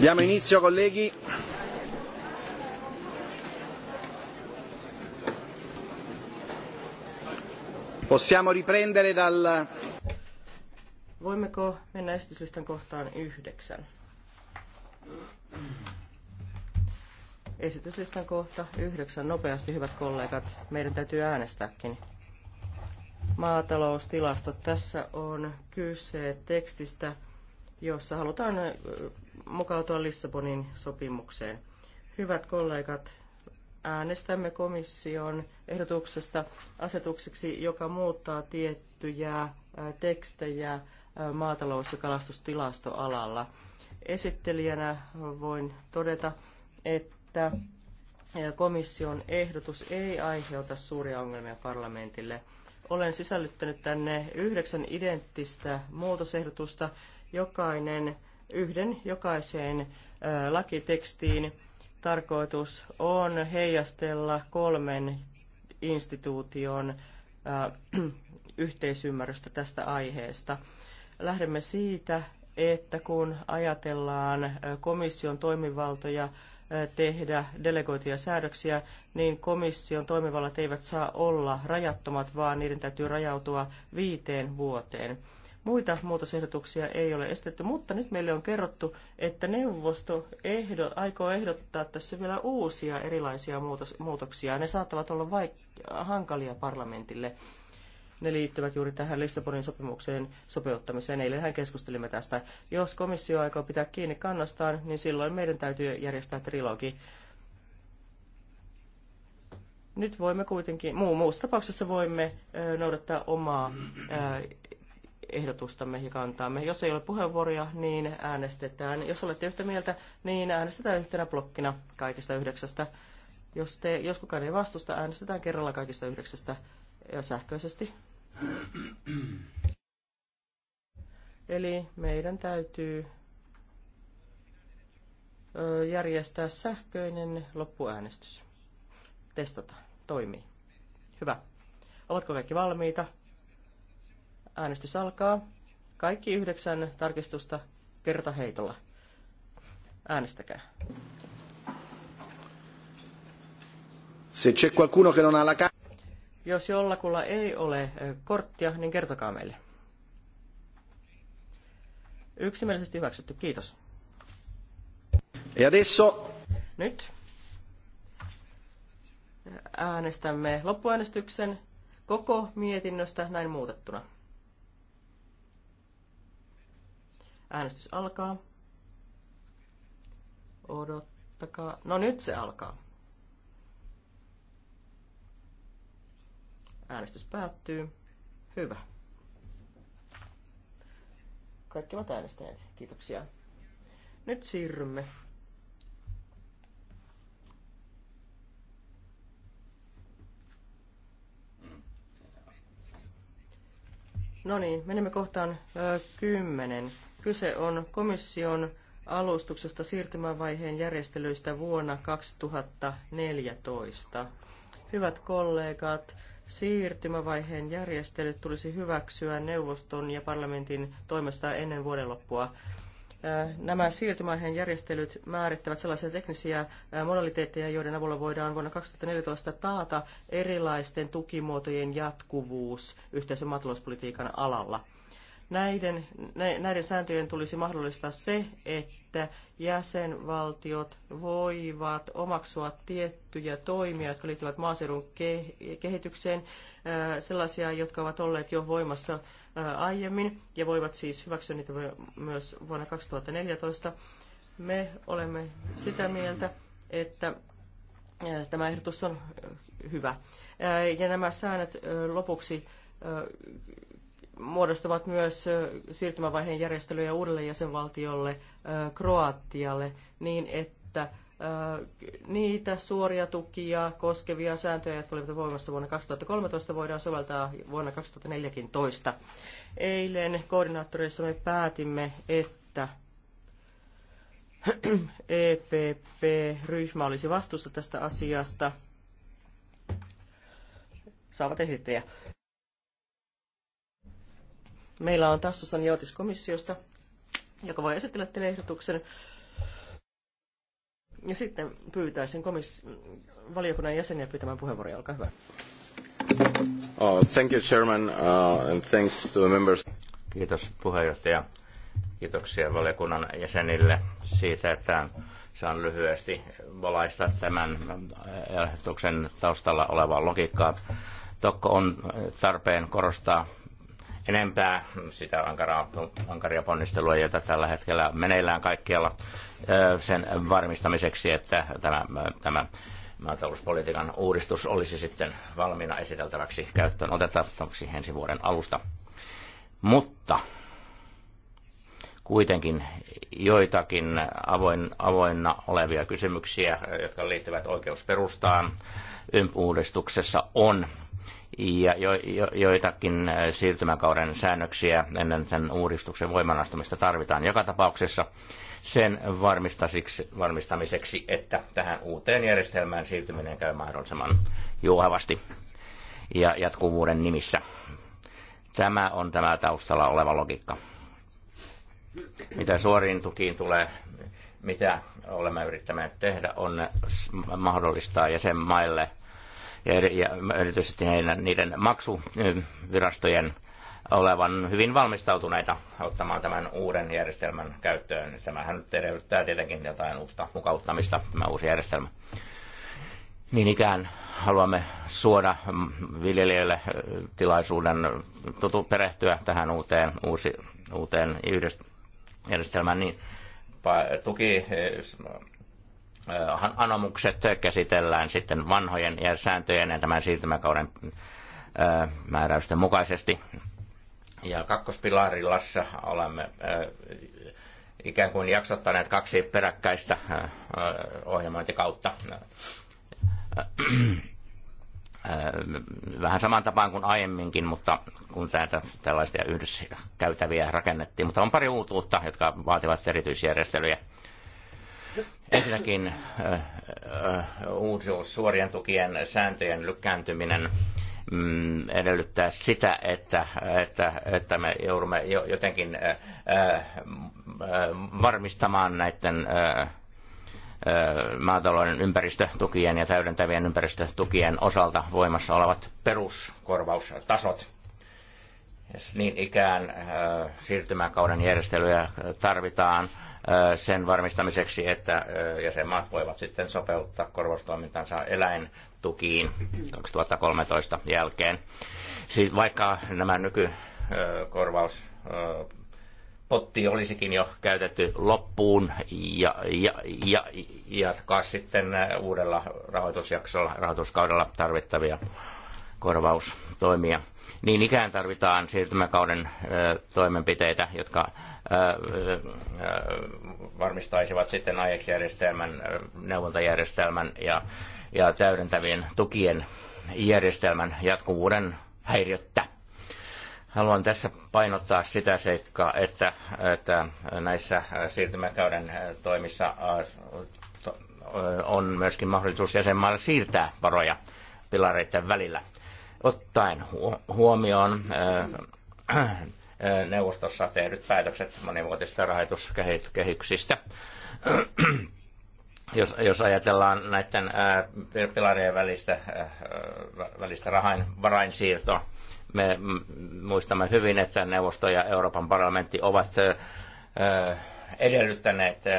Diamo inizio colleghi. Possiamo riprendere dal... Voimmeko mennä esityslistan kohtaan yhdeksän? Esityslistan kohta yhdeksän. Nopeasti, hyvät kollegat. Meidän täytyy äänestääkin maataloustilastot. Tässä on kyse tekstistä, jossa halutaan mukautua Lissabonin sopimukseen. Hyvät kollegat, äänestämme komission ehdotuksesta asetukseksi, joka muuttaa tiettyjä tekstejä maatalous- ja kalastustilastoalalla. Esittelijänä voin todeta, että komission ehdotus ei aiheuta suuria ongelmia parlamentille. Olen sisällyttänyt tänne yhdeksän identtistä muutosehdotusta. Jokainen yhden jokaiseen lakitekstiin. Tarkoitus on heijastella kolmen instituution yhteisymmärrystä tästä aiheesta. Lähdemme siitä, että kun ajatellaan komission toimivaltoja tehdä delegoituja säädöksiä, niin komission toimivallat eivät saa olla rajattomat, vaan niiden täytyy rajautua viiteen vuoteen. Muita muutosehdotuksia ei ole estetty, mutta nyt meille on kerrottu, että neuvosto ehdo, aikoo ehdottaa tässä vielä uusia erilaisia muutos, muutoksia. Ne saattavat olla vaik- hankalia parlamentille. Ne liittyvät juuri tähän Lissabonin sopimukseen sopeuttamiseen. Eilenhän keskustelimme tästä. Jos komissio aikoo pitää kiinni kannastaan, niin silloin meidän täytyy järjestää trilogi. Nyt voimme kuitenkin, muun muussa tapauksessa voimme ö, noudattaa omaa ö, ehdotustamme ja kantaamme. Jos ei ole puheenvuoroja, niin äänestetään. Jos olette yhtä mieltä, niin äänestetään yhtenä blokkina kaikista yhdeksästä. Jos, te, jos kukaan ei vastusta, äänestetään kerralla kaikista yhdeksästä ja sähköisesti. Eli meidän täytyy järjestää sähköinen loppuäänestys. Testata. Toimii. Hyvä. Ovatko kaikki valmiita? Äänestys alkaa. Kaikki yhdeksän tarkistusta kertaheitolla. Äänestäkää. Se c'è qualcuno che non ha la Jos jollakulla ei ole korttia, niin kertokaa meille. Yksimielisesti hyväksytty. Kiitos. E adesso... Nyt äänestämme loppuäänestyksen koko mietinnöstä näin muutettuna. Äänestys alkaa. Odottakaa. No nyt se alkaa. Äänestys päättyy. Hyvä. Kaikki ovat äänestäneet. Kiitoksia. Nyt siirrymme No niin, menemme kohtaan ö, 10. Kyse on komission alustuksesta siirtymävaiheen järjestelyistä vuonna 2014. Hyvät kollegat, siirtymävaiheen järjestelyt tulisi hyväksyä neuvoston ja parlamentin toimesta ennen vuoden loppua. Nämä siirtymäaiheen järjestelyt määrittävät sellaisia teknisiä modaliteetteja, joiden avulla voidaan vuonna 2014 taata erilaisten tukimuotojen jatkuvuus yhteisen maatalouspolitiikan alalla. Näiden, näiden sääntöjen tulisi mahdollistaa se, että jäsenvaltiot voivat omaksua tiettyjä toimia, jotka liittyvät maaseudun kehitykseen, sellaisia, jotka ovat olleet jo voimassa aiemmin ja voivat siis hyväksyä niitä myös vuonna 2014. Me olemme sitä mieltä, että tämä ehdotus on hyvä. Ja nämä säännöt lopuksi muodostavat myös siirtymävaiheen järjestelyjä uudelle jäsenvaltiolle, Kroatialle, niin että niitä suoria tukia koskevia sääntöjä, jotka olivat voimassa vuonna 2013, voidaan soveltaa vuonna 2014. Eilen koordinaattoreissa me päätimme, että EPP-ryhmä e olisi vastuussa tästä asiasta. Saavat esittäjä. Meillä on Tassosan Jootis komissiosta, joka voi esitellä teille ehdotuksen. Ja sitten pyytäisin komis- valiokunnan jäseniä pyytämään puheenvuoroja. Olkaa hyvä. Oh, thank you, Chairman, uh, and thanks to the members. Kiitos puheenjohtaja. Kiitoksia valiokunnan jäsenille siitä, että saan lyhyesti valaista tämän ehdotuksen taustalla olevaa logiikkaa. Tokko on tarpeen korostaa enempää sitä ankaraa, ankaria ponnistelua, jota tällä hetkellä meneillään kaikkialla sen varmistamiseksi, että tämä, tämä maatalouspolitiikan uudistus olisi sitten valmiina esiteltäväksi käyttöön otettavaksi ensi vuoden alusta. Mutta kuitenkin joitakin avoin, avoinna olevia kysymyksiä, jotka liittyvät oikeusperustaan, YMP-uudistuksessa on ja jo, jo, joitakin äh, siirtymäkauden säännöksiä ennen sen uudistuksen voimanastumista tarvitaan joka tapauksessa sen varmistamiseksi, että tähän uuteen järjestelmään siirtyminen käy mahdollisimman juohavasti ja jatkuvuuden nimissä. Tämä on tämä taustalla oleva logiikka. Mitä suoriin tukiin tulee, mitä olemme yrittäneet tehdä, on mahdollistaa jäsenmaille – ja, erityisesti niiden, niiden maksuvirastojen olevan hyvin valmistautuneita ottamaan tämän uuden järjestelmän käyttöön. Tämähän nyt edellyttää tietenkin jotain uutta mukauttamista, tämä uusi järjestelmä. Niin ikään haluamme suoda viljelijöille äh, tilaisuuden tutu, perehtyä tähän uuteen, uusi, uuteen järjestelmään niin tuki äh, anomukset käsitellään sitten vanhojen ja sääntöjen ja tämän siirtymäkauden määräysten mukaisesti. Ja kakkospilarillassa olemme ikään kuin jaksottaneet kaksi peräkkäistä ohjelmointikautta vähän saman tapaan kuin aiemminkin, mutta kun näitä tällaisia yhdyskäytäviä rakennettiin. Mutta on pari uutuutta, jotka vaativat erityisjärjestelyjä. Ensinnäkin äh, äh, uusius suorien tukien sääntöjen lykkääntyminen mm, edellyttää sitä, että, että, että me joudumme jotenkin äh, varmistamaan näiden maatalouden ympäristötukien ja täydentävien ympäristötukien osalta voimassa olevat peruskorvaustasot. Niin ikään siirtymäkauden järjestelyjä tarvitaan sen varmistamiseksi, että jäsenmaat voivat sitten sopeuttaa korvaustoimintansa eläintukiin 2013 jälkeen. Siis vaikka nämä nykykorvaus potti olisikin jo käytetty loppuun ja, ja, ja, jatkaa sitten uudella rahoitusjaksolla, rahoituskaudella tarvittavia korvaustoimia. Niin ikään tarvitaan siirtymäkauden toimenpiteitä, jotka varmistaisivat sitten järjestelmän, neuvontajärjestelmän ja, ja täydentävien tukien järjestelmän jatkuvuuden häiriöttä. Haluan tässä painottaa sitä seikkaa, että, että näissä siirtymäkauden toimissa on myöskin mahdollisuus jäsenmaille siirtää varoja pilareiden välillä – ottaen huomioon äh, äh, neuvostossa tehdyt päätökset monivuotisista rahoituskehyksistä. Jos, jos ajatellaan näiden ää, äh, pilarien välistä, ää, välistä rahain, varainsiirtoa, me muistamme hyvin, että neuvosto ja Euroopan parlamentti ovat ää, edellyttäneet ää,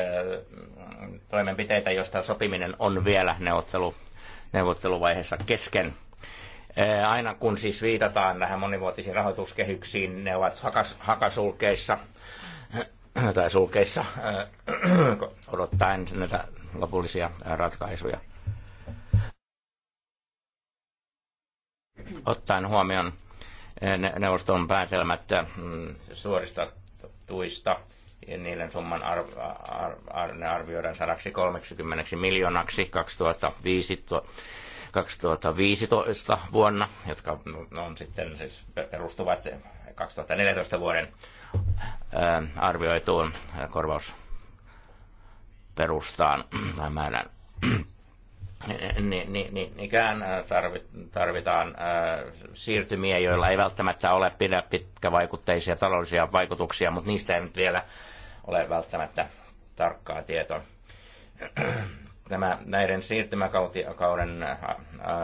toimenpiteitä, joista sopiminen on vielä neuvottelu, neuvotteluvaiheessa kesken Eh, aina kun siis viitataan näihin monivuotisiin rahoituskehyksiin, ne ovat hakas, hakasulkeissa tai sulkeissa odottaen näitä lopullisia ratkaisuja. Ottaen huomioon eh, neuvoston päätelmät eh, suorista tuista, niiden summan ar, ar, ar, ne arvioidaan 130 miljoonaksi 2015 2015 vuonna, jotka on sitten siis perustuvat 2014 vuoden arvioituun korvausperustaan tai määrään. Niin, niin, niin ikään tarvitaan siirtymiä, joilla ei välttämättä ole pidä pitkävaikutteisia taloudellisia vaikutuksia, mutta niistä ei nyt vielä ole välttämättä tarkkaa tietoa tämä, näiden siirtymäkauden, äh, äh,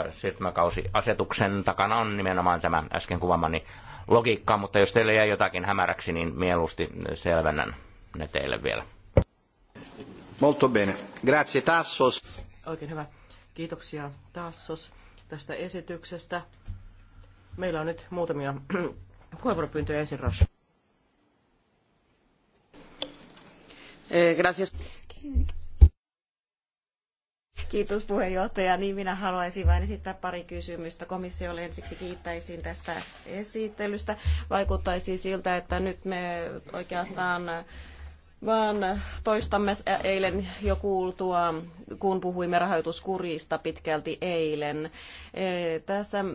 siirtymäkausiasetuksen takana on nimenomaan tämä äsken kuvamani logiikka, mutta jos teille jäi jotakin hämäräksi, niin mieluusti selvennän ne teille vielä. Molto bene. Grazie Tassos. Oikein hyvä. Kiitoksia Tassos tästä esityksestä. Meillä on nyt muutamia puheenvuoropyyntöjä ensin Rush. Eh, gracias. Kiitos puheenjohtaja. Niin minä haluaisin vain esittää pari kysymystä. Komissiolle ensiksi kiittäisin tästä esittelystä. Vaikuttaisi siltä, että nyt me oikeastaan vaan toistamme eilen jo kuultua, kun puhuimme rahoituskurista pitkälti eilen. E, tässä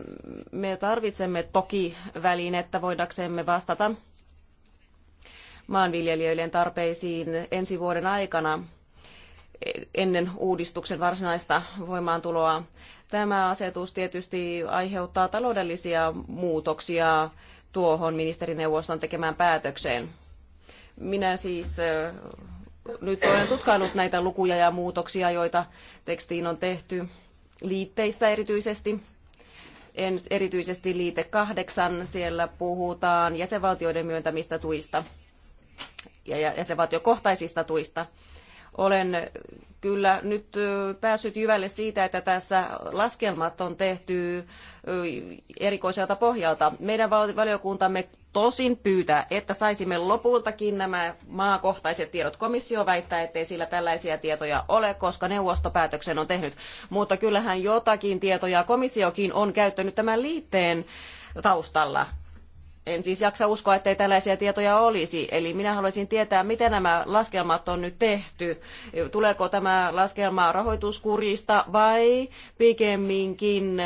me tarvitsemme toki välinettä voidaksemme vastata maanviljelijöiden tarpeisiin ensi vuoden aikana ennen uudistuksen varsinaista voimaantuloa. Tämä asetus tietysti aiheuttaa taloudellisia muutoksia tuohon ministerineuvoston tekemään päätökseen. Minä siis nyt olen tutkaillut näitä lukuja ja muutoksia, joita tekstiin on tehty liitteissä erityisesti. En, erityisesti liite kahdeksan, siellä puhutaan jäsenvaltioiden myöntämistä tuista ja jäsenvaltiokohtaisista tuista olen kyllä nyt päässyt jyvälle siitä, että tässä laskelmat on tehty erikoiselta pohjalta. Meidän valiokuntamme tosin pyytää, että saisimme lopultakin nämä maakohtaiset tiedot. Komissio väittää, ettei sillä tällaisia tietoja ole, koska neuvostopäätöksen on tehnyt. Mutta kyllähän jotakin tietoja komissiokin on käyttänyt tämän liitteen taustalla en siis jaksa uskoa, ettei tällaisia tietoja olisi. Eli minä haluaisin tietää, miten nämä laskelmat on nyt tehty. Tuleeko tämä laskelma rahoituskurista vai pikemminkin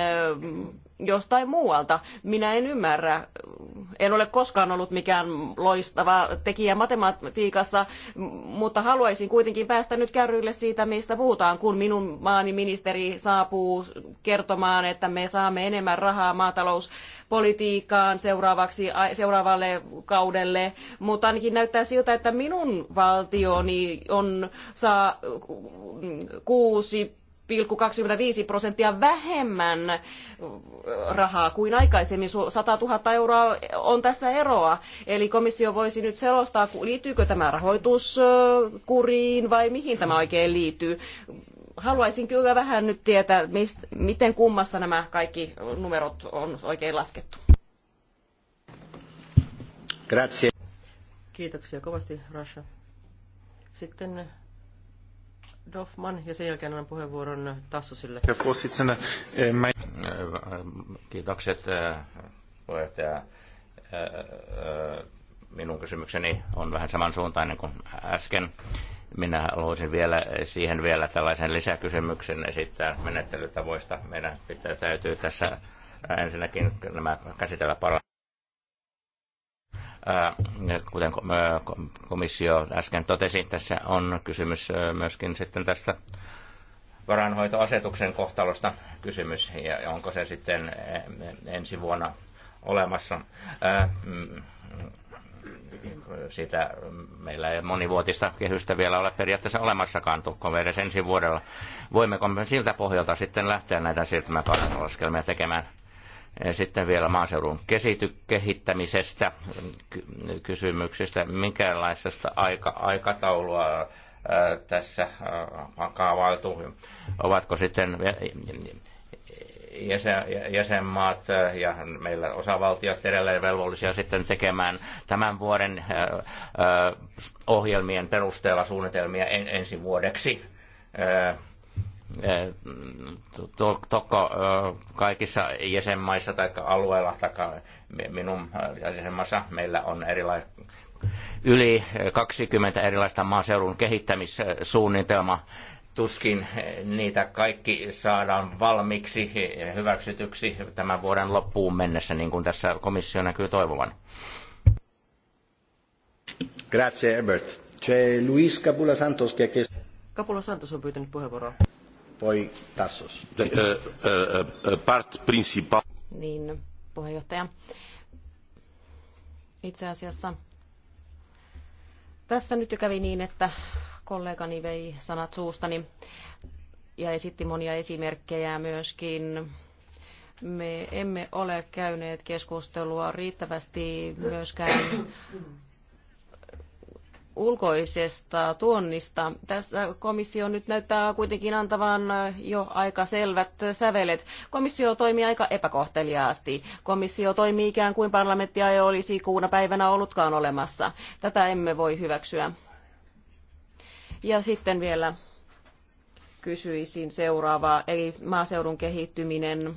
jostain muualta. Minä en ymmärrä. En ole koskaan ollut mikään loistava tekijä matematiikassa, mutta haluaisin kuitenkin päästä nyt kärryille siitä, mistä puhutaan, kun minun maani ministeri saapuu kertomaan, että me saamme enemmän rahaa maatalouspolitiikkaan seuraavaksi, seuraavalle kaudelle. Mutta ainakin näyttää siltä, että minun valtioni on saa kuusi 0,25 prosenttia vähemmän rahaa kuin aikaisemmin. 100 000 euroa on tässä eroa. Eli komissio voisi nyt selostaa, liittyykö tämä rahoituskuriin vai mihin tämä oikein liittyy. Haluaisin kyllä vähän nyt tietää, mist, miten kummassa nämä kaikki numerot on oikein laskettu. Grazie. Kiitoksia kovasti, Rasha. Sitten Doffman ja sen jälkeen annan puheenvuoron Tassosille. Äh, Kiitokset äh, puheenjohtaja. Äh, minun kysymykseni on vähän samansuuntainen kuin äsken. Minä haluaisin vielä siihen vielä tällaisen lisäkysymyksen esittää menettelytavoista. Meidän pitää, täytyy tässä ensinnäkin nämä käsitellä paremmin kuten komissio äsken totesi, tässä on kysymys myöskin sitten tästä varainhoitoasetuksen kohtalosta kysymys, ja onko se sitten ensi vuonna olemassa. Mm, sitä meillä ei monivuotista kehystä vielä ole periaatteessa olemassakaan, tukkoon edes ensi vuodella. Voimmeko me siltä pohjalta sitten lähteä näitä siirtymäkauden laskelmia tekemään? Sitten vielä maaseudun kesity, kehittämisestä, kysymyksestä, minkälaisesta aika, aikataulua tässä kaavailtu. Ovatko sitten jäsen, jäsenmaat ja meillä osavaltiot edelleen velvollisia sitten tekemään tämän vuoden ohjelmien perusteella suunnitelmia ensi vuodeksi Toko kaikissa jäsenmaissa tai alueilla tai minun jäsenmaassa meillä on erilaiset yli 20 erilaista maaseudun kehittämissuunnitelmaa tuskin niitä kaikki saadaan valmiiksi hyväksytyksi tämän vuoden loppuun mennessä, niin kuin tässä komissio näkyy toivovan. Grazie Herbert. C'è Luis Capula Santos che Capula Santos on pyytänyt puheenvuoroa. Poi Tassos. Eh, eh, eh, part principal. Niin, puheenjohtaja. Itse asiassa tässä nyt jo kävi niin, että kollegani vei sanat suustani ja esitti monia esimerkkejä myöskin. Me emme ole käyneet keskustelua riittävästi myöskään ulkoisesta tuonnista. Tässä komissio nyt näyttää kuitenkin antavan jo aika selvät sävelet. Komissio toimii aika epäkohteliaasti. Komissio toimii ikään kuin parlamenttia ei olisi kuuna päivänä ollutkaan olemassa. Tätä emme voi hyväksyä. Ja sitten vielä kysyisin seuraavaa, eli maaseudun kehittyminen.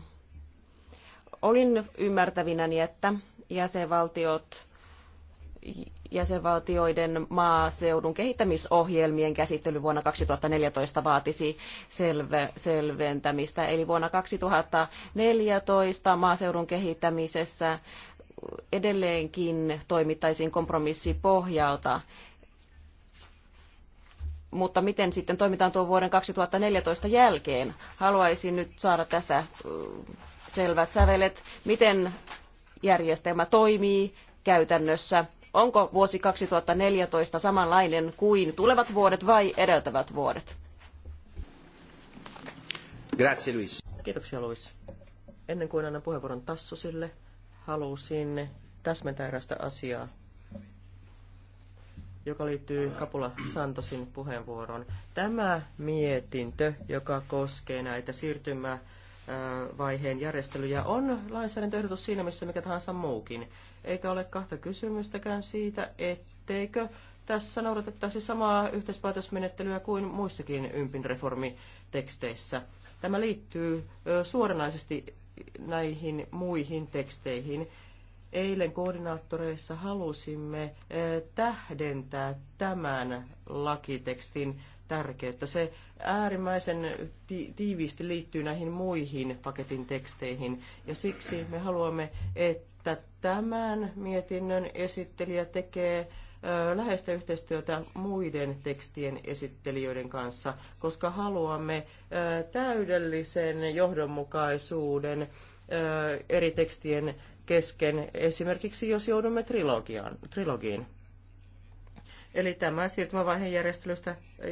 Olin ymmärtävinäni, että jäsenvaltiot jäsenvaltioiden maaseudun kehittämisohjelmien käsittely vuonna 2014 vaatisi selve, selventämistä. Eli vuonna 2014 maaseudun kehittämisessä edelleenkin toimittaisiin kompromissipohjalta mutta miten sitten toimitaan tuon vuoden 2014 jälkeen? Haluaisin nyt saada tästä selvät sävelet, miten järjestelmä toimii käytännössä Onko vuosi 2014 samanlainen kuin tulevat vuodet vai edeltävät vuodet? Grazie Luis. Kiitoksia Luis. Ennen kuin annan puheenvuoron Tassosille, halusin täsmentää erästä asiaa, joka liittyy Kapula Santosin puheenvuoroon. Tämä mietintö, joka koskee näitä siirtymää vaiheen järjestelyjä on lainsäädäntöehdotus siinä, missä mikä tahansa muukin eikä ole kahta kysymystäkään siitä, etteikö tässä noudatettaisi samaa yhteispäätösmenettelyä kuin muissakin ympin reformiteksteissä. Tämä liittyy suoranaisesti näihin muihin teksteihin. Eilen koordinaattoreissa halusimme tähdentää tämän lakitekstin tärkeyttä. Se äärimmäisen tiiviisti liittyy näihin muihin paketin teksteihin ja siksi me haluamme, että että tämän mietinnön esittelijä tekee läheistä yhteistyötä muiden tekstien esittelijöiden kanssa, koska haluamme täydellisen johdonmukaisuuden eri tekstien kesken, esimerkiksi jos joudumme trilogiaan, trilogiin. Eli tämä siirtymävaiheen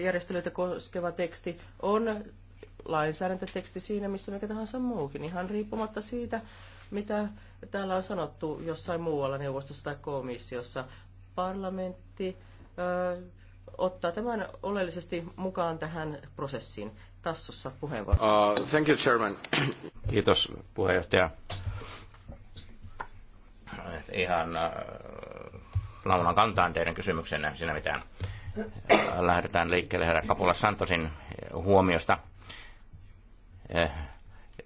järjestelyitä koskeva teksti on lainsäädäntöteksti siinä, missä mikä tahansa muukin, ihan riippumatta siitä, mitä täällä on sanottu jossain muualla neuvostossa tai komissiossa. Parlamentti ö, ottaa tämän oleellisesti mukaan tähän prosessiin. Tassossa puheenvuoro. Uh, thank you, Chairman. Kiitos puheenjohtaja. Ihan äh, laulan kantaan teidän kysymyksenne, siinä mitään. Lähdetään liikkeelle herra Kapula Santosin huomiosta eh,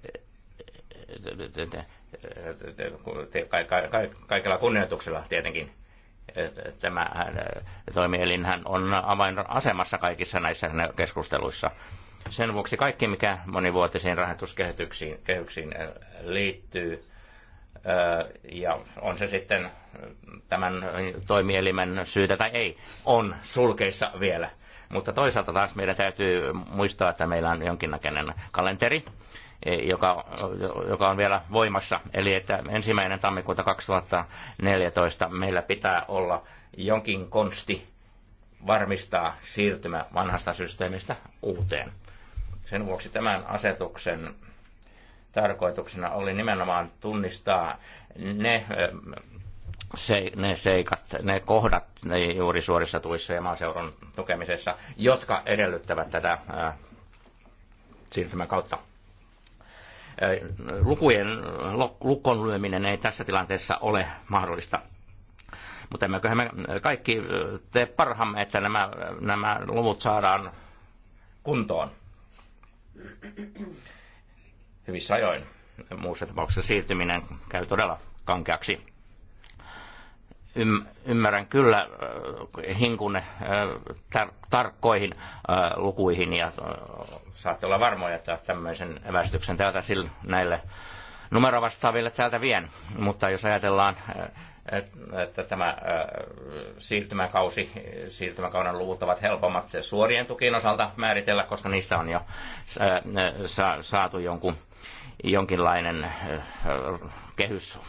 eh, eh, kaikella kunnioituksella tietenkin tämä äh, toimielinhän on avainasemassa kaikissa näissä keskusteluissa. Sen vuoksi kaikki, mikä monivuotisiin rahoituskehyksiin äh, liittyy, äh, ja on se sitten tämän toimielimen syytä tai ei, on sulkeissa vielä. Mutta toisaalta taas meidän täytyy muistaa, että meillä on jonkinnäköinen kalenteri, E, joka, joka on vielä voimassa. Eli että ensimmäinen tammikuuta 2014 meillä pitää olla jonkin konsti varmistaa siirtymä vanhasta systeemistä uuteen. Sen vuoksi tämän asetuksen tarkoituksena oli nimenomaan tunnistaa ne, e, se, ne seikat, ne kohdat ne juuri suorissa tuissa ja maaseudun tukemisessa, jotka edellyttävät tätä ää, e, siirtymän kautta lukujen lukon lyöminen ei tässä tilanteessa ole mahdollista. Mutta emmeköhän me kaikki tee parhaamme, että nämä, nämä luvut saadaan kuntoon hyvissä ajoin. Muussa tapauksessa siirtyminen käy todella kankeaksi ymmärrän kyllä äh, hinkunne äh, tar- tarkkoihin äh, lukuihin ja saatte olla varmoja, että tämmöisen evästyksen täältä näille numerovastaaville täältä vien. Mutta jos ajatellaan, että tämä siirtymäkausi, siirtymäkauden luvut ovat helpommat suorien tukien osalta määritellä, koska niistä on jo saatu jonkun, jonkinlainen kehys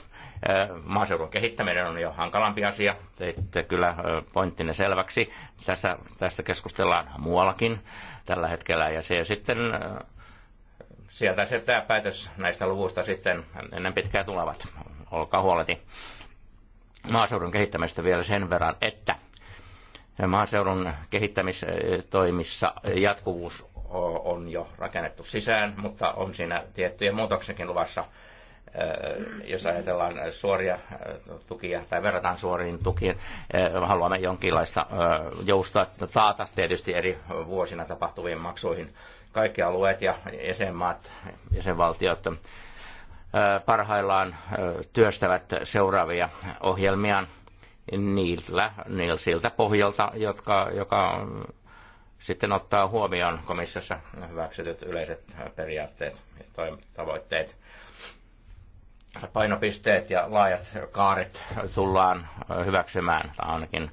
maaseudun kehittäminen on jo hankalampi asia. Teitte kyllä pointtinne selväksi. Tästä, tästä keskustellaan muuallakin tällä hetkellä ja se sitten sieltä se tämä päätös näistä luvuista sitten ennen pitkää tulevat. Olkaa huoleti. Maaseudun kehittämistä vielä sen verran, että maaseudun kehittämistoimissa jatkuvuus on jo rakennettu sisään, mutta on siinä tiettyjä muutoksenkin luvassa Äh, jos ajatellaan äh, suoria äh, tukia tai verrataan suoriin tukiin, haluamme jonkinlaista joustoa taata tietysti eri vuosina tapahtuviin maksuihin. Kaikki alueet ja jäsenmaat, jäsenvaltiot parhaillaan työstävät seuraavia ohjelmia niillä, niillä siltä pohjalta, jotka, joka sitten ottaa huomioon komissiossa hyväksytyt yleiset periaatteet ja tavoitteet painopisteet ja laajat kaaret tullaan hyväksymään, tai ainakin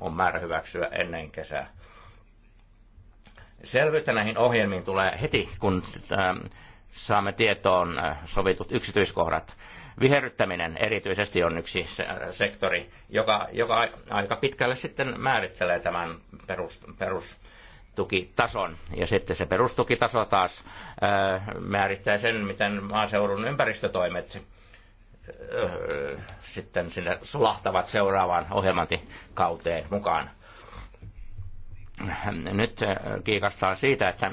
on määrä hyväksyä ennen kesää. Selvyyttä näihin ohjelmiin tulee heti, kun saamme tietoon sovitut yksityiskohdat. Viherryttäminen erityisesti on yksi sektori, joka, joka aika pitkälle sitten määrittelee tämän perus, perus perustukitason. Ja sitten se perustukitaso taas määrittää sen, miten maaseudun ympäristötoimet sitten sinne sulahtavat seuraavaan ohjelmointikauteen mukaan. Nyt kiikastaa siitä, että,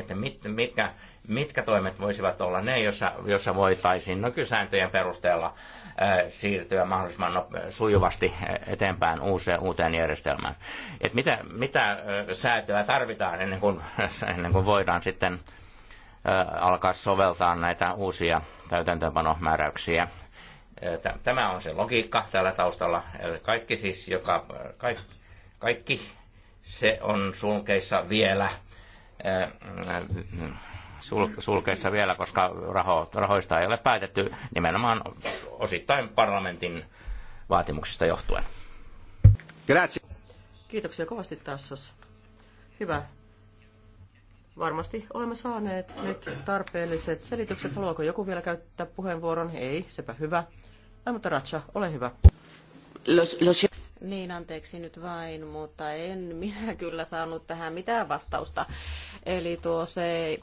että mit, mitkä mitkä toimet voisivat olla ne, jossa, jossa voitaisiin nykysääntöjen no perusteella siirtyä mahdollisimman sujuvasti eteenpäin uuseen, uuteen järjestelmään. Et mitä, mitä säätöä tarvitaan ennen kuin, ennen kuin voidaan sitten alkaa soveltaa näitä uusia täytäntöönpanomääräyksiä. Tämä on se logiikka tällä taustalla. Kaikki siis, joka, kaikki, kaikki se on sulkeissa vielä sulkeessa vielä, koska raho, rahoista ei ole päätetty nimenomaan osittain parlamentin vaatimuksista johtuen. Grazie. Kiitoksia kovasti tässä. Hyvä. Varmasti olemme saaneet nyt tarpeelliset selitykset. Haluaako joku vielä käyttää puheenvuoron? Ei, sepä hyvä. Ai, mutta Ratsa, ole hyvä. Los, los... Niin, anteeksi nyt vain, mutta en minä kyllä saanut tähän mitään vastausta. Eli tuo se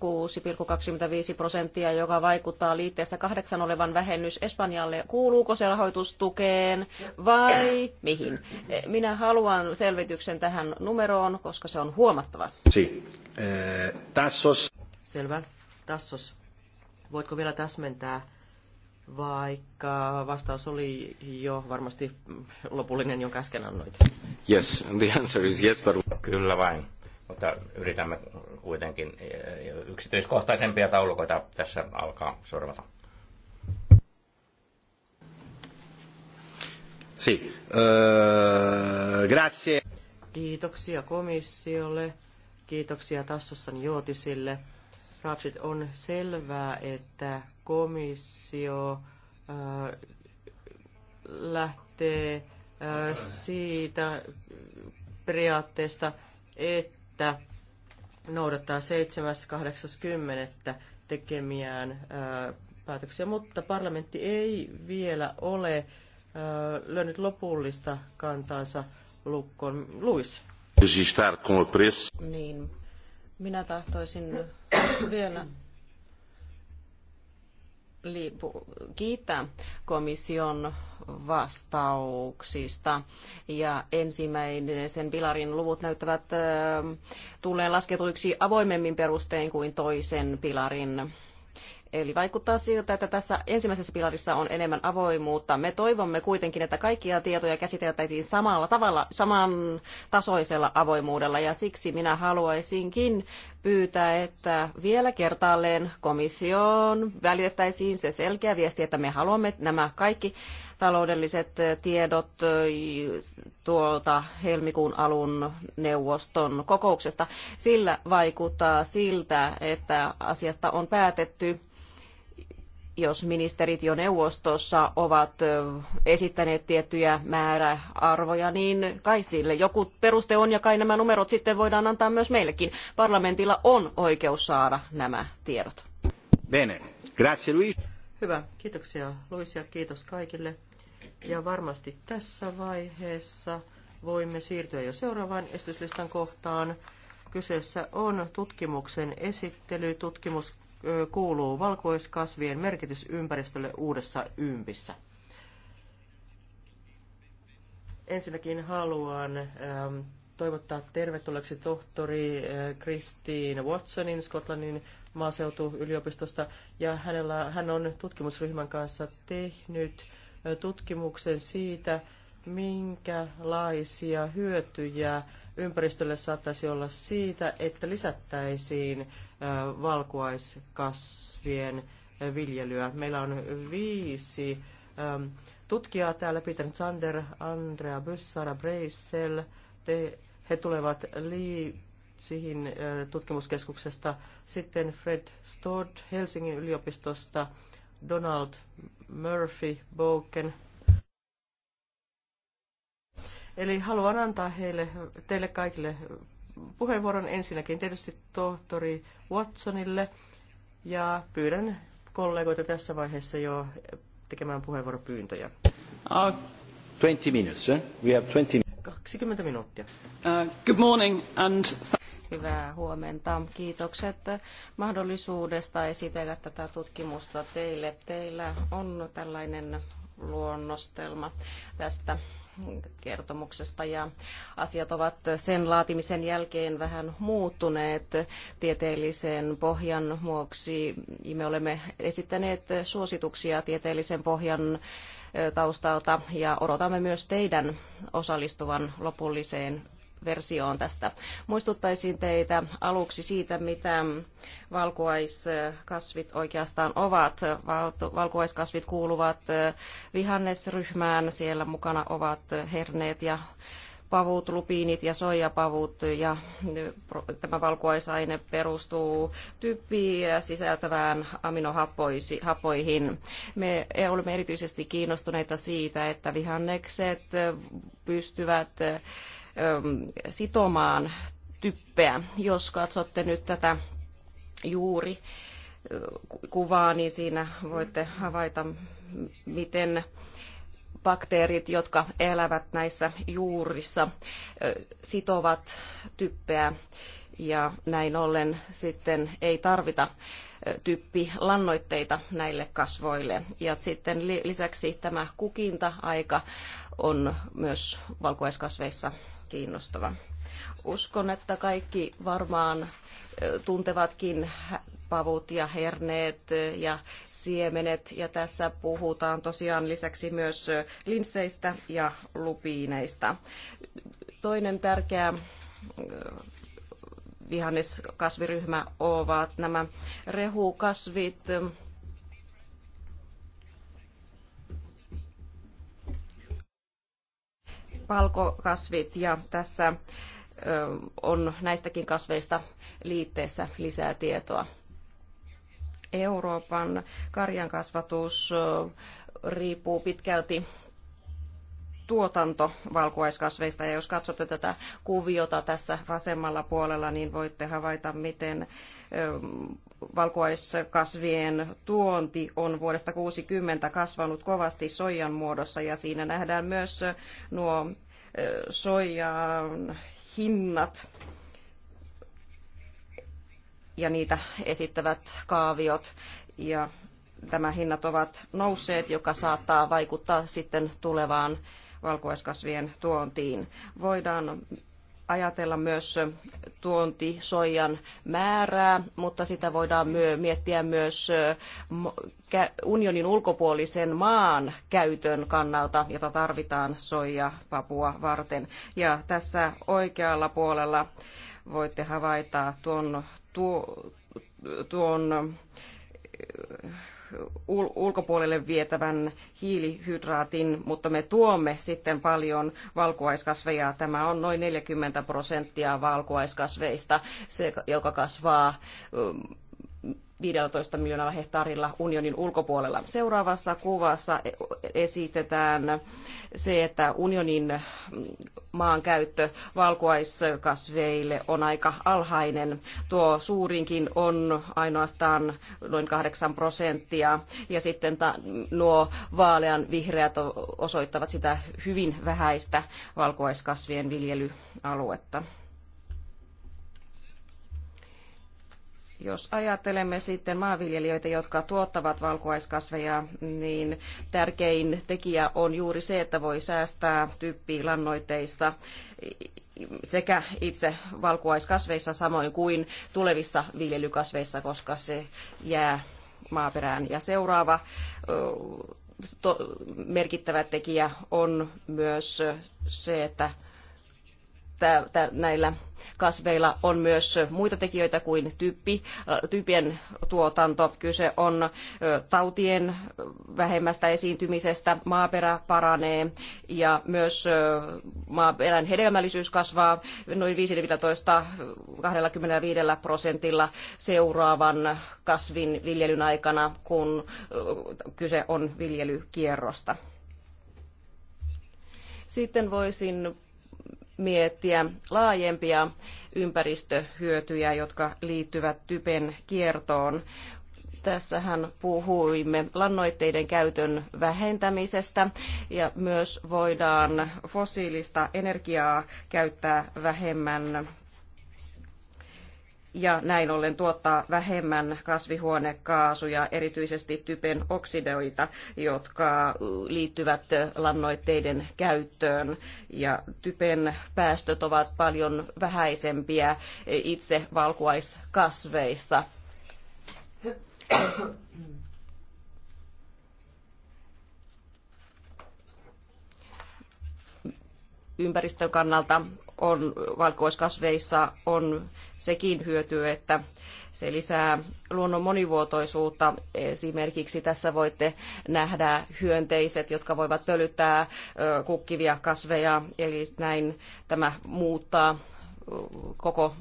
6,25 prosenttia, joka vaikuttaa liitteessä kahdeksan olevan vähennys Espanjalle, kuuluuko se rahoitustukeen vai mihin? Minä haluan selvityksen tähän numeroon, koska se on huomattava. Si. Eh, tassos. Selvä. Tassos. Voitko vielä täsmentää? vaikka vastaus oli jo varmasti lopullinen, jonka äsken annoit. Yes, the answer is yes, but... Kyllä vain, mutta yritämme kuitenkin e, e, yksityiskohtaisempia taulukoita tässä alkaa sorvata. Si. Öö, grazie. Kiitoksia komissiolle, kiitoksia Tassossan Jootisille Raportit on selvää, että komissio lähtee siitä periaatteesta, että noudattaa 7.80. tekemiään päätöksiä, mutta parlamentti ei vielä ole löynyt lopullista kantaansa lukkoon. Luis. Niin, minä tahtoisin vielä kiittää komission vastauksista. Ja ensimmäinen sen pilarin luvut näyttävät äh, tulleen lasketuiksi avoimemmin perustein kuin toisen pilarin Eli vaikuttaa siltä, että tässä ensimmäisessä pilarissa on enemmän avoimuutta. Me toivomme kuitenkin, että kaikkia tietoja käsiteltäisiin samalla tavalla, saman tasoisella avoimuudella. Ja siksi minä haluaisinkin pyytää, että vielä kertaalleen komission välitettäisiin se selkeä viesti, että me haluamme nämä kaikki taloudelliset tiedot tuolta helmikuun alun neuvoston kokouksesta. Sillä vaikuttaa siltä, että asiasta on päätetty jos ministerit jo neuvostossa ovat esittäneet tiettyjä määräarvoja, niin kai sille joku peruste on ja kai nämä numerot sitten voidaan antaa myös meillekin. Parlamentilla on oikeus saada nämä tiedot. Bene. Grazie Luis. Hyvä. Kiitoksia Luis ja kiitos kaikille. Ja varmasti tässä vaiheessa voimme siirtyä jo seuraavaan esityslistan kohtaan. Kyseessä on tutkimuksen esittely, tutkimus kuuluu valkuaiskasvien merkitys ympäristölle uudessa ympissä. Ensinnäkin haluan ähm, toivottaa tervetulleeksi tohtori äh, Christine Watsonin Skotlannin maaseutuyliopistosta. Ja hänellä, hän on tutkimusryhmän kanssa tehnyt äh, tutkimuksen siitä, minkälaisia hyötyjä ympäristölle saattaisi olla siitä, että lisättäisiin valkuaiskasvien viljelyä. Meillä on viisi tutkijaa täällä, Peter Zander, Andrea Byssara, Breissel. he tulevat Liitsihin tutkimuskeskuksesta, sitten Fred Stodd Helsingin yliopistosta, Donald Murphy Boken. Eli haluan antaa heille, teille kaikille puheenvuoron ensinnäkin tietysti tohtori Watsonille ja pyydän kollegoita tässä vaiheessa jo tekemään puheenvuoropyyntöjä. Uh, 20 minutes, eh? We have 20 20 minuuttia. Uh, good morning and Hyvää huomenta. Kiitokset mahdollisuudesta esitellä tätä tutkimusta teille. Teillä on tällainen luonnostelma tästä kertomuksesta ja asiat ovat sen laatimisen jälkeen vähän muuttuneet tieteellisen pohjan vuoksi. Me olemme esittäneet suosituksia tieteellisen pohjan eh, taustalta ja odotamme myös teidän osallistuvan lopulliseen versioon tästä. Muistuttaisin teitä aluksi siitä, mitä valkuaiskasvit oikeastaan ovat. Valkuaiskasvit kuuluvat vihannesryhmään. Siellä mukana ovat herneet ja pavut, lupiinit ja soijapavut ja tämä valkuaisaine perustuu typpiä sisältävään aminohappoihin. Me olemme erityisesti kiinnostuneita siitä, että vihannekset pystyvät Ähm, sitomaan typpeä. Jos katsotte nyt tätä juuri äh, kuvaa, niin siinä voitte havaita, miten bakteerit, jotka elävät näissä juurissa, äh, sitovat typpeä ja näin ollen sitten ei tarvita äh, typpilannoitteita näille kasvoille. Ja sitten lisäksi tämä kukinta-aika on myös valkuaiskasveissa kiinnostava. Uskon, että kaikki varmaan tuntevatkin pavut ja herneet ja siemenet. Ja tässä puhutaan tosiaan lisäksi myös linseistä ja lupiineista. Toinen tärkeä vihanneskasviryhmä ovat nämä rehukasvit, palkokasvit ja tässä on näistäkin kasveista liitteessä lisää tietoa. Euroopan karjankasvatus riippuu pitkälti tuotanto valkuaiskasveista. Ja jos katsotte tätä kuviota tässä vasemmalla puolella, niin voitte havaita, miten valkuaiskasvien tuonti on vuodesta 60 kasvanut kovasti soijan muodossa ja siinä nähdään myös nuo soijan hinnat ja niitä esittävät kaaviot ja tämä hinnat ovat nousseet, joka saattaa vaikuttaa sitten tulevaan valkuaiskasvien tuontiin. Voidaan ajatella myös tuontisoijan määrää, mutta sitä voidaan myö, miettiä myös unionin ulkopuolisen maan käytön kannalta, jota tarvitaan soijapapua varten. Ja tässä oikealla puolella voitte havaita tuon, tuon, tuon ulkopuolelle vietävän hiilihydraatin, mutta me tuomme sitten paljon valkuaiskasveja. Tämä on noin 40 prosenttia valkuaiskasveista, se, joka kasvaa 15 miljoonalla hehtaarilla unionin ulkopuolella. Seuraavassa kuvassa esitetään se, että unionin maankäyttö valkuaiskasveille on aika alhainen. Tuo suurinkin on ainoastaan noin 8 prosenttia ja sitten nuo vaalean vihreät osoittavat sitä hyvin vähäistä valkuaiskasvien viljelyaluetta. Jos ajattelemme sitten maanviljelijöitä, jotka tuottavat valkuaiskasveja, niin tärkein tekijä on juuri se, että voi säästää typpilannoitteista sekä itse valkuaiskasveissa samoin kuin tulevissa viljelykasveissa, koska se jää maaperään. Ja seuraava merkittävä tekijä on myös se, että näillä kasveilla on myös muita tekijöitä kuin tyyppi, äh, typien tuotanto. Kyse on tautien vähemmästä esiintymisestä, maaperä paranee ja myös maaperän hedelmällisyys kasvaa noin 15-25 prosentilla seuraavan kasvin viljelyn aikana, kun kyse on viljelykierrosta. Sitten voisin miettiä laajempia ympäristöhyötyjä, jotka liittyvät typen kiertoon. Tässähän puhuimme lannoitteiden käytön vähentämisestä ja myös voidaan fossiilista energiaa käyttää vähemmän ja näin ollen tuottaa vähemmän kasvihuonekaasuja, erityisesti typen oksideoita, jotka liittyvät lannoitteiden käyttöön. Ja typen päästöt ovat paljon vähäisempiä itse valkuaiskasveista. Ympäristön kannalta on, valkuaiskasveissa on sekin hyöty, että se lisää luonnon monivuotoisuutta. Esimerkiksi tässä voitte nähdä hyönteiset, jotka voivat pölyttää kukkivia kasveja, eli näin tämä muuttaa koko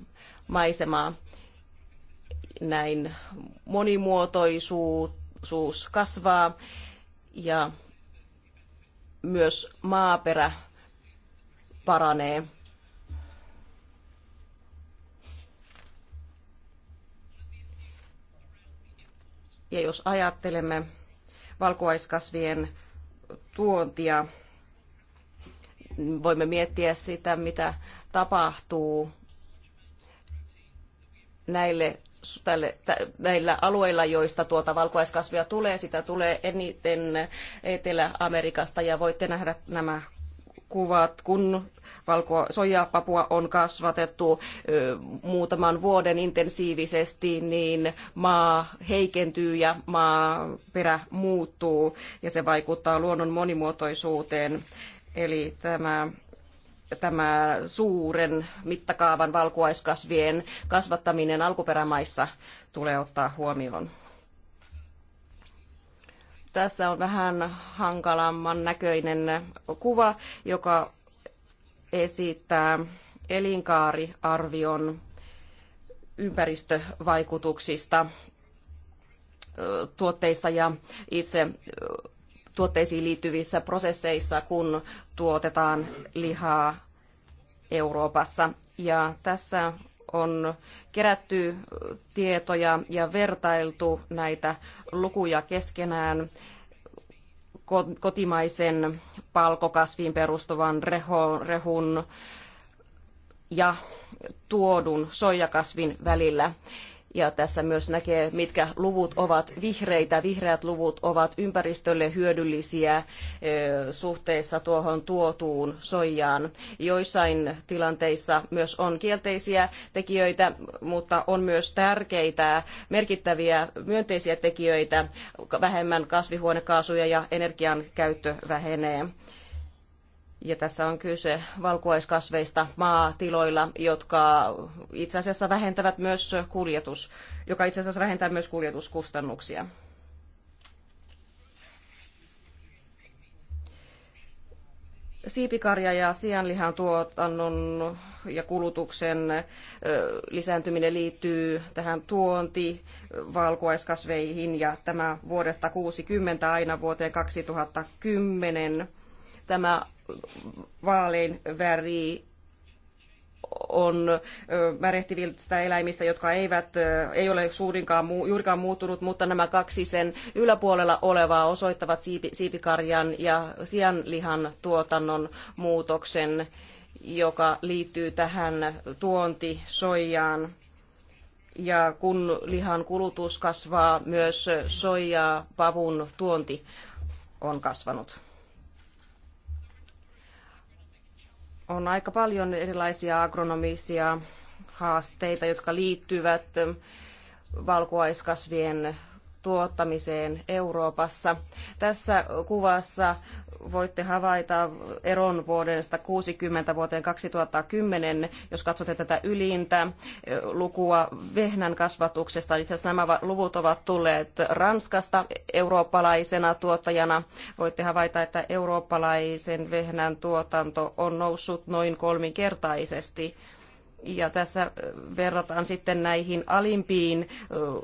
maisemaa. Näin monimuotoisuus kasvaa ja myös maaperä paranee Ja jos ajattelemme valkuaiskasvien tuontia, voimme miettiä sitä, mitä tapahtuu näille tälle, näillä alueilla, joista tuota valkuaiskasvia tulee. Sitä tulee eniten Etelä-Amerikasta ja voitte nähdä nämä kuvat, kun valko soijapapua on kasvatettu muutaman vuoden intensiivisesti, niin maa heikentyy ja maaperä muuttuu ja se vaikuttaa luonnon monimuotoisuuteen. Eli tämä tämä suuren mittakaavan valkuaiskasvien kasvattaminen alkuperämaissa tulee ottaa huomioon. Tässä on vähän hankalamman näköinen kuva, joka esittää elinkaariarvion ympäristövaikutuksista tuotteista ja itse tuotteisiin liittyvissä prosesseissa, kun tuotetaan lihaa Euroopassa. Ja tässä on kerätty tietoja ja vertailtu näitä lukuja keskenään kotimaisen palkokasviin perustuvan rehun ja tuodun soijakasvin välillä. Ja tässä myös näkee, mitkä luvut ovat vihreitä. Vihreät luvut ovat ympäristölle hyödyllisiä suhteessa tuohon tuotuun soijaan. Joissain tilanteissa myös on kielteisiä tekijöitä, mutta on myös tärkeitä, merkittäviä myönteisiä tekijöitä. Vähemmän kasvihuonekaasuja ja energian käyttö vähenee. Ja tässä on kyse valkuaiskasveista maatiloilla, jotka itse asiassa vähentävät myös kuljetus, joka itse asiassa vähentää myös kuljetuskustannuksia. siipikarja- ja sianlihan tuotannon ja kulutuksen lisääntyminen liittyy tähän tuonti valkuaiskasveihin ja tämä vuodesta 60 aina vuoteen 2010 tämä vaalein väri on märehtiviltä eläimistä, jotka eivät, ei ole suurinkaan muu, juurikaan muuttunut, mutta nämä kaksi sen yläpuolella olevaa osoittavat siipi, siipikarjan ja sianlihan tuotannon muutoksen, joka liittyy tähän tuontisoijaan. Ja kun lihan kulutus kasvaa, myös soijaa pavun tuonti on kasvanut. on aika paljon erilaisia agronomisia haasteita, jotka liittyvät valkuaiskasvien tuottamiseen Euroopassa. Tässä kuvassa voitte havaita eron vuodesta 60 vuoteen 2010, jos katsotte tätä ylintä eh, lukua vehnän kasvatuksesta. Itse asiassa nämä luvut ovat tulleet Ranskasta eurooppalaisena tuottajana. Voitte havaita, että eurooppalaisen vehnän tuotanto on noussut noin kolminkertaisesti ja tässä verrataan sitten näihin alimpiin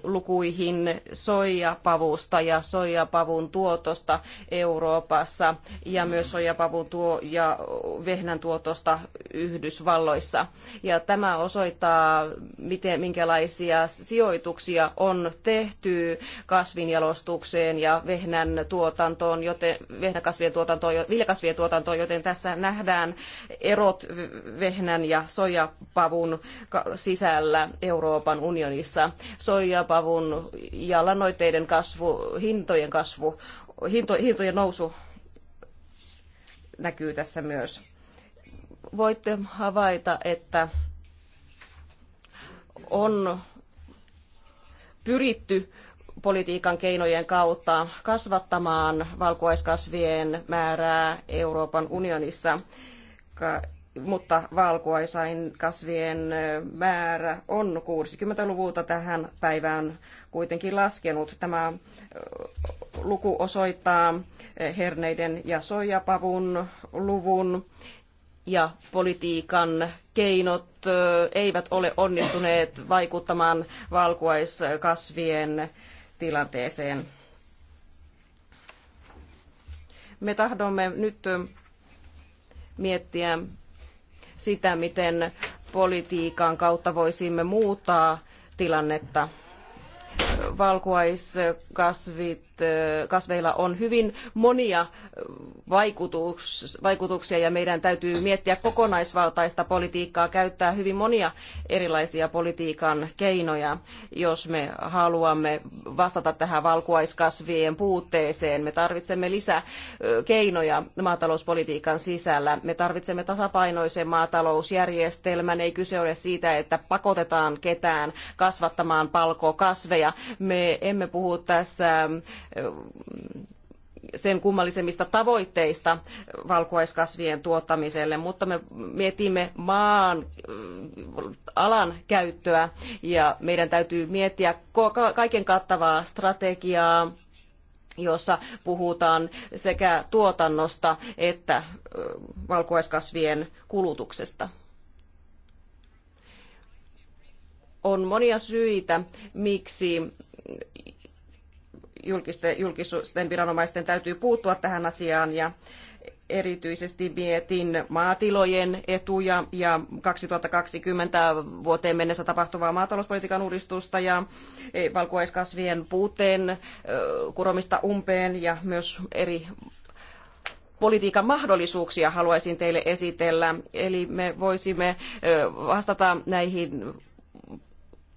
lukuihin soijapavusta ja soijapavun tuotosta Euroopassa ja myös soijapavun tuo ja vehnän tuotosta Yhdysvalloissa. Ja tämä osoittaa, miten, minkälaisia sijoituksia on tehty kasvinjalostukseen ja vehnän tuotantoon, joten, vehnäkasvien tuotantoon, viljakasvien tuotantoon, joten tässä nähdään erot vehnän ja soijapavun pavun sisällä Euroopan unionissa. Soijapavun ja lannoitteiden kasvu, hintojen kasvu, hinto, hintojen nousu näkyy tässä myös. Voitte havaita, että on pyritty politiikan keinojen kautta kasvattamaan valkuaiskasvien määrää Euroopan unionissa mutta valkuaisain kasvien määrä on 60-luvulta tähän päivään kuitenkin laskenut. Tämä luku osoittaa herneiden ja soijapavun luvun ja politiikan keinot eivät ole onnistuneet vaikuttamaan valkuaiskasvien tilanteeseen. Me tahdomme nyt miettiä sitä, miten politiikan kautta voisimme muuttaa tilannetta valkuaiskasvit, eh, kasveilla on hyvin monia eh, vaikutuksia ja meidän täytyy miettiä kokonaisvaltaista politiikkaa, käyttää hyvin monia erilaisia politiikan keinoja, jos me haluamme vastata tähän valkuaiskasvien puutteeseen. Me tarvitsemme lisää eh, keinoja maatalouspolitiikan sisällä. Me tarvitsemme tasapainoisen maatalousjärjestelmän. Ei kyse ole siitä, että pakotetaan ketään kasvattamaan palkokasveja, me emme puhu tässä äh, sen kummallisemmista tavoitteista valkuaiskasvien tuottamiselle, mutta me mietimme maan äh, alan käyttöä ja meidän täytyy miettiä kaiken kattavaa strategiaa, jossa puhutaan sekä tuotannosta että äh, valkuaiskasvien kulutuksesta. On monia syitä, miksi julkisten, julkisten viranomaisten täytyy puuttua tähän asiaan ja erityisesti mietin maatilojen etuja ja 2020 vuoteen mennessä tapahtuvaa maatalouspolitiikan uudistusta ja e, valkuaiskasvien puuteen e, kuromista umpeen ja myös eri politiikan mahdollisuuksia haluaisin teille esitellä. Eli me voisimme e, vastata näihin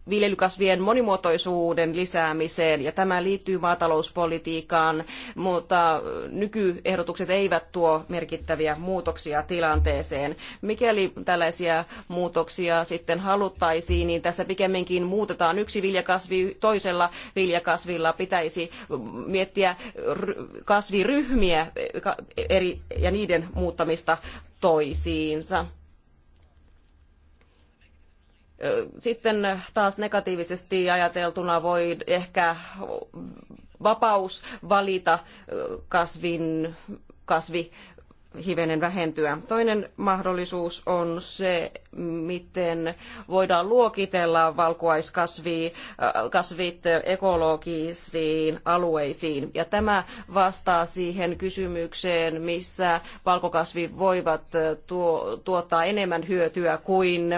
viljelykasvien monimuotoisuuden lisäämiseen ja tämä liittyy maatalouspolitiikkaan, mutta nykyehdotukset eivät tuo merkittäviä muutoksia tilanteeseen. Mikäli tällaisia muutoksia sitten haluttaisiin, niin tässä pikemminkin muutetaan yksi viljakasvi toisella viljakasvilla. Pitäisi miettiä kasviryhmiä eri, ja niiden muuttamista toisiinsa sitten taas negatiivisesti ajateltuna voi ehkä vapaus valita kasvin kasvi hivenen vähentyä. Toinen mahdollisuus on se, miten voidaan luokitella valkuaiskasvit äh, ekologisiin alueisiin. Ja tämä vastaa siihen kysymykseen, missä valkokasvit voivat äh, tuo, tuottaa enemmän hyötyä kuin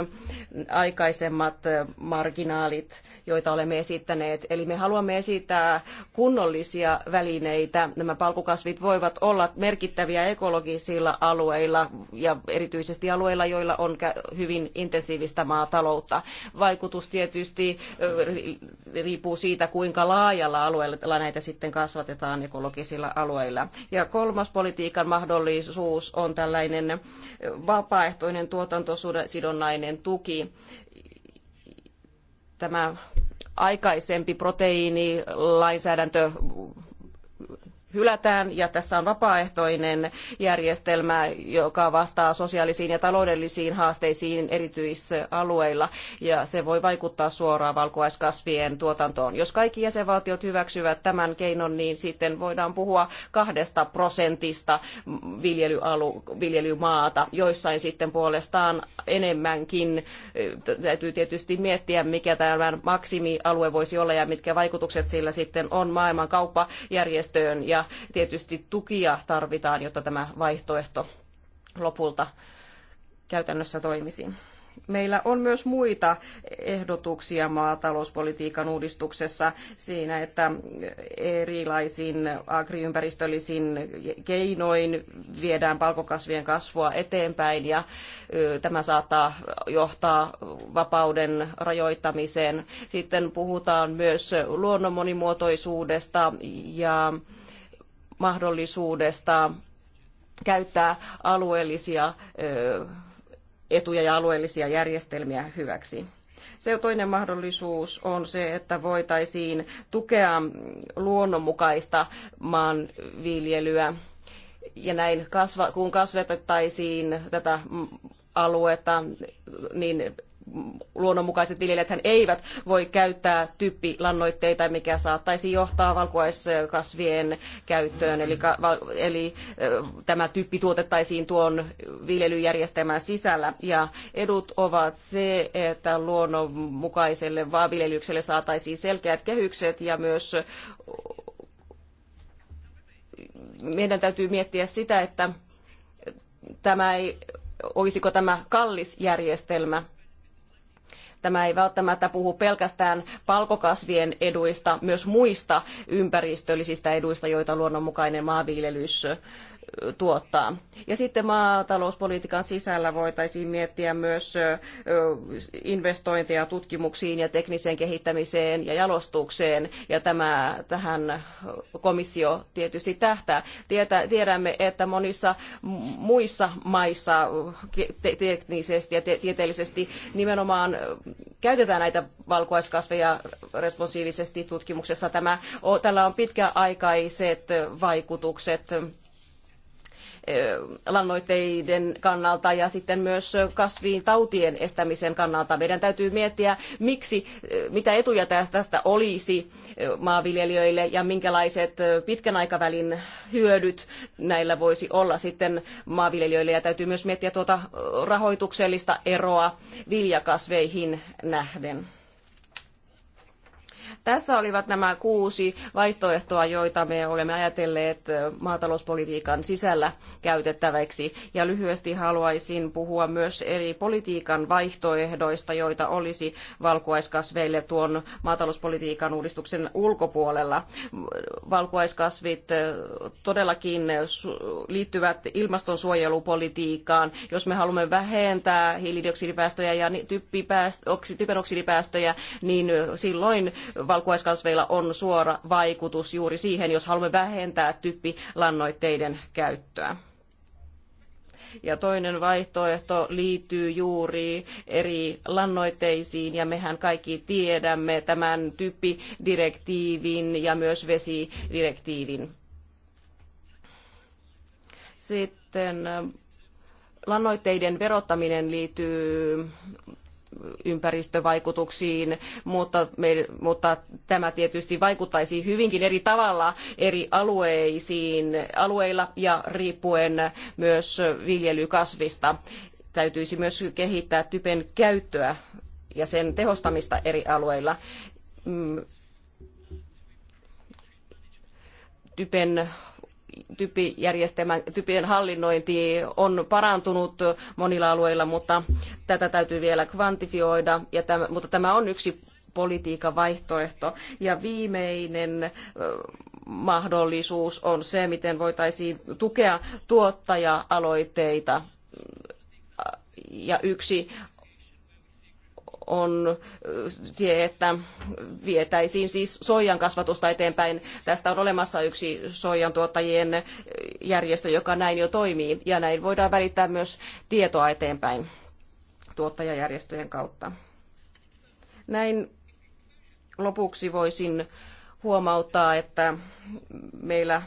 aikaisemmat äh, marginaalit joita olemme esittäneet. Eli me haluamme esittää kunnollisia välineitä. Nämä palkukasvit voivat olla merkittäviä ekologisia sellaisilla alueilla ja erityisesti alueilla, joilla on hyvin intensiivistä maataloutta. Vaikutus tietysti riippuu siitä, kuinka laajalla alueella näitä sitten kasvatetaan ekologisilla alueilla. Ja kolmas politiikan mahdollisuus on tällainen vapaaehtoinen tuotantosidonnainen tuki. Tämä aikaisempi proteiinilainsäädäntö hylätään ja tässä on vapaaehtoinen järjestelmä, joka vastaa sosiaalisiin ja taloudellisiin haasteisiin erityisalueilla ja se voi vaikuttaa suoraan valkuaiskasvien tuotantoon. Jos kaikki jäsenvaltiot hyväksyvät tämän keinon, niin sitten voidaan puhua kahdesta prosentista viljelyalu, viljelymaata, joissain sitten puolestaan enemmänkin. Täytyy tietysti miettiä, mikä tämän maksimialue voisi olla ja mitkä vaikutukset sillä sitten on maailman kauppajärjestöön ja tietysti tukia tarvitaan, jotta tämä vaihtoehto lopulta käytännössä toimisi. Meillä on myös muita ehdotuksia maatalouspolitiikan uudistuksessa siinä, että erilaisiin agriympäristöllisiin keinoin viedään palkokasvien kasvua eteenpäin ja tämä saattaa johtaa vapauden rajoittamiseen. Sitten puhutaan myös luonnon monimuotoisuudesta ja mahdollisuudesta käyttää alueellisia etuja ja alueellisia järjestelmiä hyväksi. Se toinen mahdollisuus on se, että voitaisiin tukea luonnonmukaista maanviljelyä. Ja näin kasva, kun kasvatettaisiin tätä aluetta, niin luonnonmukaiset viljelijäthän eivät voi käyttää typpilannoitteita, mikä saattaisi johtaa valkuaiskasvien käyttöön. Eli, eli tämä typpi tuotettaisiin tuon viljelyjärjestelmän sisällä. Ja edut ovat se, että luonnonmukaiselle vaanviljelykselle saataisiin selkeät kehykset ja myös meidän täytyy miettiä sitä, että tämä ei, olisiko tämä kallis järjestelmä Tämä ei välttämättä puhu pelkästään palkokasvien eduista, myös muista ympäristöllisistä eduista, joita luonnonmukainen maanviljelys tuottaa. Ja sitten maatalouspolitiikan sisällä voitaisiin miettiä myös investointeja tutkimuksiin ja tekniseen kehittämiseen ja jalostukseen. Ja tämä, tähän komissio tietysti tähtää. Tietä, tiedämme, että monissa muissa maissa teknisesti ja te tieteellisesti nimenomaan käytetään näitä valkuaiskasveja responsiivisesti tutkimuksessa. Tämä, tällä on pitkäaikaiset vaikutukset lannoitteiden kannalta ja sitten myös kasviin tautien estämisen kannalta. Meidän täytyy miettiä, miksi, mitä etuja tästä olisi maanviljelijöille ja minkälaiset pitkän aikavälin hyödyt näillä voisi olla sitten maanviljelijöille. Ja täytyy myös miettiä tuota rahoituksellista eroa viljakasveihin nähden. Tässä olivat nämä kuusi vaihtoehtoa, joita me olemme ajatelleet maatalouspolitiikan sisällä käytettäväksi. Ja lyhyesti haluaisin puhua myös eri politiikan vaihtoehdoista, joita olisi valkuaiskasveille tuon maatalouspolitiikan uudistuksen ulkopuolella. Valkuaiskasvit todellakin liittyvät ilmastonsuojelupolitiikkaan. Jos me haluamme vähentää hiilidioksidipäästöjä ja typenoksidipäästöjä, niin silloin valkuaiskasveilla on suora vaikutus juuri siihen, jos haluamme vähentää typpilannoitteiden käyttöä. Ja toinen vaihtoehto liittyy juuri eri lannoitteisiin ja mehän kaikki tiedämme tämän typpidirektiivin ja myös vesidirektiivin. Sitten äh, lannoitteiden verottaminen liittyy ympäristövaikutuksiin, mutta, me, mutta tämä tietysti vaikuttaisi hyvinkin eri tavalla eri alueisiin, alueilla ja riippuen myös viljelykasvista. Täytyisi myös kehittää typen käyttöä ja sen tehostamista eri alueilla. Mm. Typen typijärjestelmän, typien hallinnointi on parantunut monilla alueilla, mutta tätä täytyy vielä kvantifioida, ja tämä, mutta tämä on yksi politiikan vaihtoehto. Ja viimeinen mahdollisuus on se, miten voitaisiin tukea tuottaja-aloitteita ja yksi on se, että vietäisiin siis soijan kasvatusta eteenpäin. Tästä on olemassa yksi soijan tuottajien järjestö, joka näin jo toimii, ja näin voidaan välittää myös tietoa eteenpäin tuottajajärjestöjen kautta. Näin lopuksi voisin huomauttaa, että meillä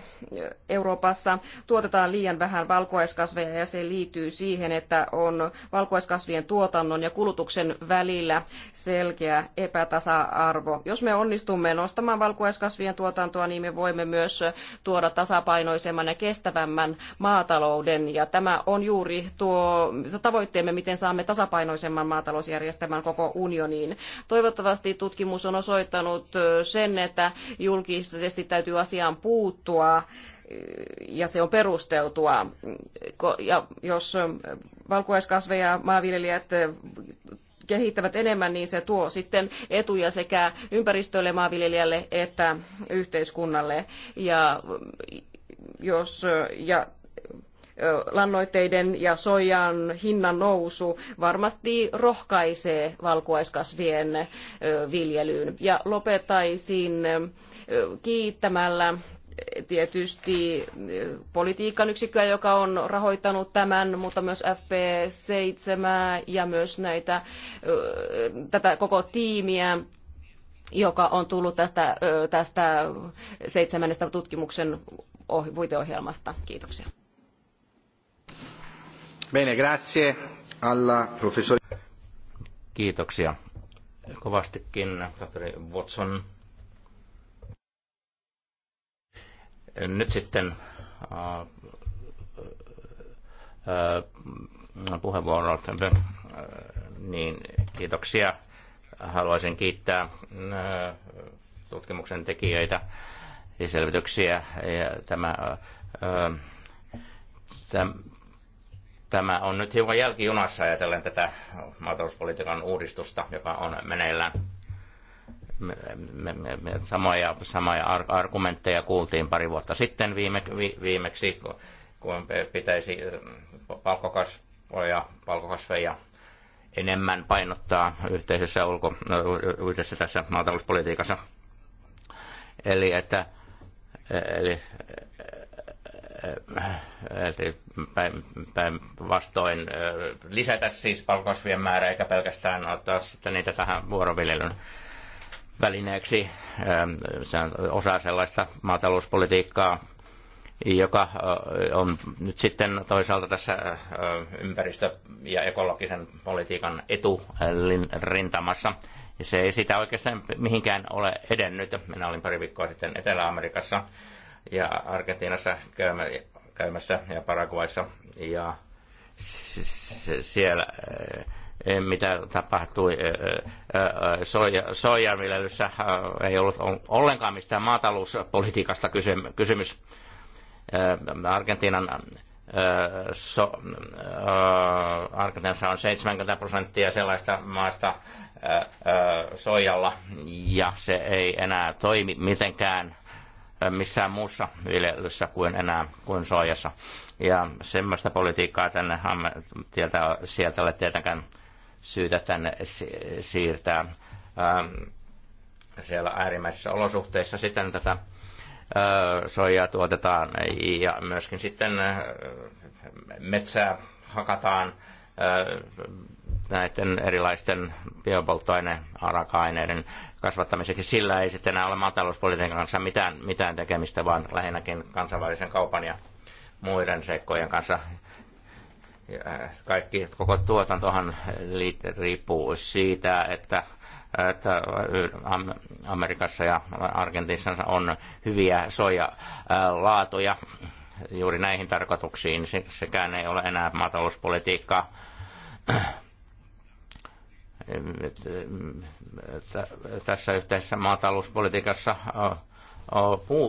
Euroopassa tuotetaan liian vähän valkuaiskasveja ja se liittyy siihen, että on valkuaiskasvien tuotannon ja kulutuksen välillä selkeä epätasa-arvo. Jos me onnistumme nostamaan valkuaiskasvien tuotantoa, niin me voimme myös tuoda tasapainoisemman ja kestävämmän maatalouden ja tämä on juuri tuo tavoitteemme, miten saamme tasapainoisemman maatalousjärjestelmän koko unioniin. Toivottavasti tutkimus on osoittanut sen, että julkisesti täytyy asiaan puuttua ja se on perusteltua. Ja jos valkuaiskasveja maanviljelijät kehittävät enemmän, niin se tuo sitten etuja sekä ympäristölle, maanviljelijälle että yhteiskunnalle. Ja jos, ja lannoitteiden ja soijan hinnan nousu varmasti rohkaisee valkuaiskasvien viljelyyn. Ja lopettaisin kiittämällä tietysti politiikan yksikköä, joka on rahoittanut tämän, mutta myös FP7 ja myös näitä, tätä koko tiimiä, joka on tullut tästä, tästä seitsemännestä tutkimuksen puiteohjelmasta. Kiitoksia. Bene, grazie alla professori. Kiitoksia kovastikin, tohtori Watson. Nyt sitten puheenvuorot. niin, kiitoksia. Haluaisin kiittää tutkimuksen tekijöitä ja selvityksiä. Ja tämä, Tämä on nyt hiukan jälkijunassa ajatellen tätä maatalouspolitiikan uudistusta, joka on meneillään. Me, me, me, me, samoja, samoja argumentteja kuultiin pari vuotta sitten viime, vi, viimeksi, kun pitäisi äh, palkkokasvoja, palkkokasveja enemmän painottaa yhteisessä ulko, äh, yhdessä tässä maatalouspolitiikassa. Eli että äh, eli, Äh, äh, päinvastoin äh, lisätä siis palkosvien määrää, eikä pelkästään ottaa sitten niitä tähän vuoroviljelyn välineeksi. Ähm, se on osa sellaista maatalouspolitiikkaa, joka on nyt sitten toisaalta tässä ympäristö- ja ekologisen politiikan eturintamassa. Se ei sitä oikeastaan mihinkään ole edennyt. Minä olin pari viikkoa sitten Etelä-Amerikassa ja Argentiinassa käymässä ja Paraguayssa ja siellä eh, eh, mitä tapahtui eh, soijanviljelyssä, ei ollut ollenkaan mistään maatalouspolitiikasta kysymys. Argentiinan so, Argentiinassa on 70 prosenttia sellaista maasta soijalla ja se ei enää toimi mitenkään Äh, missään muussa viljelyssä kuin enää kuin soijassa. Ja semmoista politiikkaa tänne tieltä, sieltä ole tietenkään syytä tänne siirtää. Ähm, siellä äärimmäisissä olosuhteissa sitten tätä äh, soijaa tuotetaan ja myöskin sitten äh, metsää hakataan näiden erilaisten biopolttoaine-araka-aineiden kasvattamiseksi. Sillä ei sitten enää ole maatalouspolitiikan kanssa mitään, mitään tekemistä, vaan lähinnäkin kansainvälisen kaupan ja muiden seikkojen kanssa. Äh, kaikki, koko tuotantohan riippuu siitä, että että äh, Amerikassa ja Argentiinassa on hyviä soja soja-laatuja juuri näihin tarkoituksiin. Sekään ei ole enää maatalouspolitiikkaa tässä yhteisessä maatalouspolitiikassa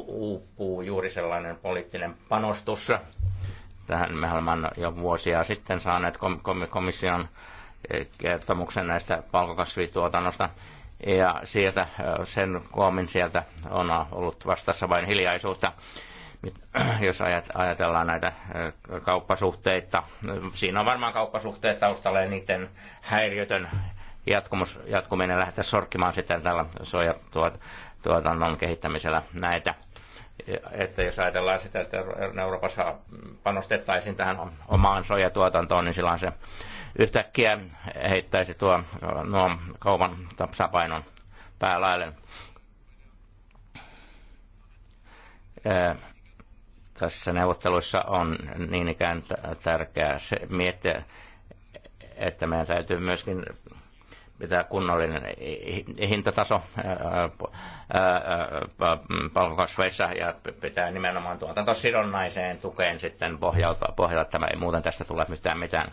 uupuu juuri sellainen poliittinen panostus. Tähän me olemme jo vuosia sitten saaneet komission kertomuksen näistä palkokasvituotannosta. Ja sieltä, sen koomin sieltä on ollut vastassa vain hiljaisuutta. Jos ajatellaan näitä kauppasuhteita, siinä on varmaan kauppasuhteet taustalla ja niiden häiriötön jatkumus, jatkuminen lähteä sorkkimaan sitten tällä suojatuotannon kehittämisellä näitä. Että jos ajatellaan sitä, että Euroopassa panostettaisiin tähän omaan sojatuotantoon, niin silloin se yhtäkkiä heittäisi tuo nuo kaupan tasapainon päälaille. Tässä neuvotteluissa on niin ikään tärkeää se miettiä, että meidän täytyy myöskin pitää kunnollinen hintataso palkokasveissa ja pitää nimenomaan tuotantosidonnaiseen tukeen sitten pohjautua, pohjautua. Tämä ei muuten tästä tule mitään mitään.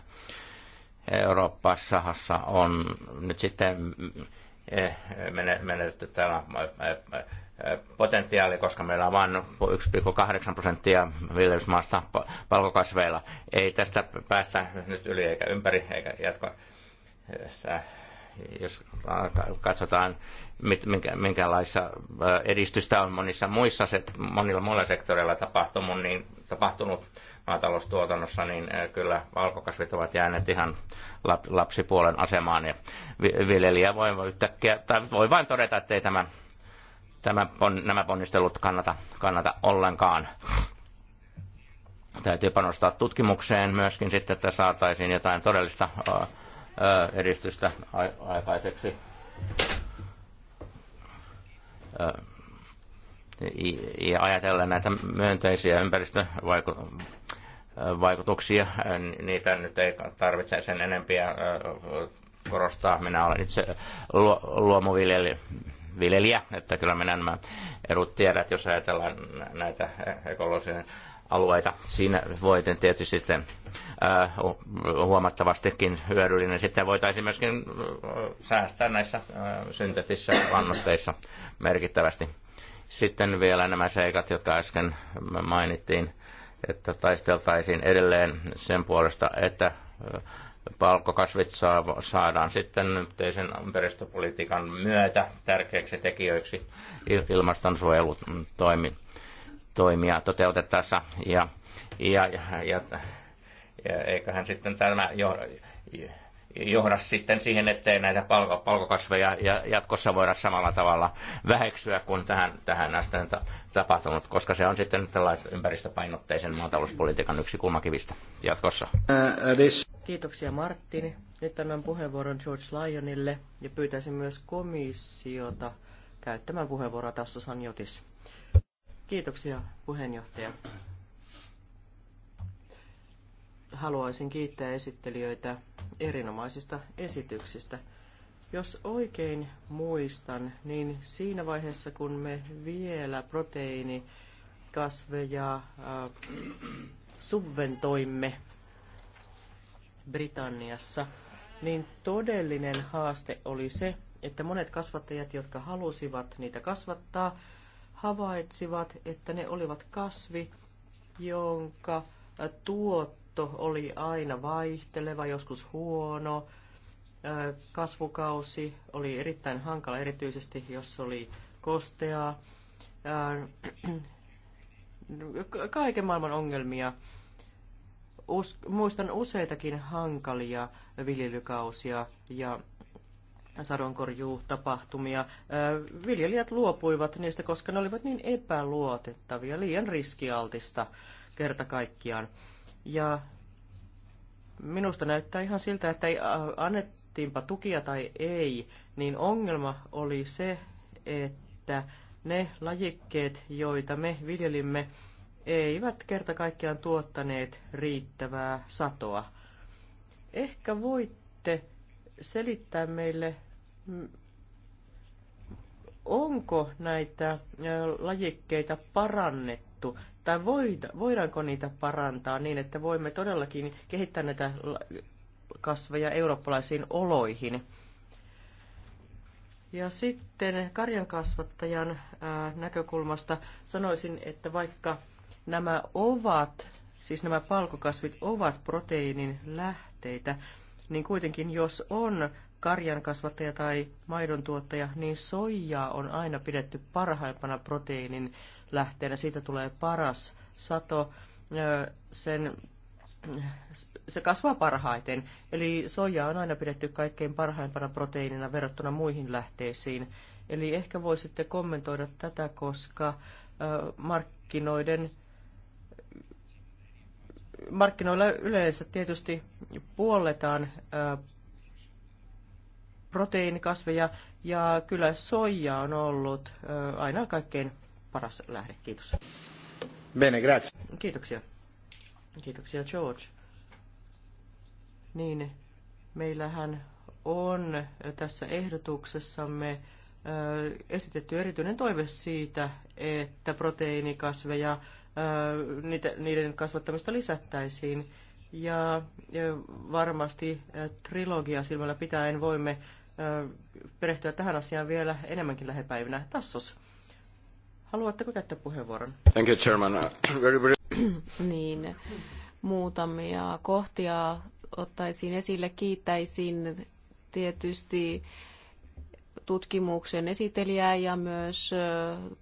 Euroopassa on nyt sitten eh, menetetty tämä potentiaali, koska meillä on vain 1,8 prosenttia viljelysmaasta palkokasveilla. Ei tästä päästä nyt yli eikä ympäri eikä jatko eh, jos katsotaan, minkä, minkälaista edistystä on monissa muissa, monilla muilla sektoreilla tapahtunut, niin, tapahtunut maataloustuotannossa, niin kyllä valkokasvit ovat jääneet ihan lapsipuolen asemaan. Ja viljelijä voi yhtäkkiä, tai voi vain todeta, että ei tämä, tämä, nämä ponnistelut kannata, kannata ollenkaan täytyy panostaa tutkimukseen myöskin sitten, että saataisiin jotain todellista edistystä aikaiseksi. Ja ajatellen näitä myönteisiä ympäristövaikutuksia, niitä nyt ei tarvitse sen enempiä korostaa. Minä olen itse luomuviljelijä, viljelijä, että kyllä minä nämä edut tiedät, jos ajatellaan näitä e-, ekologisia alueita. Siinä voi tietysti sitten äh, huomattavastikin hyödyllinen. Sitten voitaisiin myöskin äh, säästää näissä äh, synteettisissä lannoitteissa merkittävästi. Sitten vielä nämä seikat, jotka äsken mainittiin, että taisteltaisiin edelleen sen puolesta, että palkokasvit saadaan sitten yhteisen ympäristöpolitiikan myötä tärkeiksi tekijöiksi ilmastonsuojelutoimi toimia toteutettaessa ja, ja, ja, ja, ja eiköhän sitten tämä johda, johda sitten siihen, ettei näitä palko, palkokasveja jatkossa voida samalla tavalla väheksyä kuin tähän, tähän asti on tapahtunut, koska se on sitten tällaisen ympäristöpainotteisen maatalouspolitiikan yksi kulmakivistä jatkossa. Kiitoksia Martini. Nyt annan puheenvuoron George Lyonille ja pyytäisin myös komissiota käyttämään puheenvuoroa tässä Sanjotis. Kiitoksia puheenjohtaja. Haluaisin kiittää esittelijöitä erinomaisista esityksistä. Jos oikein muistan, niin siinä vaiheessa, kun me vielä proteiinikasveja äh, subventoimme Britanniassa, niin todellinen haaste oli se, että monet kasvattajat, jotka halusivat niitä kasvattaa, havaitsivat, että ne olivat kasvi, jonka tuotto oli aina vaihteleva, joskus huono. Kasvukausi oli erittäin hankala, erityisesti jos oli kosteaa. Kaiken maailman ongelmia. Muistan useitakin hankalia viljelykausia ja sadonkorjuutapahtumia. Viljelijät luopuivat niistä, koska ne olivat niin epäluotettavia, liian riskialtista kerta kaikkiaan. Ja minusta näyttää ihan siltä, että ei annettiinpa tukia tai ei, niin ongelma oli se, että ne lajikkeet, joita me viljelimme, eivät kerta kaikkiaan tuottaneet riittävää satoa. Ehkä voitte selittää meille, onko näitä lajikkeita parannettu tai voidaanko niitä parantaa niin, että voimme todellakin kehittää näitä kasveja eurooppalaisiin oloihin. Ja sitten karjan kasvattajan näkökulmasta sanoisin, että vaikka nämä ovat, siis nämä palkokasvit ovat proteiinin lähteitä, niin kuitenkin jos on karjan kasvattaja tai maidon tuottaja, niin soijaa on aina pidetty parhaimpana proteiinin lähteenä. Siitä tulee paras sato. Sen, se kasvaa parhaiten. Eli soijaa on aina pidetty kaikkein parhaimpana proteiinina verrattuna muihin lähteisiin. Eli ehkä voisitte kommentoida tätä, koska markkinoiden markkinoilla yleensä tietysti puolletaan proteiinikasveja ja kyllä soija on ollut aina kaikkein paras lähde. Kiitos. Bene, grazie. Kiitoksia. Kiitoksia George. Niin, meillähän on tässä ehdotuksessamme esitetty erityinen toive siitä, että proteiinikasveja niiden kasvattamista lisättäisiin. Ja varmasti trilogia silmällä pitäen voimme perehtyä tähän asiaan vielä enemmänkin lähepäivinä. Tassos, haluatteko käyttää puheenvuoron? Thank you, Chairman. Very, very... niin, muutamia kohtia ottaisin esille. Kiittäisin tietysti tutkimuksen esitelijää ja myös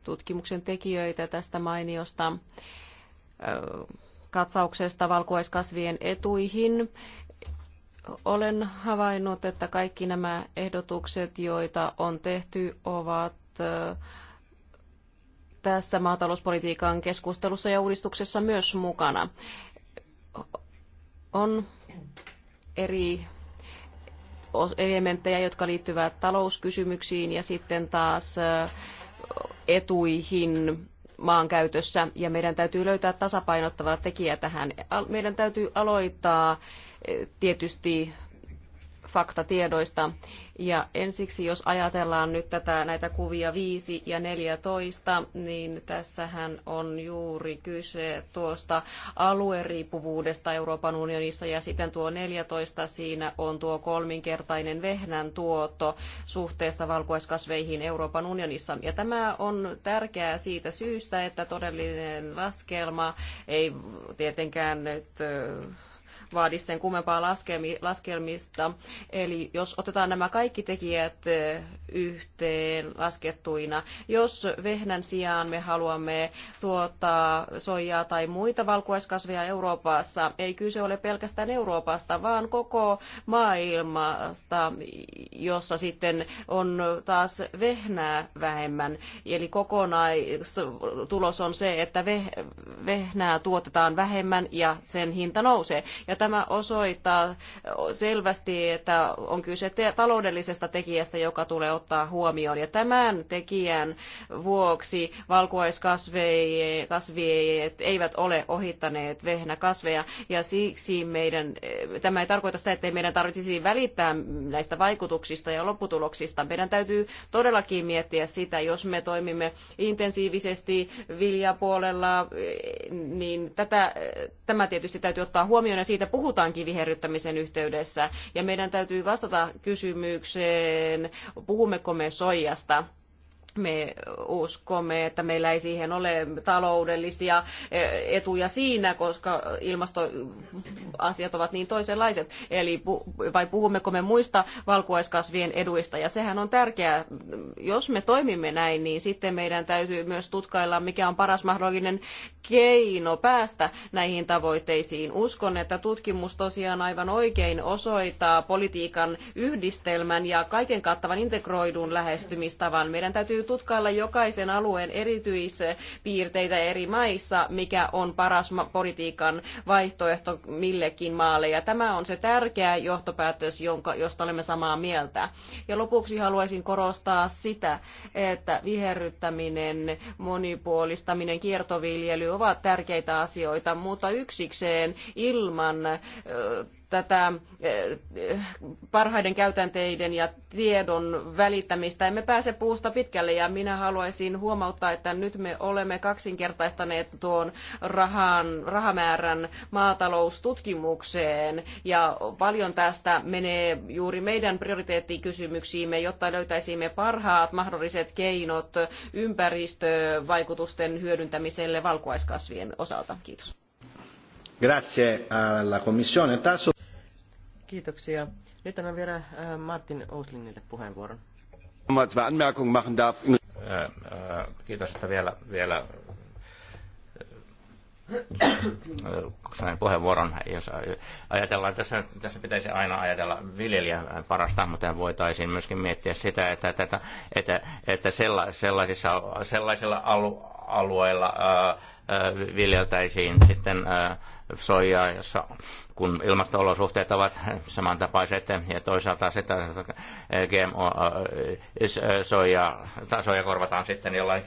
tutkimuksen tekijöitä tästä mainiosta katsauksesta valkuaiskasvien etuihin. Olen havainnut, että kaikki nämä ehdotukset, joita on tehty, ovat tässä maatalouspolitiikan keskustelussa ja uudistuksessa myös mukana. On eri elementtejä, jotka liittyvät talouskysymyksiin ja sitten taas etuihin maankäytössä ja meidän täytyy löytää tasapainottava tekijä tähän. Meidän täytyy aloittaa tietysti faktatiedoista. Ja ensiksi, jos ajatellaan nyt tätä, näitä kuvia 5 ja 14, niin tässähän on juuri kyse tuosta alueriippuvuudesta Euroopan unionissa, ja sitten tuo 14 siinä on tuo kolminkertainen vehnän tuotto suhteessa valkuaiskasveihin Euroopan unionissa. Ja tämä on tärkeää siitä syystä, että todellinen laskelma ei tietenkään nyt vaadi sen kummempaa laskelmista. Eli jos otetaan nämä kaikki tekijät eh, yhteen laskettuina, jos vehnän sijaan me haluamme tuottaa soijaa tai muita valkuaiskasveja Euroopassa, ei kyse ole pelkästään Euroopasta, vaan koko maailmasta, jossa sitten on taas vehnää vähemmän. Eli kokonaistulos on se, että vehnää tuotetaan vähemmän ja sen hinta nousee. Ja tämä osoittaa selvästi, että on kyse taloudellisesta tekijästä, joka tulee ottaa huomioon. Ja tämän tekijän vuoksi valkuaiskasvit eivät ole ohittaneet vehnäkasveja, ja siksi meidän, tämä ei tarkoita sitä, että meidän tarvitsisi välittää näistä vaikutuksista ja lopputuloksista. Meidän täytyy todellakin miettiä sitä, jos me toimimme intensiivisesti viljapuolella, niin tätä, tämä tietysti täytyy ottaa huomioon ja siitä puhutaan kiviherryttämisen yhteydessä. Ja meidän täytyy vastata kysymykseen, puhummeko me soijasta me uskomme, että meillä ei siihen ole taloudellisia eh, etuja siinä, koska ilmastoasiat ovat niin toisenlaiset. Eli vai puhummeko me muista valkuaiskasvien eduista, ja sehän on tärkeää. Jos me toimimme näin, niin sitten meidän täytyy myös tutkailla, mikä on paras mahdollinen keino päästä näihin tavoitteisiin. Uskon, että tutkimus tosiaan aivan oikein osoittaa politiikan yhdistelmän ja kaiken kattavan integroidun lähestymistavan. Meidän täytyy täytyy tutkailla jokaisen alueen erityispiirteitä eri maissa, mikä on paras politiikan vaihtoehto millekin maalle. Ja tämä on se tärkeä johtopäätös, jonka, josta olemme samaa mieltä. Ja lopuksi haluaisin korostaa sitä, että viherryttäminen, monipuolistaminen, kiertoviljely ovat tärkeitä asioita, mutta yksikseen ilman tätä eh, parhaiden käytänteiden ja tiedon välittämistä. Emme pääse puusta pitkälle ja minä haluaisin huomauttaa, että nyt me olemme kaksinkertaistaneet tuon rahan, rahamäärän maataloustutkimukseen ja paljon tästä menee juuri meidän prioriteettikysymyksiimme, jotta löytäisimme parhaat mahdolliset keinot ympäristövaikutusten hyödyntämiselle valkuaiskasvien osalta. Kiitos. Grazie alla Commissione. Tasso. Kiitoksia. Nyt annan vielä äh, Martin Ouslingille puheenvuoron. Äh, äh, kiitos, että vielä, vielä sain puheenvuoron. Jos ajatellaan, tässä, tässä pitäisi aina ajatella viljelijän parasta, mutta voitaisiin myöskin miettiä sitä, että, että, että, että sellaisissa, sellaisilla alu, alueilla viljeltäisiin sitten soijaa, jossa kun ilmastoolosuhteet ovat samantapaiset ja toisaalta sitä GMO, soijaa, soija korvataan sitten jollain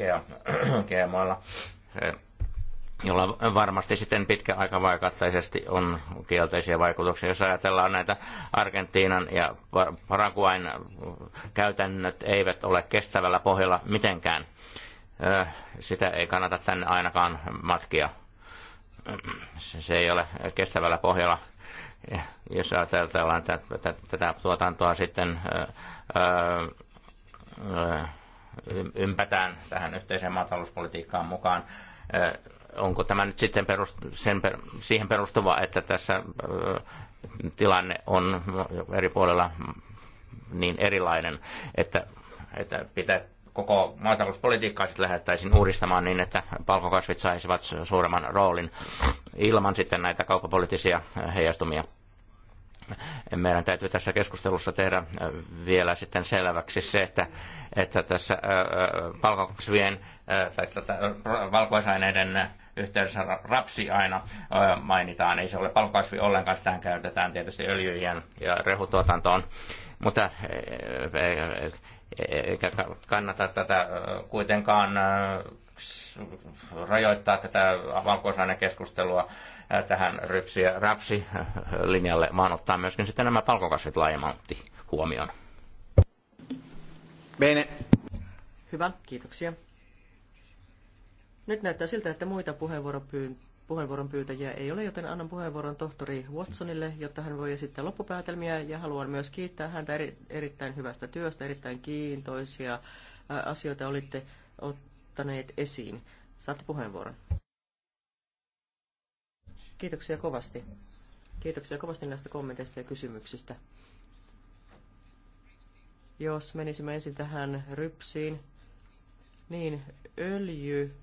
GMOilla jolla varmasti sitten pitkä on kielteisiä vaikutuksia. Jos ajatellaan näitä Argentiinan ja Paraguayn käytännöt eivät ole kestävällä pohjalla mitenkään sitä ei kannata tänne ainakaan matkia. Se ei ole kestävällä pohjalla. Jos ajatellaan tätä tuotantoa sitten ympätään tähän yhteiseen maatalouspolitiikkaan mukaan, onko tämä nyt sitten perust, sen, siihen perustuva, että tässä tilanne on eri puolella niin erilainen, että, että pitä, koko maatalouspolitiikkaa sitten lähdettäisiin uudistamaan niin, että palkokasvit saisivat suuremman roolin ilman sitten näitä kaukopoliittisia äh, heijastumia. Meidän täytyy tässä keskustelussa tehdä äh, vielä sitten selväksi se, että, että tässä äh, palkokasvien tai valkoisaineiden yhteydessä rapsi aina mainitaan. Ei se ole palkokasvi ollenkaan, sitä käytetään tietysti öljyjen ja rehutuotantoon mutta eikä kannata tätä kuitenkaan rajoittaa tätä valkoisainen keskustelua tähän rypsi- ja rapsilinjalle, vaan ottaa myöskin sitten nämä palkokasvit laajemmalti huomioon. Bene. Hyvä, kiitoksia. Nyt näyttää siltä, että muita puheenvuoropyyntöjä puheenvuoron pyytäjiä ei ole, joten annan puheenvuoron tohtori Watsonille, jotta hän voi esittää loppupäätelmiä ja haluan myös kiittää häntä eri, erittäin hyvästä työstä, erittäin kiintoisia asioita olitte ottaneet esiin. Saatte puheenvuoron. Kiitoksia kovasti. Kiitoksia kovasti näistä kommenteista ja kysymyksistä. Jos menisimme ensin tähän rypsiin, niin öljy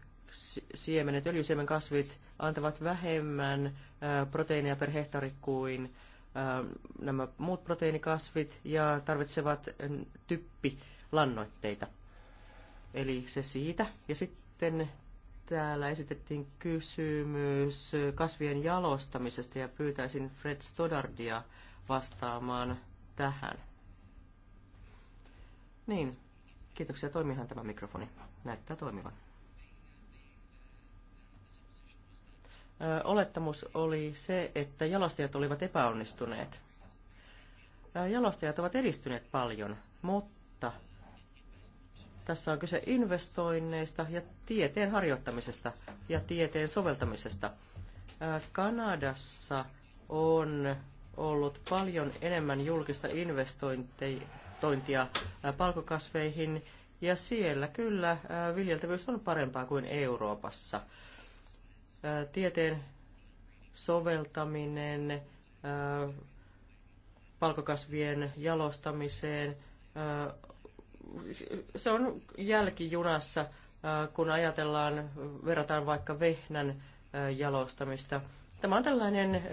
siemenet, öljysiemen kasvit antavat vähemmän proteiinia per hehtaari kuin nämä muut proteiinikasvit ja tarvitsevat typpilannoitteita. Eli se siitä. Ja sitten täällä esitettiin kysymys kasvien jalostamisesta ja pyytäisin Fred Stodardia vastaamaan tähän. Niin, kiitoksia. Toimihan tämä mikrofoni. Näyttää toimivan. olettamus oli se, että jalostajat olivat epäonnistuneet. Jalostajat ovat edistyneet paljon, mutta tässä on kyse investoinneista ja tieteen harjoittamisesta ja tieteen soveltamisesta. Kanadassa on ollut paljon enemmän julkista investointia palkokasveihin ja siellä kyllä viljeltävyys on parempaa kuin Euroopassa – tieteen soveltaminen palkokasvien jalostamiseen, se on jälkijunassa, kun ajatellaan, verrataan vaikka vehnän jalostamista. Tämä on tällainen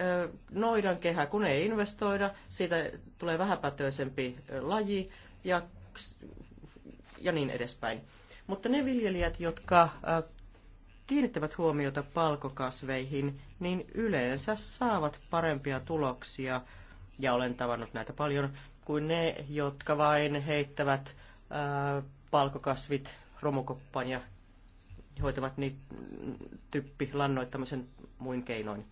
noidan kehä, kun ei investoida, siitä tulee vähäpätöisempi laji ja, ja niin edespäin. Mutta ne viljelijät, jotka kiinnittävät huomiota palkokasveihin, niin yleensä saavat parempia tuloksia, ja olen tavannut näitä paljon, kuin ne, jotka vain heittävät ää, palkokasvit romukoppaan ja hoitavat niitä typpi lannoittamisen muin keinoin.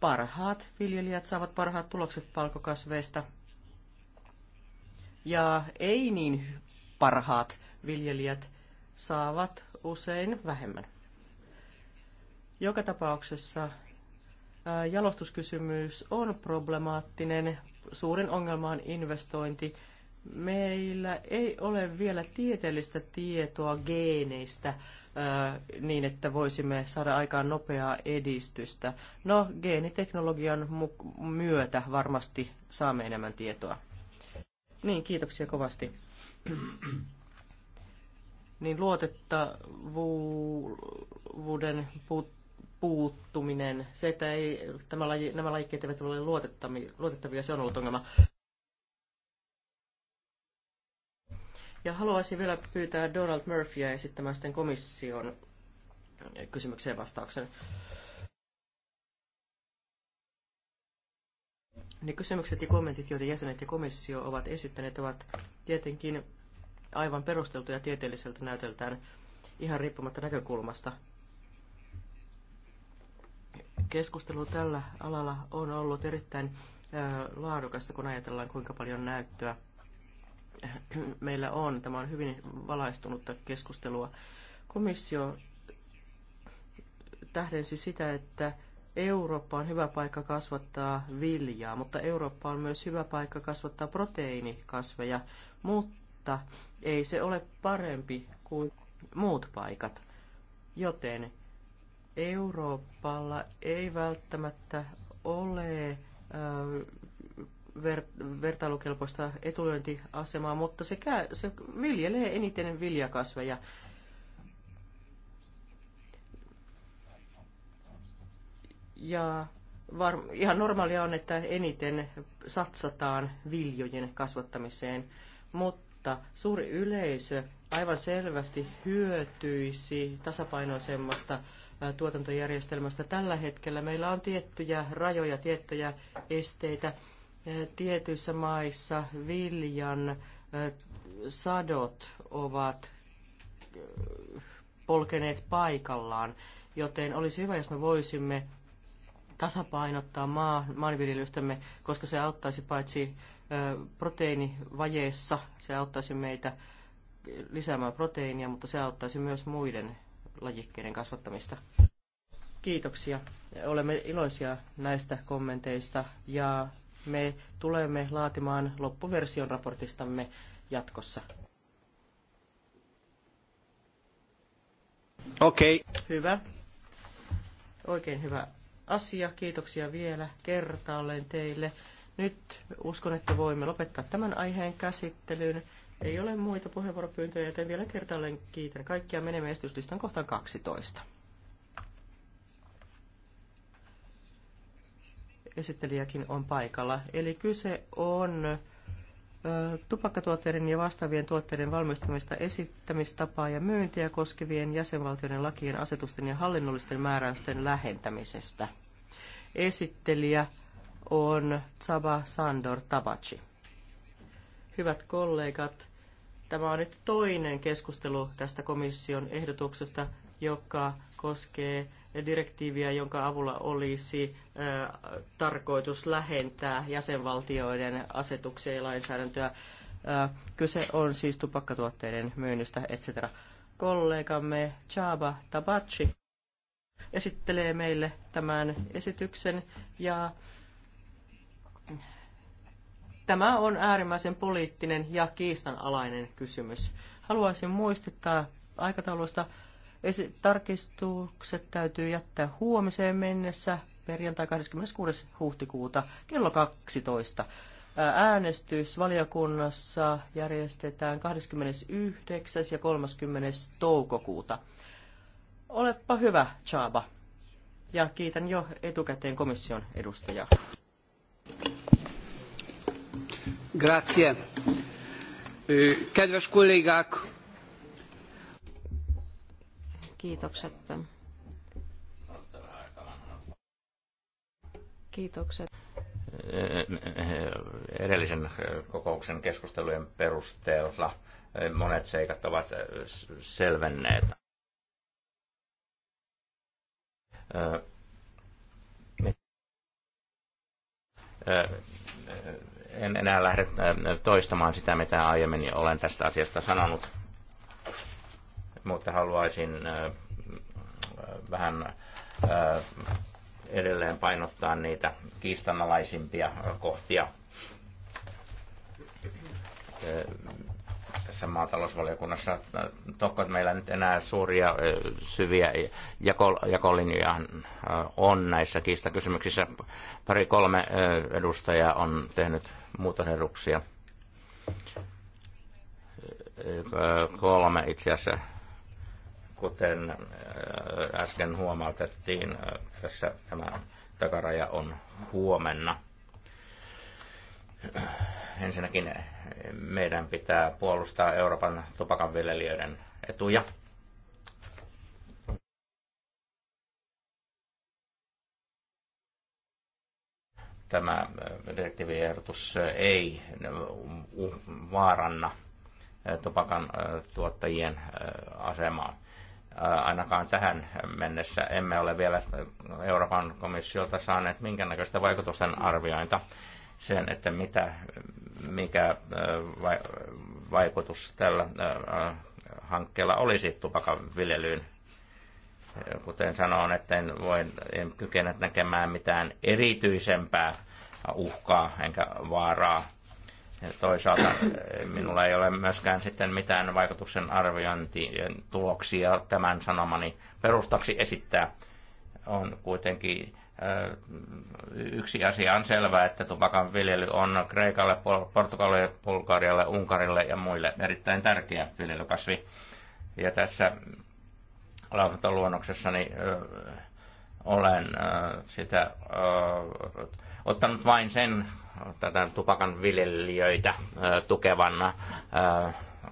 Parhaat viljelijät saavat parhaat tulokset palkokasveista. Ja ei niin parhaat viljelijät saavat usein vähemmän. Joka tapauksessa jalostuskysymys on problemaattinen. Suurin ongelma on investointi. Meillä ei ole vielä tieteellistä tietoa geeneistä niin, että voisimme saada aikaan nopeaa edistystä. No, geeniteknologian myötä varmasti saamme enemmän tietoa. Niin, kiitoksia kovasti. niin luotettavuuden puut puuttuminen, se, että ei, tämä laji, nämä lajikkeet eivät ole luotettavia, se on ollut ongelma. Ja haluaisin vielä pyytää Donald Murphyä esittämään sitten komission kysymykseen vastauksen. Ne kysymykset ja kommentit, joita jäsenet ja komissio ovat esittäneet, ovat tietenkin aivan perusteltuja tieteelliseltä näytöltään ihan riippumatta näkökulmasta – keskustelu tällä alalla on ollut erittäin laadukasta, kun ajatellaan kuinka paljon näyttöä meillä on. Tämä on hyvin valaistunutta keskustelua. Komissio tähdensi sitä, että Eurooppa on hyvä paikka kasvattaa viljaa, mutta Eurooppa on myös hyvä paikka kasvattaa proteiinikasveja, mutta ei se ole parempi kuin muut paikat. Joten Euroopalla ei välttämättä ole ver, vertailukelpoista etulyöntiasemaa, mutta se, kää se viljelee eniten viljakasveja. Ja var, ihan normaalia on, että eniten satsataan viljojen kasvattamiseen, mutta suuri yleisö aivan selvästi hyötyisi tasapainoisemmasta tuotantojärjestelmästä. Tällä hetkellä meillä on tiettyjä rajoja, tiettyjä esteitä. Tietyissä maissa viljan sadot ovat polkeneet paikallaan, joten olisi hyvä, jos me voisimme tasapainottaa maa, maanviljelystämme, koska se auttaisi paitsi proteiinivajeessa, se auttaisi meitä lisäämään proteiinia, mutta se auttaisi myös muiden lajikkeiden kasvattamista. Kiitoksia. Olemme iloisia näistä kommenteista ja me tulemme laatimaan loppuversion raportistamme jatkossa. Okei. Okay. Hyvä. Oikein hyvä asia. Kiitoksia vielä kertaalleen teille. Nyt uskon, että voimme lopettaa tämän aiheen käsittelyn. Ei ole muita puheenvuoropyyntöjä, joten vielä kertaalleen kiitän kaikkia. Menemme esityslistan kohtaan 12. Esittelijäkin on paikalla. Eli kyse on tupakkatuotteiden ja vastaavien tuotteiden valmistamista, esittämistapaa ja myyntiä koskevien jäsenvaltioiden lakien, asetusten ja hallinnollisten määräysten lähentämisestä. Esittelijä on Tsaba Sandor Tabachi. Hyvät kollegat, Tämä on nyt toinen keskustelu tästä komission ehdotuksesta, joka koskee direktiiviä, jonka avulla olisi tarkoitus lähentää jäsenvaltioiden asetuksia ja lainsäädäntöä. kyse on siis tupakkatuotteiden myynnistä, etc. Kollegamme Chaba Tabachi esittelee meille tämän esityksen ja Tämä on äärimmäisen poliittinen ja kiistanalainen kysymys. Haluaisin muistuttaa aikataulusta. tarkistukset täytyy jättää huomiseen mennessä perjantai 26. huhtikuuta kello 12. Äänestys valiokunnassa järjestetään 29. ja 30. toukokuuta. Olepa hyvä, Chaba. Ja kiitän jo etukäteen komission edustajaa. Grazie. Kedves kollégák! Kiitokset. Kiitokset. Edellisen kokouksen keskustelujen perusteella monet seikat ovat selvenneet en enää lähde äh, toistamaan sitä, mitä aiemmin olen tästä asiasta sanonut, mutta haluaisin äh, äh, vähän edelleen painottaa niitä kiistanalaisimpia kohtia tässä maatalousvaliokunnassa. toki meillä nyt enää suuria syviä jakolinjoja on näissä kiistakysymyksissä. Pari kolme edustajaa on tehnyt muutosehdotuksia. Kolme itse asiassa, kuten äsken huomautettiin, tässä tämä takaraja on huomenna Ensinnäkin eh, meidän pitää puolustaa Euroopan tupakanviljelijöiden etuja. Tämä eh, direktiiviehdotus eh, ei vaaranna tupakan tuottajien asemaa. Ainakaan tähän mennessä emme ole vielä Euroopan komissiolta saaneet minkäännäköistä vaikutusten arviointa sen, että mitä, mikä vaikutus tällä hankkeella olisi tupakan viljelyyn. Kuten sanoin, että en, voi, en kykene näkemään mitään erityisempää uhkaa enkä vaaraa. Ja toisaalta minulla ei ole myöskään sitten mitään vaikutuksen arviointien tuloksia tämän sanomani perustaksi esittää. On kuitenkin Yksi asia on selvää, että tupakan viljely on Kreikalle, Portugalille, Bulgarialle, Unkarille ja muille erittäin tärkeä viljelykasvi. Ja tässä lausuntoluonnoksessani olen sitä ottanut vain sen tätä tupakan viljelijöitä tukevan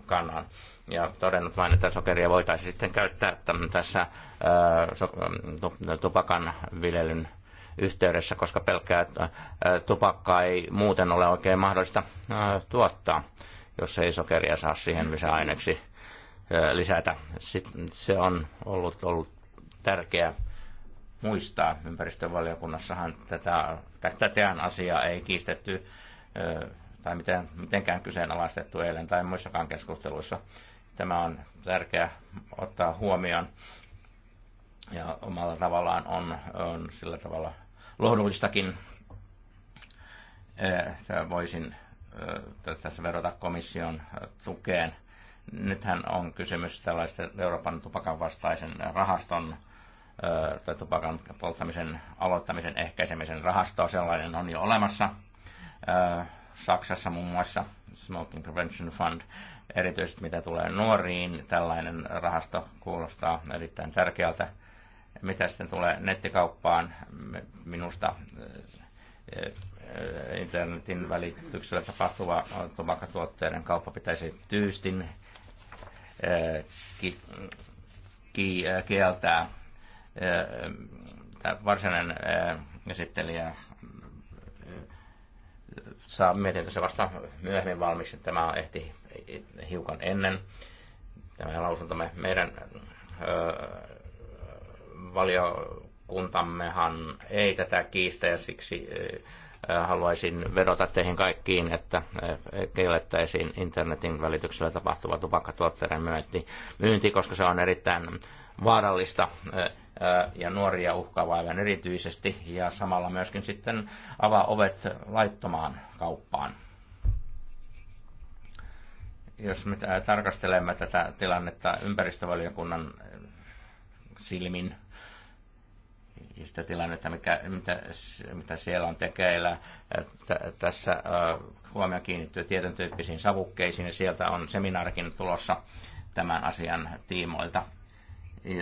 kannan ja todennut vain, että sokeria voitaisiin sitten käyttää tässä tupakan viljelyn yhteydessä, koska pelkkää tupakkaa ei muuten ole oikein mahdollista tuottaa, jos ei sokeria saa siihen lisäaineeksi lisätä. Sitten se on ollut, ollut tärkeää muistaa. Ympäristövaliokunnassahan tätä, tätä asiaa ei kiistetty tai miten, mitenkään kyseenalaistettu eilen tai muissakaan keskusteluissa. Tämä on tärkeää ottaa huomioon ja omalla tavallaan on, on sillä tavalla lohdullistakin. Eh, voisin eh, tässä verota komission eh, tukeen. Nythän on kysymys tällaista Euroopan tupakan vastaisen rahaston tai tupakan polttamisen aloittamisen ehkäisemisen rahastoa. Sellainen on jo olemassa. Saksassa muun muassa Smoking Prevention Fund, erityisesti mitä tulee nuoriin, tällainen rahasto kuulostaa erittäin tärkeältä mitä sitten tulee nettikauppaan, minusta eh, eh, internetin välityksellä tapahtuva tupakkatuotteiden kauppa pitäisi tyystin eh, ki, ki, kieltää. Tämä varsinainen esittelijä saa mietintönsä vasta myöhemmin valmiiksi. Tämä ehti hiukan ennen. Tämä lausunto meidän valiokuntammehan ei tätä kiistä ja siksi eh, haluaisin vedota teihin kaikkiin, että eh, eh, kiellettäisiin internetin välityksellä tapahtuva tupakkatuotteiden myynti, myynti, koska se on erittäin vaarallista ja nuoria uhkaavaa aivan erityisesti ja samalla myöskin sitten avaa ovet laittomaan kauppaan. Jos me tarkastelemme tätä tilannetta ympäristövaliokunnan silmin, sitä tilannetta, mikä, mitä, mitä siellä on tekeillä. T- tässä huomio kiinnittyy tietyn tyyppisiin savukkeisiin ja sieltä on seminaarikin tulossa tämän asian tiimoilta.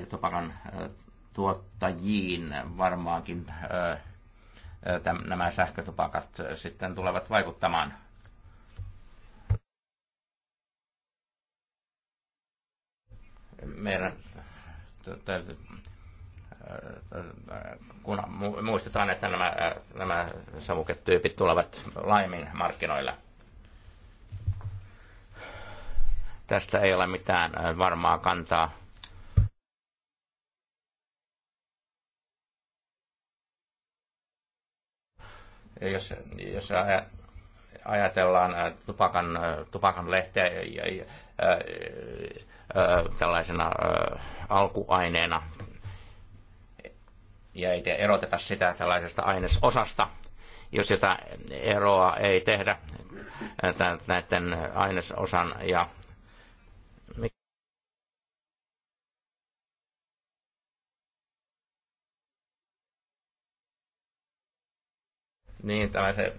Tupakan tuottajiin varmaankin nämä sähkötupakat sitten tulevat vaikuttamaan. Meidän täytyy kun muistetaan, että nämä, nämä savuketyypit tulevat laimin markkinoille. Tästä ei ole mitään varmaa kantaa. Jos, jos ajatellaan tupakan, tupakan lehteä tällaisena alkuaineena, ja ei eroteta sitä tällaisesta ainesosasta. Jos sitä eroa ei tehdä näiden ainesosan ja niin tällaisen,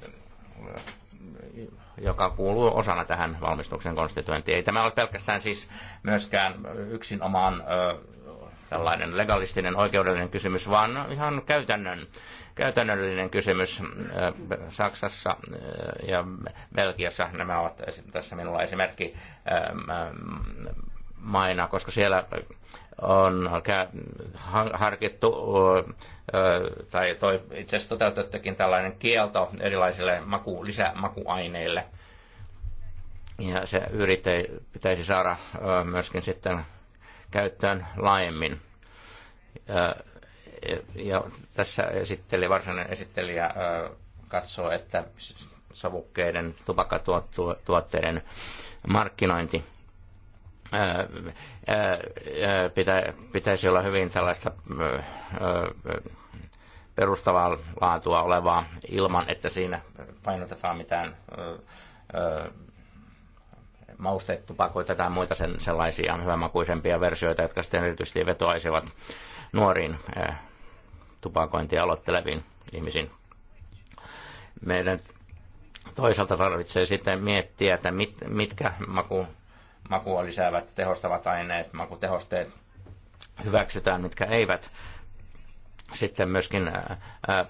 joka kuuluu osana tähän valmistuksen konstituentiin. Ei tämä ole pelkästään siis myöskään yksin omaan tällainen legalistinen oikeudellinen kysymys, vaan ihan käytännön, käytännöllinen kysymys. Äh, Saksassa äh, ja Belgiassa nämä ovat tässä minulla esimerkki ähm, ähm, maina, koska siellä on harkittu äh, tai toi, itse asiassa toteutettukin tällainen kielto erilaisille maku, lisämakuaineille. Ja se yrittäjä pitäisi saada myöskin sitten käyttöön laajemmin. Ja tässä esitteli, varsinainen esittelijä katsoo, että savukkeiden, tupakkatuotteiden markkinointi pitäisi olla hyvin tällaista perustavaa laatua olevaa ilman, että siinä painotetaan mitään maustetupakoita tai muita sen, sellaisia hyvänmakuisempia versioita, jotka sitten erityisesti vetoaisivat nuoriin eh, tupakointia aloitteleviin ihmisiin. Meidän toisaalta tarvitsee sitten miettiä, että mit, mitkä maku, makua lisäävät tehostavat aineet, makutehosteet hyväksytään, mitkä eivät. Sitten myöskin eh, eh,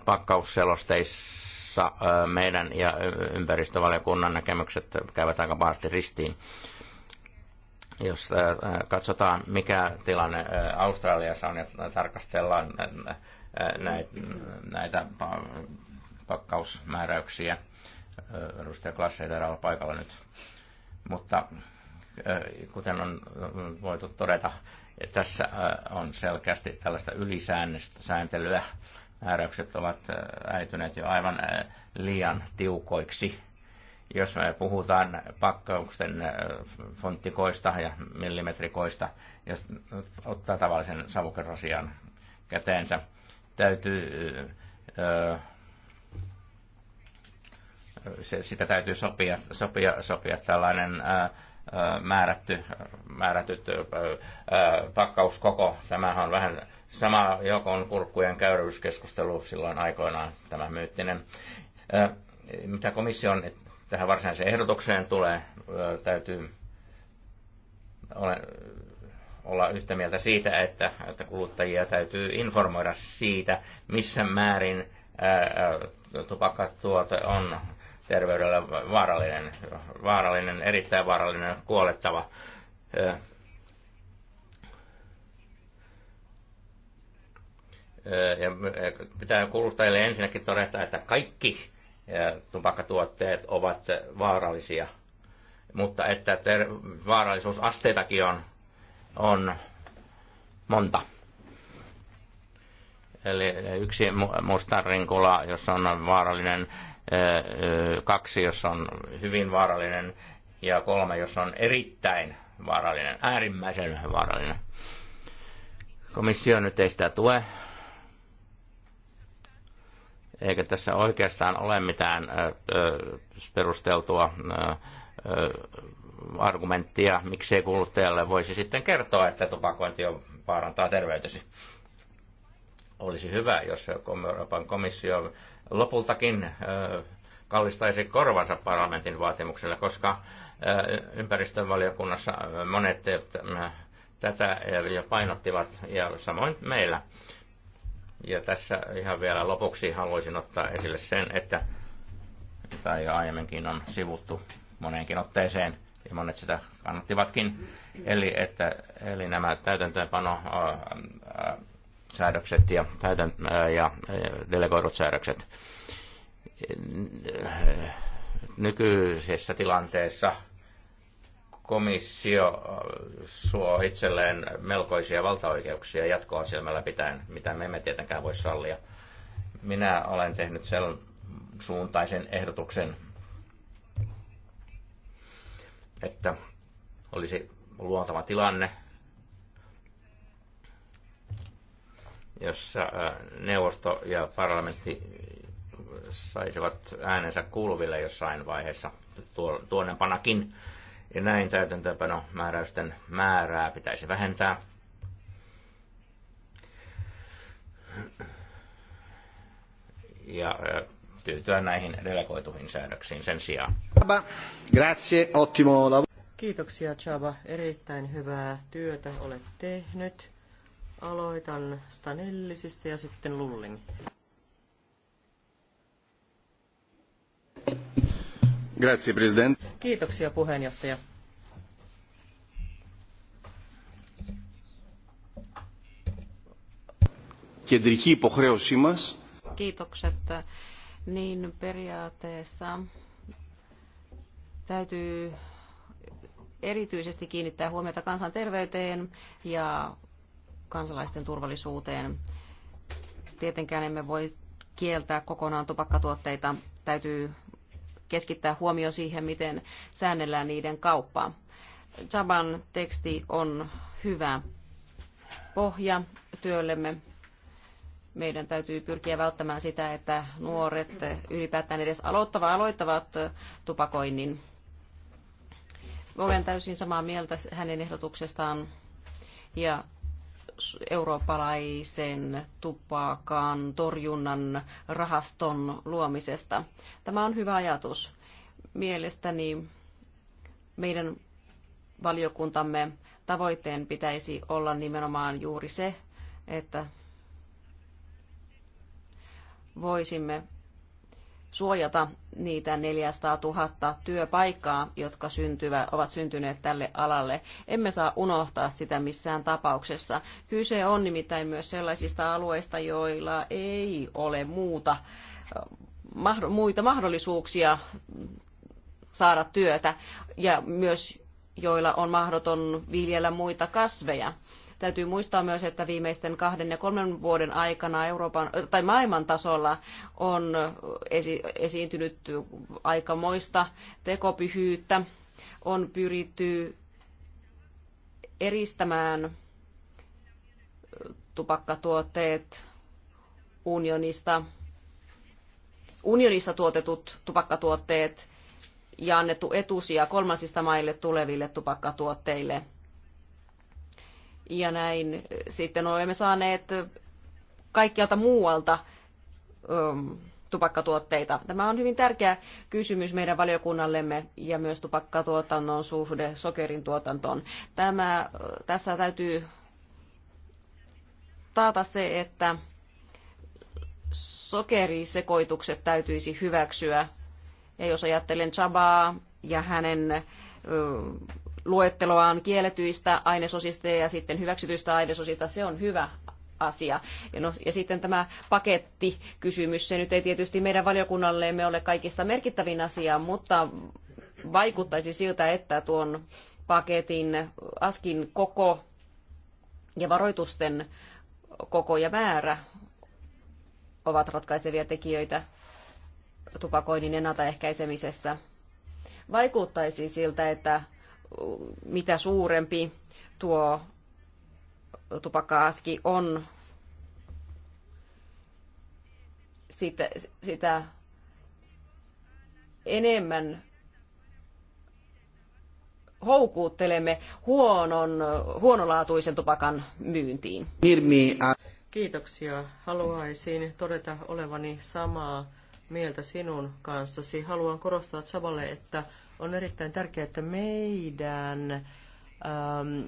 pakkausselosteissa asiassa meidän ja ympäristövaliokunnan näkemykset käyvät aika pahasti ristiin. Jos katsotaan, mikä tilanne Australiassa on ja tarkastellaan näitä pakkausmääräyksiä, edustaja Klasse ei ole paikalla nyt, mutta kuten on voitu todeta, tässä on selkeästi tällaista ylisääntelyä määräykset ovat äh, äityneet jo aivan äh, liian tiukoiksi. Jos me puhutaan pakkauksen äh, fonttikoista ja millimetrikoista, jos ottaa tavallisen savukerrosian käteensä, täytyy, se, sitä täytyy sopia, sopia, sopia tällainen määrätty, määrätyt pakkauskoko. Tämähän on vähän sama jokon kurkkujen käyryyskeskustelu silloin aikoinaan, tämä myyttinen. Mitä komission tähän varsinaiseen ehdotukseen tulee, täytyy olla yhtä mieltä siitä, että, että kuluttajia täytyy informoida siitä, missä määrin tupakkatuote on terveydellä vaarallinen, vaarallinen erittäin vaarallinen, kuolettava. Ja pitää kuluttajille ensinnäkin todeta, että kaikki tupakkatuotteet ovat vaarallisia, mutta että ter- vaarallisuusasteitakin on, on monta. Eli yksi mustanrinkula, jossa on vaarallinen kaksi, jos on hyvin vaarallinen, ja kolme, jos on erittäin vaarallinen, äärimmäisen vaarallinen. Komissio nyt ei sitä tue, eikä tässä oikeastaan ole mitään perusteltua argumenttia, miksei kuluttajalle voisi sitten kertoa, että tupakointi on vaarantaa terveytesi. Olisi hyvä, jos Euroopan komissio lopultakin kallistaisi korvansa parlamentin vaatimukselle, koska ympäristövaliokunnassa monet tätä jo painottivat ja samoin meillä. Ja tässä ihan vielä lopuksi haluaisin ottaa esille sen, että tai jo aiemminkin on sivuttu moneenkin otteeseen, ja monet sitä kannattivatkin, eli, että, eli nämä täytäntöönpano säädökset ja, täytän, äh, ja äh, delegoidut säädökset. Nykyisessä tilanteessa komissio äh, suo itselleen melkoisia valtaoikeuksia jatkoa silmällä pitäen, mitä me emme tietenkään voi sallia. Minä olen tehnyt sen suuntaisen ehdotuksen, että olisi luontava tilanne, jossa neuvosto ja parlamentti saisivat äänensä kuuluville jossain vaiheessa tuonnepanakin. Ja näin täytäntöpano määräysten määrää pitäisi vähentää. Ja tyytyä näihin delegoituihin säännöksiin sen sijaan. Grazie, ottimo lavoro. Kiitoksia Chaba, erittäin hyvää työtä olet tehnyt. Aloitan Stanellisista ja sitten Lulling. Grazie, president. Kiitoksia puheenjohtaja. Kedrihi υποχρέωσή Kiitokset. Niin periaatteessa täytyy erityisesti kiinnittää huomiota kansanterveyteen ja kansalaisten turvallisuuteen. Tietenkään emme voi kieltää kokonaan tupakkatuotteita. Täytyy keskittää huomio siihen, miten säännellään niiden kauppaa. Jaban teksti on hyvä pohja työllemme. Meidän täytyy pyrkiä välttämään sitä, että nuoret ylipäätään edes aloittava, aloittavat tupakoinnin. Olen täysin samaa mieltä hänen ehdotuksestaan ja eurooppalaisen tupakan torjunnan rahaston luomisesta. Tämä on hyvä ajatus. Mielestäni meidän valiokuntamme tavoitteen pitäisi olla nimenomaan juuri se, että voisimme suojata niitä 400 000 työpaikkaa, jotka syntyvä, ovat syntyneet tälle alalle. Emme saa unohtaa sitä missään tapauksessa. Kyse on nimittäin myös sellaisista alueista, joilla ei ole muuta, äh, muita mahdollisuuksia saada työtä ja myös joilla on mahdoton viljellä muita kasveja. Täytyy muistaa myös, että viimeisten kahden ja kolmen vuoden aikana Euroopan tai maailman tasolla on esi- esiintynyt aikamoista tekopyhyyttä. On pyritty eristämään tupakkatuotteet unionista, unionissa tuotetut tupakkatuotteet ja annettu etusia kolmansista maille tuleville tupakkatuotteille – ja näin sitten olemme saaneet kaikkialta muualta tupakkatuotteita. Tämä on hyvin tärkeä kysymys meidän valiokunnallemme ja myös tupakkatuotannon suhde sokerin tuotantoon. Tämä, tässä täytyy taata se, että sokerisekoitukset täytyisi hyväksyä. Ja jos ajattelen Chabaa ja hänen luetteloaan kielletyistä ainesosista ja sitten hyväksytyistä ainesosista, se on hyvä asia. Ja, no, ja sitten tämä pakettikysymys, se nyt ei tietysti meidän valiokunnallemme ole kaikista merkittävin asia, mutta vaikuttaisi siltä, että tuon paketin askin koko ja varoitusten koko ja määrä ovat ratkaisevia tekijöitä tupakoinnin ennaltaehkäisemisessä. Vaikuttaisi siltä, että mitä suurempi tuo tupakkaaski on, sitä, sitä enemmän houkuuttelemme huonon, huonolaatuisen tupakan myyntiin. Kiitoksia. Haluaisin todeta olevani samaa mieltä sinun kanssasi. Haluan korostaa Savalle, että on erittäin tärkeää, että meidän ähm,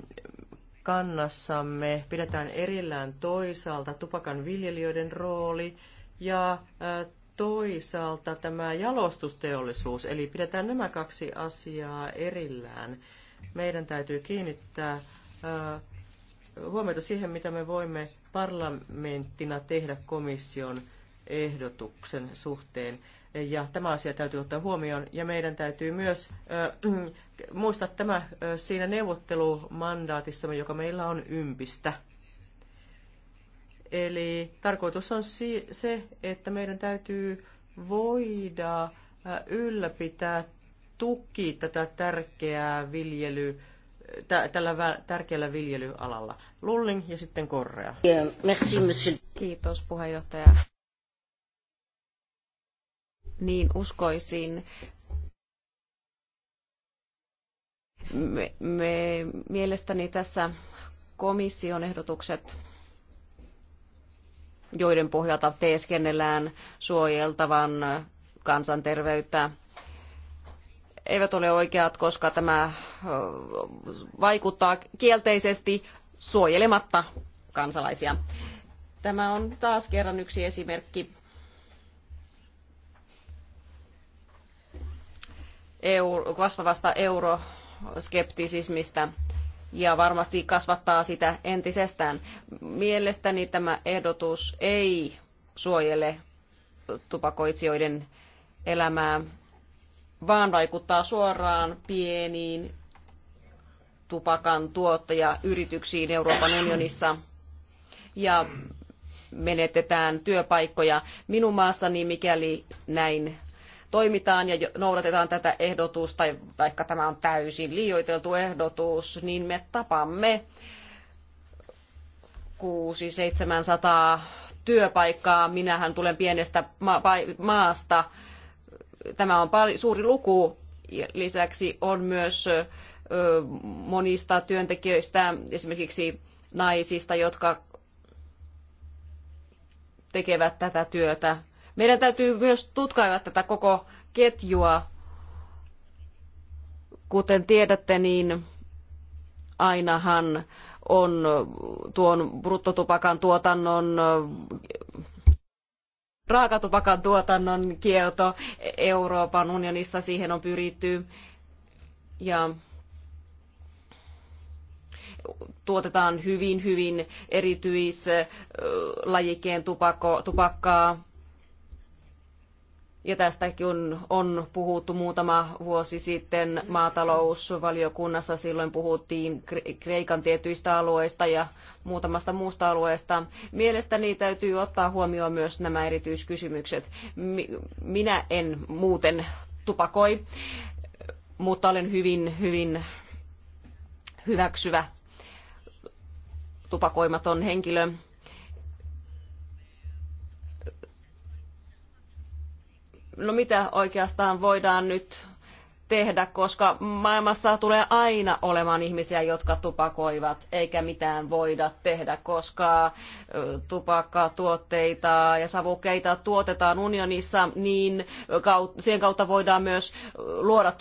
kannassamme pidetään erillään toisaalta tupakan viljelijöiden rooli ja äh, toisaalta tämä jalostusteollisuus, eli pidetään nämä kaksi asiaa erillään. Meidän täytyy kiinnittää äh, huomiota siihen, mitä me voimme parlamenttina tehdä komission ehdotuksen suhteen ja tämä asia täytyy ottaa huomioon. Ja meidän täytyy myös äh, muistaa tämä äh, siinä neuvottelumandaatissamme, joka meillä on ympistä. Eli tarkoitus on si- se, että meidän täytyy voida äh, ylläpitää tuki tätä tärkeää viljely, tällä tärkeällä viljelyalalla. Lulling ja sitten Korrea. Merci, monsieur. Kiitos puheenjohtaja niin uskoisin, me, me, mielestäni tässä komission ehdotukset, joiden pohjalta teeskennellään suojeltavan kansanterveyttä, eivät ole oikeat, koska tämä vaikuttaa kielteisesti suojelematta kansalaisia. Tämä on taas kerran yksi esimerkki kasvavasta euroskeptisismistä ja varmasti kasvattaa sitä entisestään. Mielestäni tämä ehdotus ei suojele tupakoitsijoiden elämää, vaan vaikuttaa suoraan pieniin tupakan tuottajayrityksiin Euroopan unionissa ja menetetään työpaikkoja minun maassani, mikäli näin toimitaan ja noudatetaan tätä ehdotusta, vaikka tämä on täysin liioiteltu ehdotus, niin me tapamme 6-700 työpaikkaa. Minähän tulen pienestä maasta. Tämä on suuri luku. Lisäksi on myös monista työntekijöistä, esimerkiksi naisista, jotka tekevät tätä työtä meidän täytyy myös tutkailla tätä koko ketjua. Kuten tiedätte, niin ainahan on tuon bruttotupakan tuotannon raakatupakan tuotannon kielto Euroopan unionissa, siihen on pyritty. Ja tuotetaan hyvin, hyvin erityislajikkeen tupakko, tupakkaa ja tästäkin on puhuttu muutama vuosi sitten maatalousvaliokunnassa. Silloin puhuttiin Kreikan tietyistä alueista ja muutamasta muusta alueesta. Mielestäni täytyy ottaa huomioon myös nämä erityiskysymykset. Minä en muuten tupakoi, mutta olen hyvin, hyvin hyväksyvä tupakoimaton henkilö no mitä oikeastaan voidaan nyt tehdä, koska maailmassa tulee aina olemaan ihmisiä, jotka tupakoivat, eikä mitään voida tehdä, koska tupakkatuotteita ja savukkeita tuotetaan unionissa, niin siihen kautta voidaan myös luoda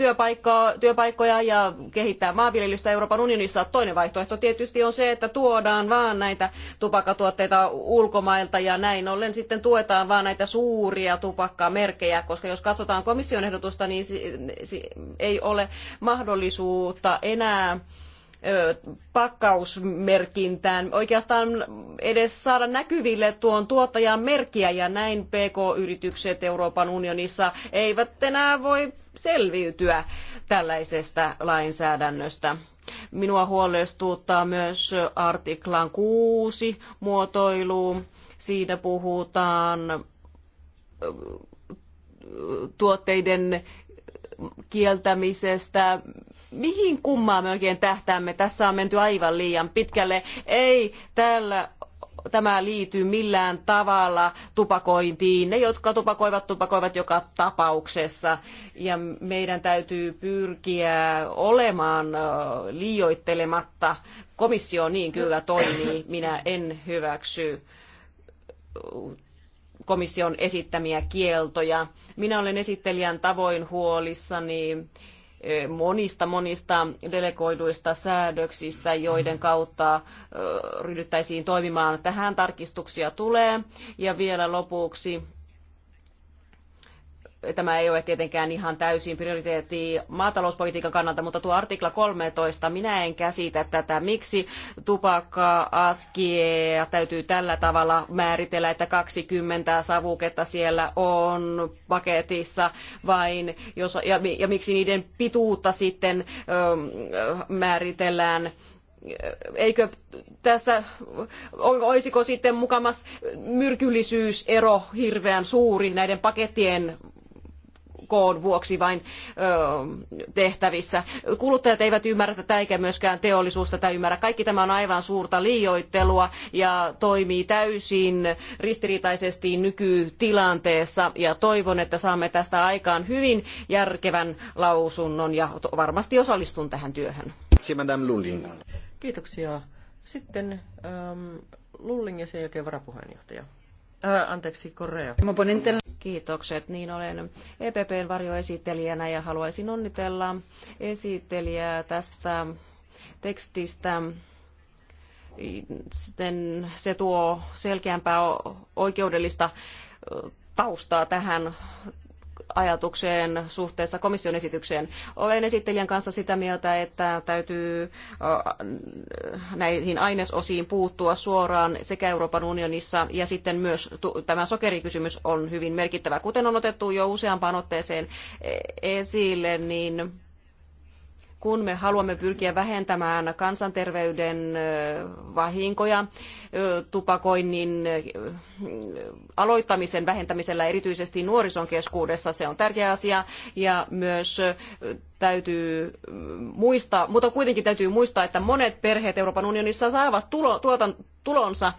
työpaikkoja ja kehittää maanviljelystä Euroopan unionissa. Toinen vaihtoehto tietysti on se, että tuodaan vaan näitä tupakkatuotteita ulkomailta ja näin ollen sitten tuetaan vaan näitä suuria tupakkamerkkejä, koska jos katsotaan komission ehdotusta, niin ei ole mahdollisuutta enää pakkausmerkintään, oikeastaan edes saada näkyville tuon tuottajan merkkiä ja näin PK-yritykset Euroopan unionissa eivät enää voi selviytyä tällaisesta lainsäädännöstä. Minua huolestuttaa myös artiklan 6 muotoilu. Siinä puhutaan tuotteiden kieltämisestä. Mihin kummaan me oikein tähtäämme? Tässä on menty aivan liian pitkälle. Ei tällä tämä liity millään tavalla tupakointiin. Ne, jotka tupakoivat, tupakoivat joka tapauksessa. Ja meidän täytyy pyrkiä olemaan liioittelematta. Komissio niin kyllä toimii. Minä en hyväksy komission esittämiä kieltoja. Minä olen esittelijän tavoin huolissani monista monista delegoiduista säädöksistä, joiden kautta ryhdyttäisiin toimimaan. Tähän tarkistuksia tulee. Ja vielä lopuksi tämä ei ole tietenkään ihan täysin prioriteetti maatalouspolitiikan kannalta, mutta tuo artikla 13, minä en käsitä tätä. Miksi tupakka-askia täytyy tällä tavalla määritellä, että 20 savuketta siellä on paketissa vain, jos, ja, ja miksi niiden pituutta sitten ö, ähm, määritellään eikö tässä, olisiko sitten mukamas myrkyllisyysero hirveän suuri näiden pakettien koon vuoksi vain tehtävissä. Kuluttajat eivät ymmärrä tätä eikä myöskään teollisuus tätä ymmärrä. Kaikki tämä on aivan suurta liioittelua ja toimii täysin ristiriitaisesti nykytilanteessa ja toivon, että saamme tästä aikaan hyvin järkevän lausunnon ja varmasti osallistun tähän työhön. Kiitoksia. Sitten ähm, Lulling ja sen jälkeen varapuheenjohtaja. Äh, anteeksi, Korea. Kiitokset. Niin olen EPPn varjoesittelijänä ja haluaisin onnitella esittelijää tästä tekstistä sitten se tuo selkeämpää oikeudellista taustaa tähän ajatukseen suhteessa komission esitykseen. Olen esittelijän kanssa sitä mieltä, että täytyy näihin ainesosiin puuttua suoraan sekä Euroopan unionissa ja sitten myös tämä sokerikysymys on hyvin merkittävä. Kuten on otettu jo useampaan otteeseen e-, esille, niin kun me haluamme pyrkiä vähentämään kansanterveyden vahinkoja tupakoinnin aloittamisen vähentämisellä erityisesti nuorison keskuudessa, se on tärkeä asia ja myös täytyy muistaa, mutta kuitenkin täytyy muistaa, että monet perheet Euroopan unionissa saavat tulo, tuotan, tulonsa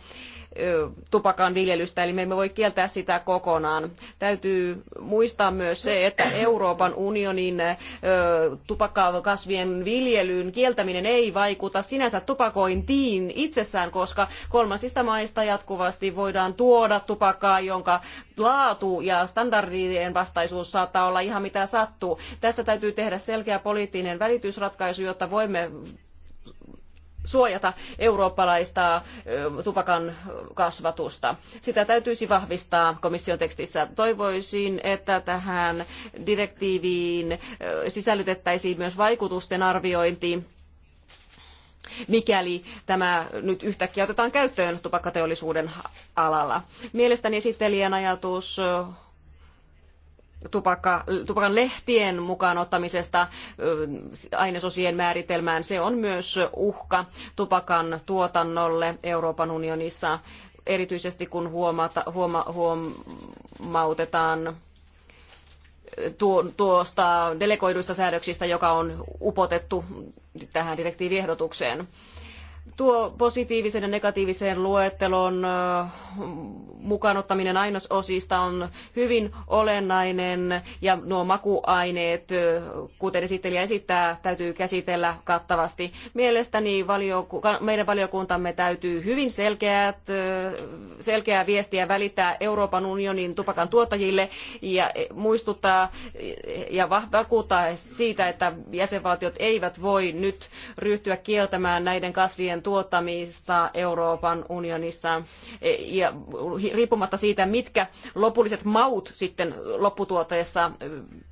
tupakan viljelystä, eli me emme voi kieltää sitä kokonaan. Täytyy muistaa myös se, että Euroopan unionin tupakkakasvien viljelyn kieltäminen ei vaikuta sinänsä tupakointiin itsessään, koska kolmansista maista jatkuvasti voidaan tuoda tupakkaa, jonka laatu ja standardien vastaisuus saattaa olla ihan mitä sattuu. Tässä täytyy tehdä selkeä poliittinen välitysratkaisu, jotta voimme suojata eurooppalaista tupakan kasvatusta. Sitä täytyisi vahvistaa komission tekstissä. Toivoisin, että tähän direktiiviin sisällytettäisiin myös vaikutusten arviointi mikäli tämä nyt yhtäkkiä otetaan käyttöön tupakkateollisuuden alalla. Mielestäni esittelijän ajatus tupakka, tupakan lehtien mukaan ottamisesta ainesosien määritelmään. Se on myös uhka tupakan tuotannolle Euroopan unionissa, erityisesti kun huomata, huoma, huomautetaan tuosta delegoiduista säädöksistä, joka on upotettu tähän direktiiviehdotukseen tuo positiivisen ja negatiivisen luettelon mukaanottaminen ainososista on hyvin olennainen ja nuo makuaineet, kuten esittelijä esittää, täytyy käsitellä kattavasti. Mielestäni valioku meidän valiokuntamme täytyy hyvin selkeät, selkeää viestiä välittää Euroopan unionin tupakan tuottajille ja e, muistuttaa e, ja vakuuttaa siitä, että jäsenvaltiot eivät voi nyt ryhtyä kieltämään näiden kasvien energian tuottamista Euroopan unionissa, e, ja riippumatta siitä, mitkä lopulliset maut sitten lopputuotteessa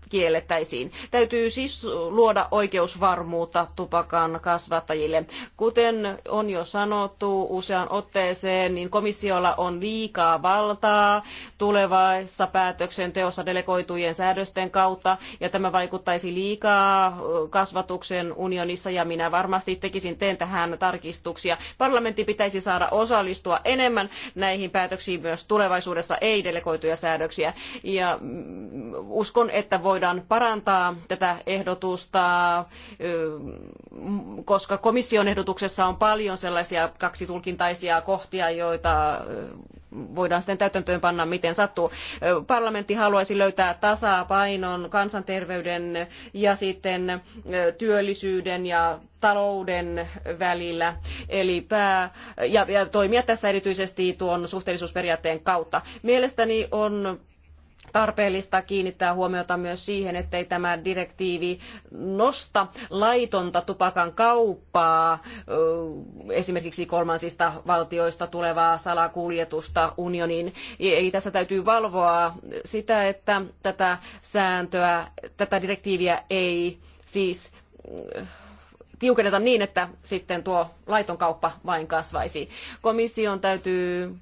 kiellettäisiin. Täytyy siis luoda oikeusvarmuutta tupakan kasvattajille. Kuten on jo sanottu useaan otteeseen, niin komissiolla on liikaa valtaa tulevaisessa päätöksenteossa delegoitujen säädösten kautta, ja tämä vaikuttaisi liikaa kasvatuksen unionissa, ja minä varmasti tekisin teen tähän tarkistuksia. Parlamentti pitäisi saada osallistua enemmän näihin päätöksiin myös tulevaisuudessa, ei delegoituja säädöksiä, ja mm, uskon, että voi voidaan parantaa tätä ehdotusta, koska komission ehdotuksessa on paljon sellaisia kaksitulkintaisia kohtia, joita voidaan sitten täytäntöön panna miten sattuu. Parlamentti haluaisi löytää tasapainon kansanterveyden ja sitten työllisyyden ja talouden välillä eli pää, ja, ja toimia tässä erityisesti tuon suhteellisuusperiaatteen kautta. Mielestäni on tarpeellista kiinnittää huomiota myös siihen, ettei tämä direktiivi nosta laitonta tupakan kauppaa esimerkiksi kolmansista valtioista tulevaa salakuljetusta unioniin. Eli tässä täytyy valvoa sitä, että tätä sääntöä, tätä direktiiviä ei siis tiukenneta niin, että sitten tuo laiton kauppa vain kasvaisi. Komission täytyy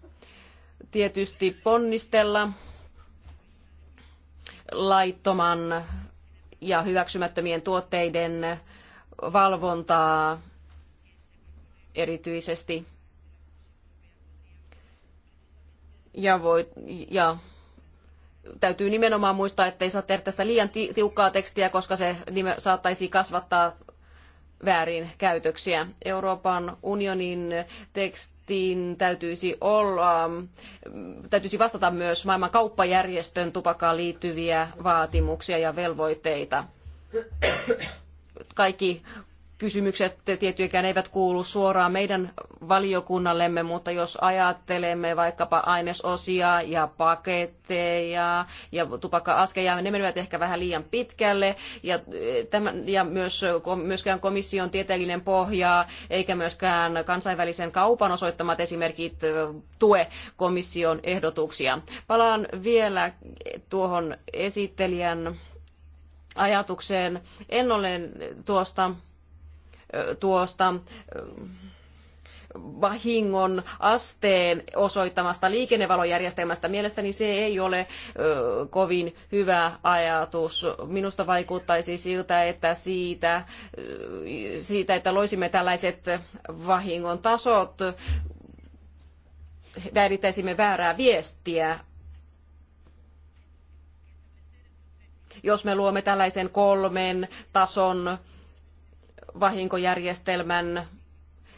tietysti ponnistella laittoman ja hyväksymättömien tuotteiden valvontaa erityisesti. Ja, voi, ja täytyy nimenomaan muistaa, ettei saa tehdä tästä liian tiukkaa tekstiä, koska se saattaisi kasvattaa väärin käytöksiä Euroopan unionin tekstin täytyisi, olla, täytyisi vastata myös maailman kauppajärjestön tupakkaan liittyviä vaatimuksia ja velvoitteita. Kaikki kysymykset tietenkään eivät kuulu suoraan meidän valiokunnallemme, mutta jos ajattelemme vaikkapa ainesosia ja paketteja ja tupakka-askeja, ne menevät ehkä vähän liian pitkälle ja, eh, tämän, ja myös, myöskään komission tieteellinen pohja eikä myöskään kansainvälisen kaupan osoittamat esimerkit eh, tue komission ehdotuksia. Palaan vielä tuohon esittelijän ajatukseen. En ole tuosta tuosta vahingon asteen osoittamasta liikennevalojärjestelmästä. Mielestäni se ei ole kovin hyvä ajatus. Minusta vaikuttaisi siltä, että siitä, siitä että loisimme tällaiset vahingon tasot, värittäisimme väärää viestiä jos me luomme tällaisen kolmen tason vahinkojärjestelmän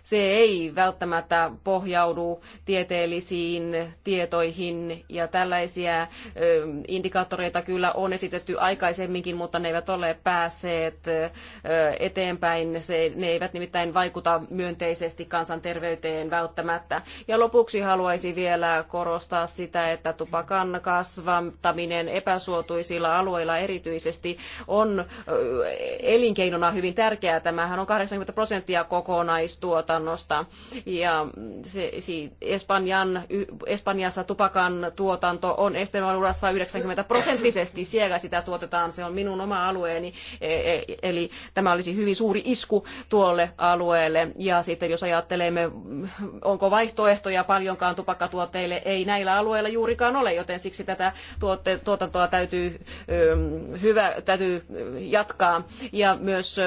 se ei välttämättä pohjaudu tieteellisiin tietoihin ja tällaisia indikaattoreita kyllä on esitetty aikaisemminkin, mutta ne eivät ole päässeet eteenpäin. Se, ne eivät nimittäin vaikuta myönteisesti kansanterveyteen välttämättä. Ja lopuksi haluaisin vielä korostaa sitä, että tupakan kasvattaminen epäsuotuisilla alueilla erityisesti on elinkeinona hyvin tärkeää. Tämähän on 80 prosenttia kokonaistuota tuotannosta. Ja se, si, Espanjan, Espanjassa tupakan tuotanto on Extremadurassa 90 prosenttisesti. Siellä sitä tuotetaan, se on minun oma alueeni. E, e, eli tämä olisi hyvin suuri isku tuolle alueelle. Ja sitten jos ajattelemme, onko vaihtoehtoja paljonkaan tupakkatuotteille, ei näillä alueilla juurikaan ole, joten siksi tätä tuotte, tuotantoa täytyy, hyvä, täytyy jatkaa. Ja myös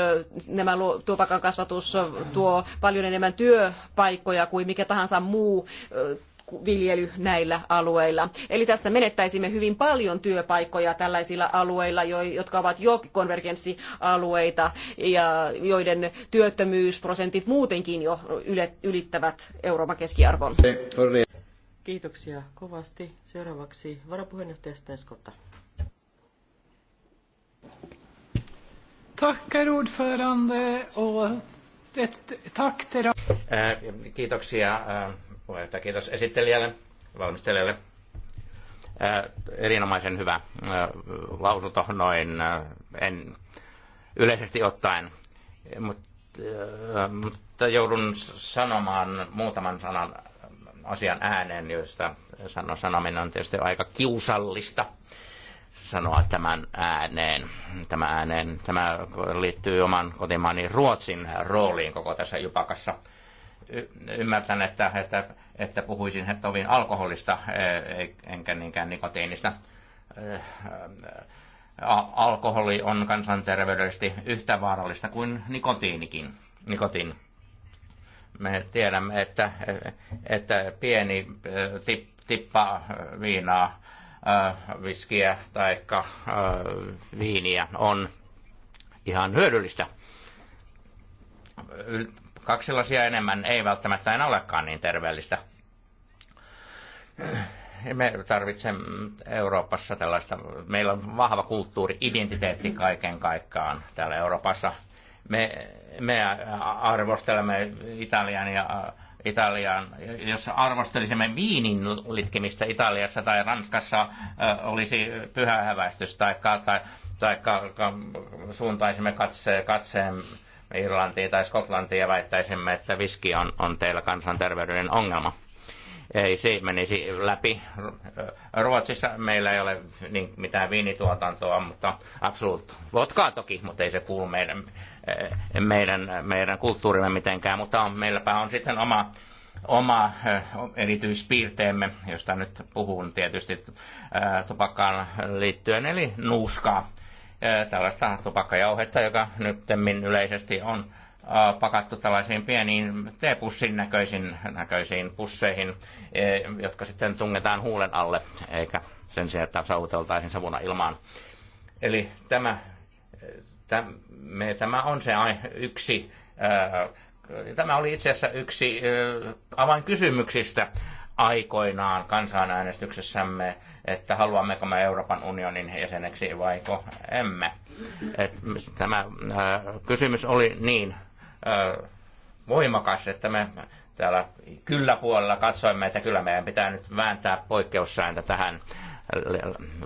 nämä tupakan kasvatus tuo paljon enemmän enemmän työpaikkoja kuin mikä tahansa muu viljely näillä alueilla. Eli tässä menettäisimme hyvin paljon työpaikkoja tällaisilla alueilla, jotka ovat jo konvergenssialueita ja joiden työttömyysprosentit muutenkin jo ylittävät Euroopan keskiarvon. Kiitoksia kovasti. Seuraavaksi varapuheenjohtaja Stenskotta. Tackar ordförande och Tack er. äh, Kiitoksia äh, puheenjohtaja, kiitos esittelijälle, valmistelijalle. Äh, erinomaisen hyvä lausunto noin en, yleisesti ottaen, mutta joudun sanomaan muutaman sanan asian ääneen, joista sanominen on tietysti aika kiusallista sanoa tämän ääneen. Tämä, ääneen. tämä liittyy oman kotimaani Ruotsin rooliin koko tässä jupakassa. Y- ymmärtän, että, että, että puhuisin tovin alkoholista e, e, enkä niinkään nikotiinista. E, alkoholi on kansanterveydellisesti yhtä vaarallista kuin nikotiinikin. Nikotiini me tiedämme, että, että pieni tippa viinaa Äh, viskiä tai äh, viiniä on ihan hyödyllistä. Kaksi lasia enemmän ei välttämättä enää olekaan niin terveellistä. Me tarvitsemme Euroopassa tällaista, meillä on vahva kulttuuri, identiteetti kaiken kaikkaan täällä Euroopassa. Me, me arvostelemme Italian ja Italiaan. Jos arvostelisimme viinin litkemistä Italiassa tai Ranskassa, olisi pyhä häväistys tai, tai, tai ka, ka, suuntaisimme katse, katseen Irlantiin tai Skotlantiin ja väittäisimme, että viski on, on teillä kansanterveyden ongelma ei se menisi läpi. Ruotsissa meillä ei ole niin mitään viinituotantoa, mutta absoluut votkaa toki, mutta ei se kuulu meidän, eh, meidän, meidän kulttuurimme mitenkään. Mutta on, meilläpä on sitten oma, oma eh, erityispiirteemme, josta nyt puhun tietysti eh, tupakkaan liittyen, eli nuuskaa. Tällaista tupakkajauhetta, joka nyt yleisesti on Äh, pakattu tällaisiin pieniin teepussin näköisiin, näköisiin pusseihin, e, jotka sitten tungetaan huulen alle, eikä sen sijaan, että sauteltaisiin savuna ilmaan. Eli tämä, tämä, tämä on se yksi, äh, tämä oli itse asiassa yksi äh, avainkysymyksistä aikoinaan kansanäänestyksessämme, että haluammeko me Euroopan unionin jäseneksi vaiko emme. Et tämä ää, kysymys oli niin voimakas, että me täällä kyllä puolella katsoimme, että kyllä meidän pitää nyt vääntää poikkeussääntö tähän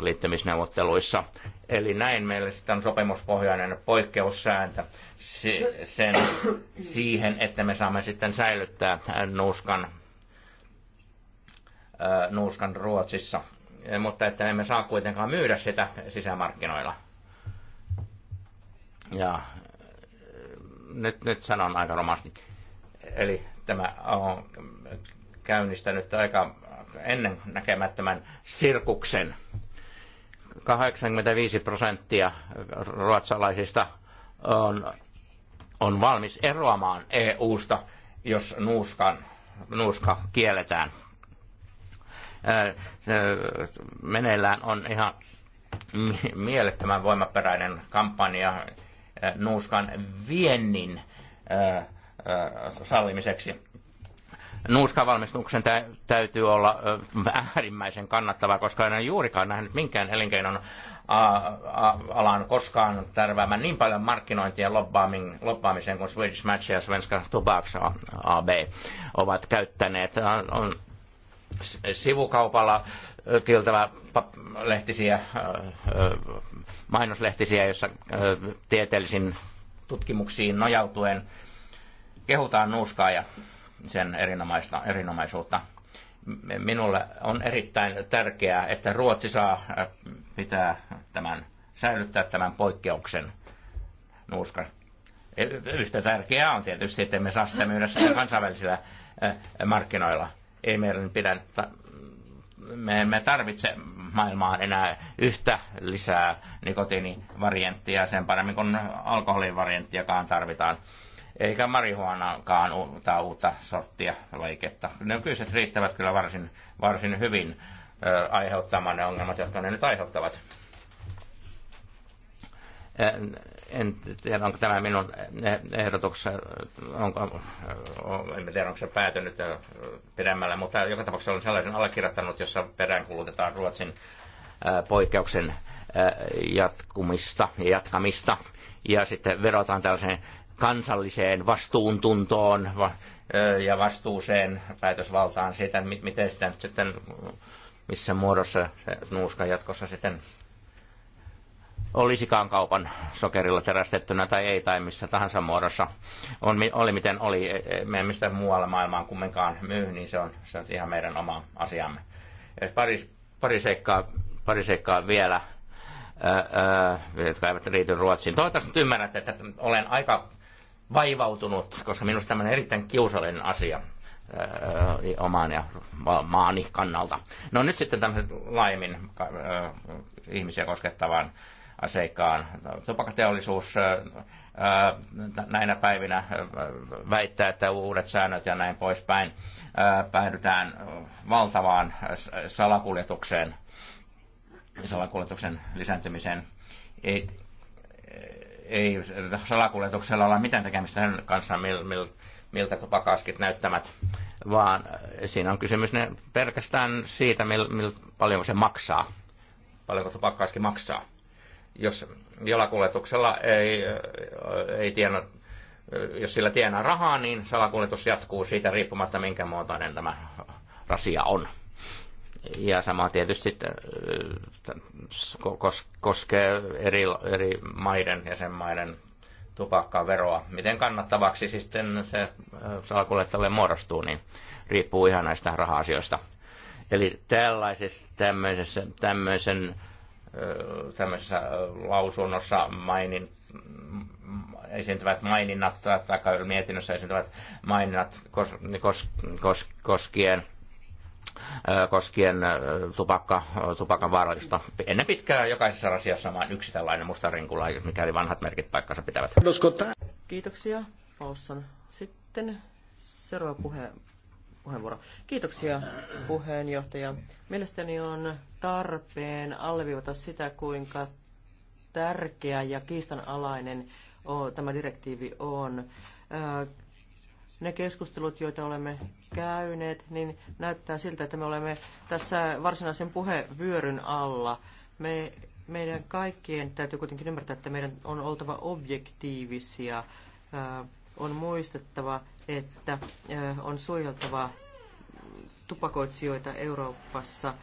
liittymisneuvotteluissa. Eli näin meillä sitten on sopimuspohjainen poikkeussääntö sen, siihen, että me saamme sitten säilyttää nuuskan, nuuskan Ruotsissa, mutta että emme saa kuitenkaan myydä sitä sisämarkkinoilla. Ja nyt, nyt sanon aika romasti. Eli tämä on käynnistänyt aika ennen näkemättömän sirkuksen. 85 prosenttia ruotsalaisista on, on valmis eroamaan EU-sta, jos nuuskan, nuuska kielletään. Meneillään on ihan mielettömän voimaperäinen kampanja Äh, nuuskan viennin äh, äh, sallimiseksi. Nuuskavalmistuksen täytyy olla äärimmäisen kannattavaa, koska en ole juurikaan nähnyt minkään elinkeinon alan koskaan tärväämään niin paljon markkinointia lobbaamiseen kuin Swedish Match ja Svenska Tobaks AB ovat käyttäneet. on sivukaupalla kiltävä lehtisiä, mainoslehtisiä, jossa tieteellisiin tutkimuksiin nojautuen kehutaan nuuskaa ja sen erinomaista, erinomaisuutta. Minulle on erittäin tärkeää, että Ruotsi saa pitää tämän, säilyttää tämän poikkeuksen nuuskan. E-, yhtä tärkeää on tietysti, että me saa sitä myydä kansainvälisillä markkinoilla. Ei meidän pidä me emme tarvitse maailmaan enää yhtä lisää nikotiinivarianttia sen paremmin kuin alkoholivarianttiakaan tarvitaan. Eikä marihuanaankaan uutta, uutta sorttia laiketta. Nykyiset riittävät kyllä varsin, varsin hyvin ö, aiheuttamaan ne ongelmat, jotka ne nyt aiheuttavat. Äh, en tiedä, onko tämä minun ehdotukseni, onko, äh, en tiedä, onko se päätynyt äh, pidemmälle, mutta joka tapauksessa olen sellaisen allekirjoittanut, jossa peräänkuulutetaan Ruotsin poikkeuksen jatkumista ja jatkamista. Ja sitten verotaan tällaiseen kansalliseen vastuuntuntoon ja vastuuseen, päätösvaltaan siitä, miten sitä nyt sitten missä muodossa se nuuska jatkossa sitten olisikaan kaupan sokerilla terästettynä tai ei, tai missä tahansa muodossa, on, oli miten oli, e, e, me emme sitä muualla maailmaan kumminkaan myy, niin se on, se on ihan meidän oma asiamme. Pari, pari, seikkaa, pari seikkaa vielä, ää, jotka eivät riity Ruotsiin. Toivottavasti ymmärrätte, että olen aika vaivautunut, koska minusta tämmöinen erittäin kiusallinen asia öö, ja maani kannalta. No nyt sitten tämmöisen laimin öö, ihmisiä koskettavaan seikkaan. Tupakateollisuus näinä päivinä väittää, että uudet säännöt ja näin poispäin päädytään valtavaan salakuljetukseen, salakuljetuksen lisääntymiseen. Ei, ei salakuljetuksella ole mitään tekemistä sen kanssa, mil, mil, miltä tupakaskit näyttämät, vaan siinä on kysymys ne pelkästään siitä, mil, mil, paljonko se maksaa, paljonko tupakkaski maksaa jos jalakuljetuksella ei, äh, ei tiena, äh, jos sillä tienaa rahaa, niin salakuljetus jatkuu siitä riippumatta, minkä muotoinen tämä rasia on. Ja sama tietysti äh, koskee eri, eri maiden, jäsenmaiden veroa, Miten kannattavaksi sitten se salakuljettajalle muodostuu, niin riippuu ihan näistä raha-asioista. Eli tällaisessa tämmöisen tämmöisessä lausunnossa mainin, esiintyvät maininnat tai mietinnössä esiintyvät maininnat kos, kos, kos, koskien koskien tupakka, tupakan vaarallista. Ennen pitkään jokaisessa asiassa on vain yksi tällainen musta rinkula, mikäli vanhat merkit paikkansa pitävät. Kiitoksia, Paussan. Sitten seuraava puhe, puheenvuoro. Kiitoksia puheenjohtaja. Mielestäni on tarpeen alleviivata sitä, kuinka tärkeä ja kiistanalainen tämä direktiivi on. Ne keskustelut, joita olemme käyneet, niin näyttää siltä, että me olemme tässä varsinaisen puhevyöryn alla. Me, meidän kaikkien täytyy kuitenkin ymmärtää, että meidän on oltava objektiivisia. On muistettava, että on suojeltava tupakoitsijoita Euroopassa.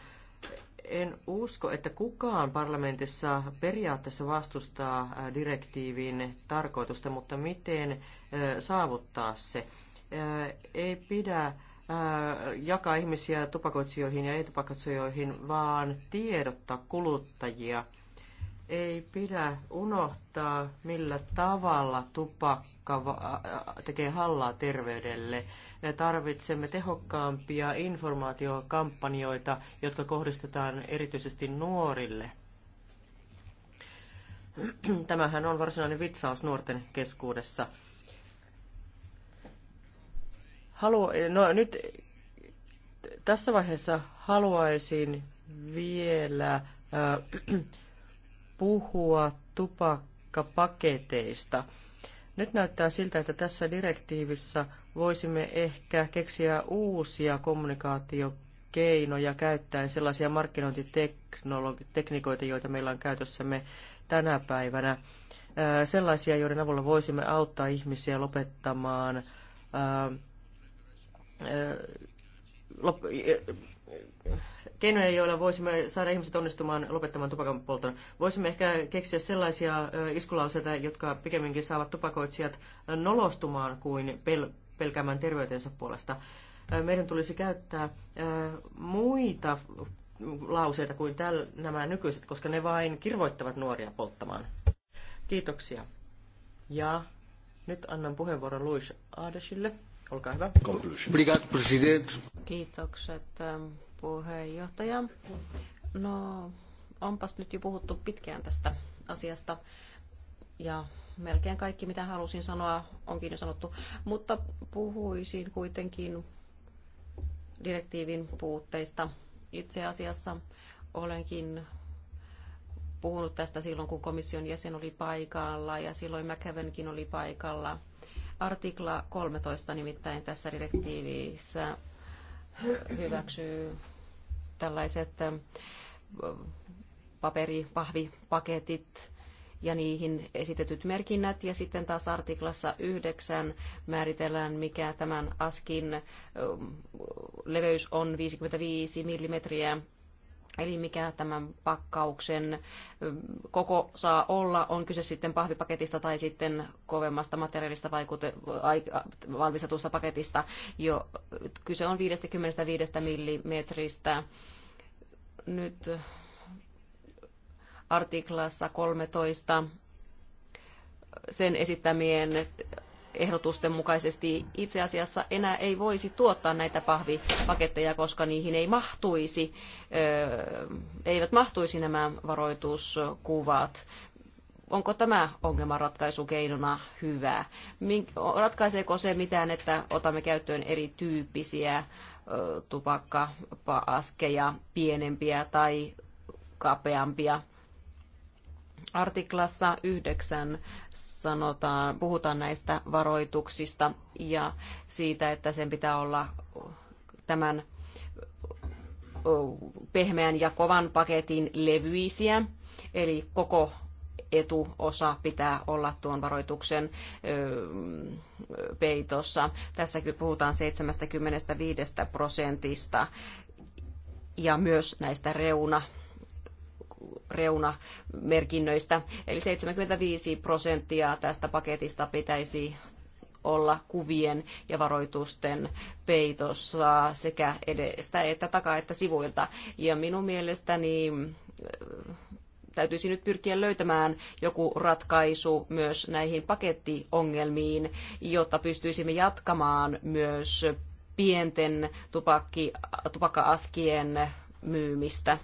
En usko, että kukaan parlamentissa periaatteessa vastustaa direktiivin tarkoitusta, mutta miten saavuttaa se? Ei pidä jakaa ihmisiä tupakoitsijoihin ja ei-tupakoitsijoihin, vaan tiedottaa kuluttajia – ei pidä unohtaa, millä tavalla tupakka tekee hallaa terveydelle. Me tarvitsemme tehokkaampia informaatiokampanjoita, jotka kohdistetaan erityisesti nuorille. Tämähän on varsinainen vitsaus nuorten keskuudessa. Halu, no, nyt tässä vaiheessa haluaisin vielä äh, puhua tupakkapaketeista. Nyt näyttää siltä, että tässä direktiivissä voisimme ehkä keksiä uusia kommunikaatiokeinoja käyttäen sellaisia markkinointiteknikoita, joita meillä on käytössämme tänä päivänä. Sellaisia, joiden avulla voisimme auttaa ihmisiä lopettamaan keinoja, joilla voisimme saada ihmiset onnistumaan lopettamaan tupakan polton. Voisimme ehkä keksiä sellaisia iskulauseita, jotka pikemminkin saavat tupakoitsijat nolostumaan kuin pel- pelkäämään terveytensä puolesta. Meidän tulisi käyttää muita lauseita kuin täl- nämä nykyiset, koska ne vain kirvoittavat nuoria polttamaan. Kiitoksia. Ja nyt annan puheenvuoron Luis Adesille. Olkaa hyvä. Kiitokset ähm, puheenjohtaja. No, onpas nyt jo puhuttu pitkään tästä asiasta ja melkein kaikki mitä halusin sanoa onkin jo sanottu, mutta puhuisin kuitenkin direktiivin puutteista. Itse asiassa olenkin puhunut tästä silloin, kun komission jäsen oli paikalla ja silloin McCavenkin oli paikalla Artikla 13 nimittäin tässä direktiivissä hyväksyy tällaiset paperipahvipaketit ja niihin esitetyt merkinnät. Ja sitten taas artiklassa 9 määritellään, mikä tämän askin leveys on 55 millimetriä Eli mikä tämän pakkauksen koko saa olla, on kyse sitten pahvipaketista tai sitten kovemmasta materiaalista vaikute- valmistetusta paketista. Jo, kyse on 55 millimetristä. Nyt artiklassa 13 sen esittämien ehdotusten mukaisesti itse asiassa enää ei voisi tuottaa näitä pahvipaketteja, koska niihin ei mahtuisi, eivät mahtuisi nämä varoituskuvat. Onko tämä ongelmanratkaisukeinona keinona hyvä? Ratkaiseeko se mitään, että otamme käyttöön erityyppisiä tupakka-askeja, pienempiä tai kapeampia? Artiklassa 9 sanotaan, puhutaan näistä varoituksista ja siitä, että sen pitää olla tämän pehmeän ja kovan paketin levyisiä, eli koko etuosa pitää olla tuon varoituksen peitossa. kyllä puhutaan 75 prosentista ja myös näistä reuna reunamerkinnöistä. Eli 75 prosenttia tästä paketista pitäisi olla kuvien ja varoitusten peitossa sekä edestä että takaa että sivuilta. Ja minun mielestäni äh, täytyisi nyt pyrkiä löytämään joku ratkaisu myös näihin pakettiongelmiin, jotta pystyisimme jatkamaan myös pienten tupakki, tupakka-askien myymistä.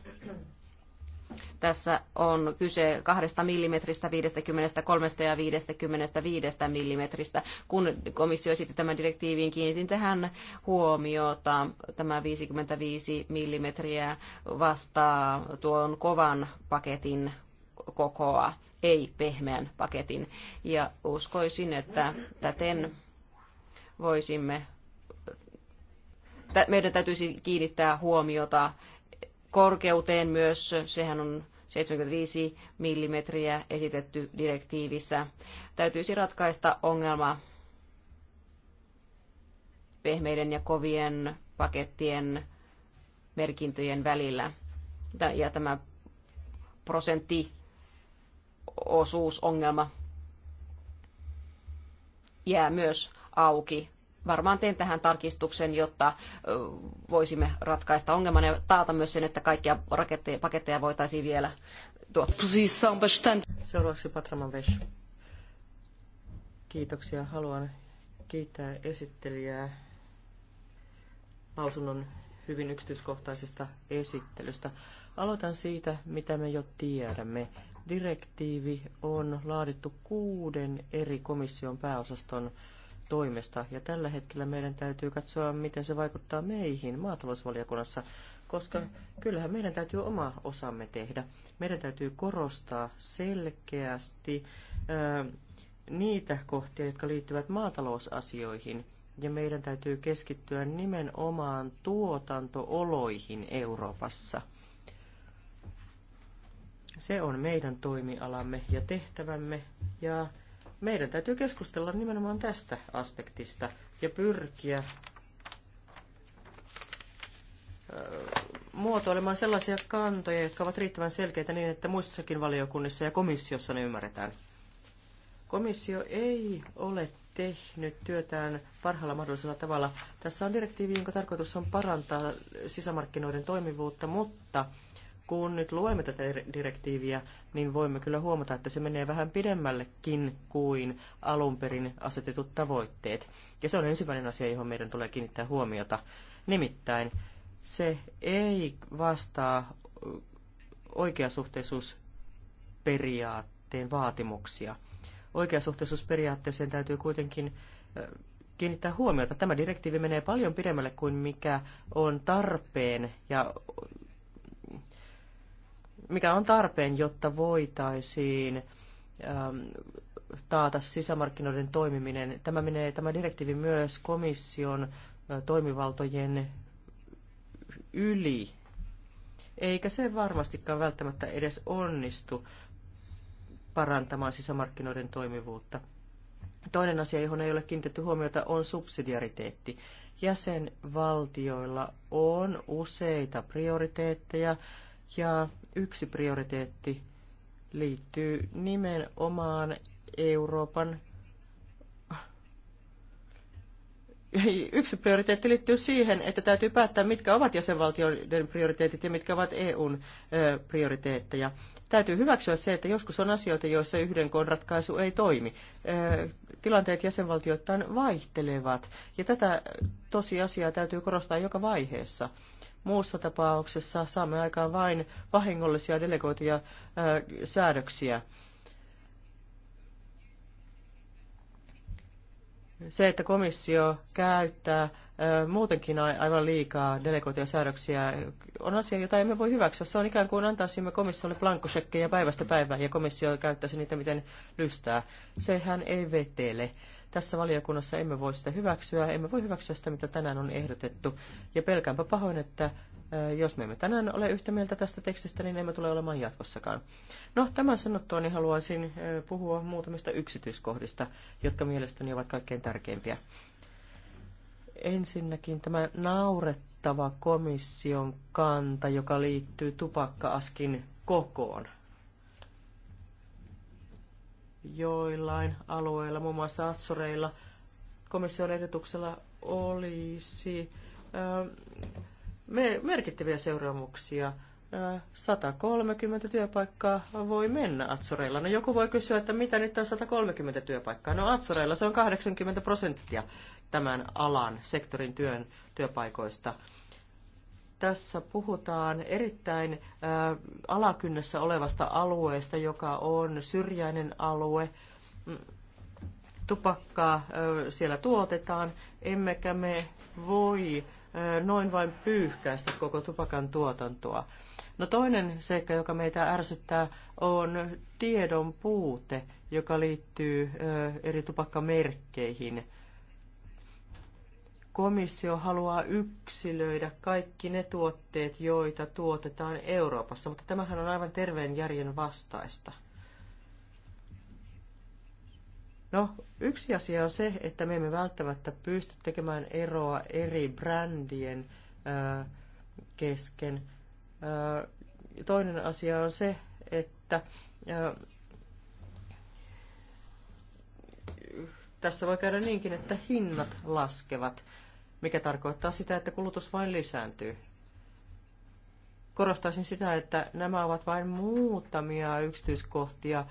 Tässä on kyse kahdesta millimetristä, 53 ja 55 millimetristä. Kun komissio esitti tämän direktiiviin, kiinnitin tähän huomiota. Tämä 55 millimetriä vastaa tuon kovan paketin kokoa, ei pehmeän paketin. Ja uskoisin, että täten voisimme meidän täytyisi kiinnittää huomiota korkeuteen myös. Sehän on 75 millimetriä esitetty direktiivissä. Täytyisi ratkaista ongelma pehmeiden ja kovien pakettien merkintöjen välillä. Ja tämä prosenttiosuusongelma jää myös auki varmaan teen tähän tarkistuksen, jotta voisimme ratkaista ongelman ja taata myös sen, että kaikkia raketteja, paketteja voitaisiin vielä tuottaa. Seuraavaksi Patraman Vesh. Kiitoksia. Haluan kiittää esittelijää lausunnon hyvin yksityiskohtaisesta esittelystä. Aloitan siitä, mitä me jo tiedämme. Direktiivi on laadittu kuuden eri komission pääosaston toimesta. Ja tällä hetkellä meidän täytyy katsoa, miten se vaikuttaa meihin maatalousvaliokunnassa, koska kyllähän meidän täytyy oma osamme tehdä. Meidän täytyy korostaa selkeästi ö, niitä kohtia, jotka liittyvät maatalousasioihin, ja meidän täytyy keskittyä nimenomaan tuotantooloihin Euroopassa. Se on meidän toimialamme ja tehtävämme, ja meidän täytyy keskustella nimenomaan tästä aspektista ja pyrkiä muotoilemaan sellaisia kantoja, jotka ovat riittävän selkeitä niin, että muissakin valiokunnissa ja komissiossa ne ymmärretään. Komissio ei ole tehnyt työtään parhaalla mahdollisella tavalla. Tässä on direktiivi, jonka tarkoitus on parantaa sisämarkkinoiden toimivuutta, mutta kun nyt luemme tätä direktiiviä, niin voimme kyllä huomata, että se menee vähän pidemmällekin kuin alun perin asetetut tavoitteet. Ja se on ensimmäinen asia, johon meidän tulee kiinnittää huomiota. Nimittäin se ei vastaa oikeasuhteisuusperiaatteen vaatimuksia. Oikeasuhteisuusperiaatteeseen täytyy kuitenkin kiinnittää huomiota. Tämä direktiivi menee paljon pidemmälle kuin mikä on tarpeen ja mikä on tarpeen, jotta voitaisiin ähm, taata sisämarkkinoiden toimiminen. Tämä menee tämä direktiivi myös komission toimivaltojen yli, eikä se varmastikaan välttämättä edes onnistu parantamaan sisämarkkinoiden toimivuutta. Toinen asia, johon ei ole kiinnitetty huomiota, on subsidiariteetti. Jäsenvaltioilla on useita prioriteetteja ja Yksi prioriteetti liittyy nimenomaan Euroopan yksi prioriteetti liittyy siihen, että täytyy päättää, mitkä ovat jäsenvaltioiden prioriteetit ja mitkä ovat EUn prioriteetteja. Täytyy hyväksyä se, että joskus on asioita, joissa yhden koon ratkaisu ei toimi tilanteet jäsenvaltioittain vaihtelevat, ja tätä tosiasiaa täytyy korostaa joka vaiheessa. Muussa tapauksessa saamme aikaan vain vahingollisia delegoituja säädöksiä. Se, että komissio käyttää muutenkin aivan liikaa delegoituja säädöksiä on asia, jota emme voi hyväksyä. Se on ikään kuin antaisimme komissiolle blankkosekkejä päivästä päivään ja komissio käyttäisi niitä miten lystää. Sehän ei vetele. Tässä valiokunnassa emme voi sitä hyväksyä, emme voi hyväksyä sitä, mitä tänään on ehdotettu. Ja pelkäänpä pahoin, että jos me emme tänään ole yhtä mieltä tästä tekstistä, niin emme tule olemaan jatkossakaan. No, tämän sanottua niin haluaisin puhua muutamista yksityiskohdista, jotka mielestäni ovat kaikkein tärkeimpiä. Ensinnäkin tämä naurettava komission kanta, joka liittyy tupakkaaskin kokoon. Joillain alueilla, muun muassa Atsoreilla, komission ehdotuksella olisi merkittäviä seuraamuksia. 130 työpaikkaa voi mennä Atsoreilla. No joku voi kysyä, että mitä nyt on 130 työpaikkaa? No Atsoreilla se on 80 prosenttia tämän alan, sektorin työn, työpaikoista. Tässä puhutaan erittäin alakynnessä olevasta alueesta, joka on syrjäinen alue. Tupakkaa siellä tuotetaan, emmekä me voi noin vain pyyhkäistä koko tupakan tuotantoa. No toinen seikka, joka meitä ärsyttää, on tiedon puute, joka liittyy eri tupakkamerkkeihin komissio haluaa yksilöidä kaikki ne tuotteet, joita tuotetaan Euroopassa, mutta tämähän on aivan terveen järjen vastaista. No, yksi asia on se, että me emme välttämättä pysty tekemään eroa eri brändien ää, kesken. Ää, toinen asia on se, että ää, tässä voi käydä niinkin, että hinnat laskevat mikä tarkoittaa sitä, että kulutus vain lisääntyy. Korostaisin sitä, että nämä ovat vain muutamia yksityiskohtia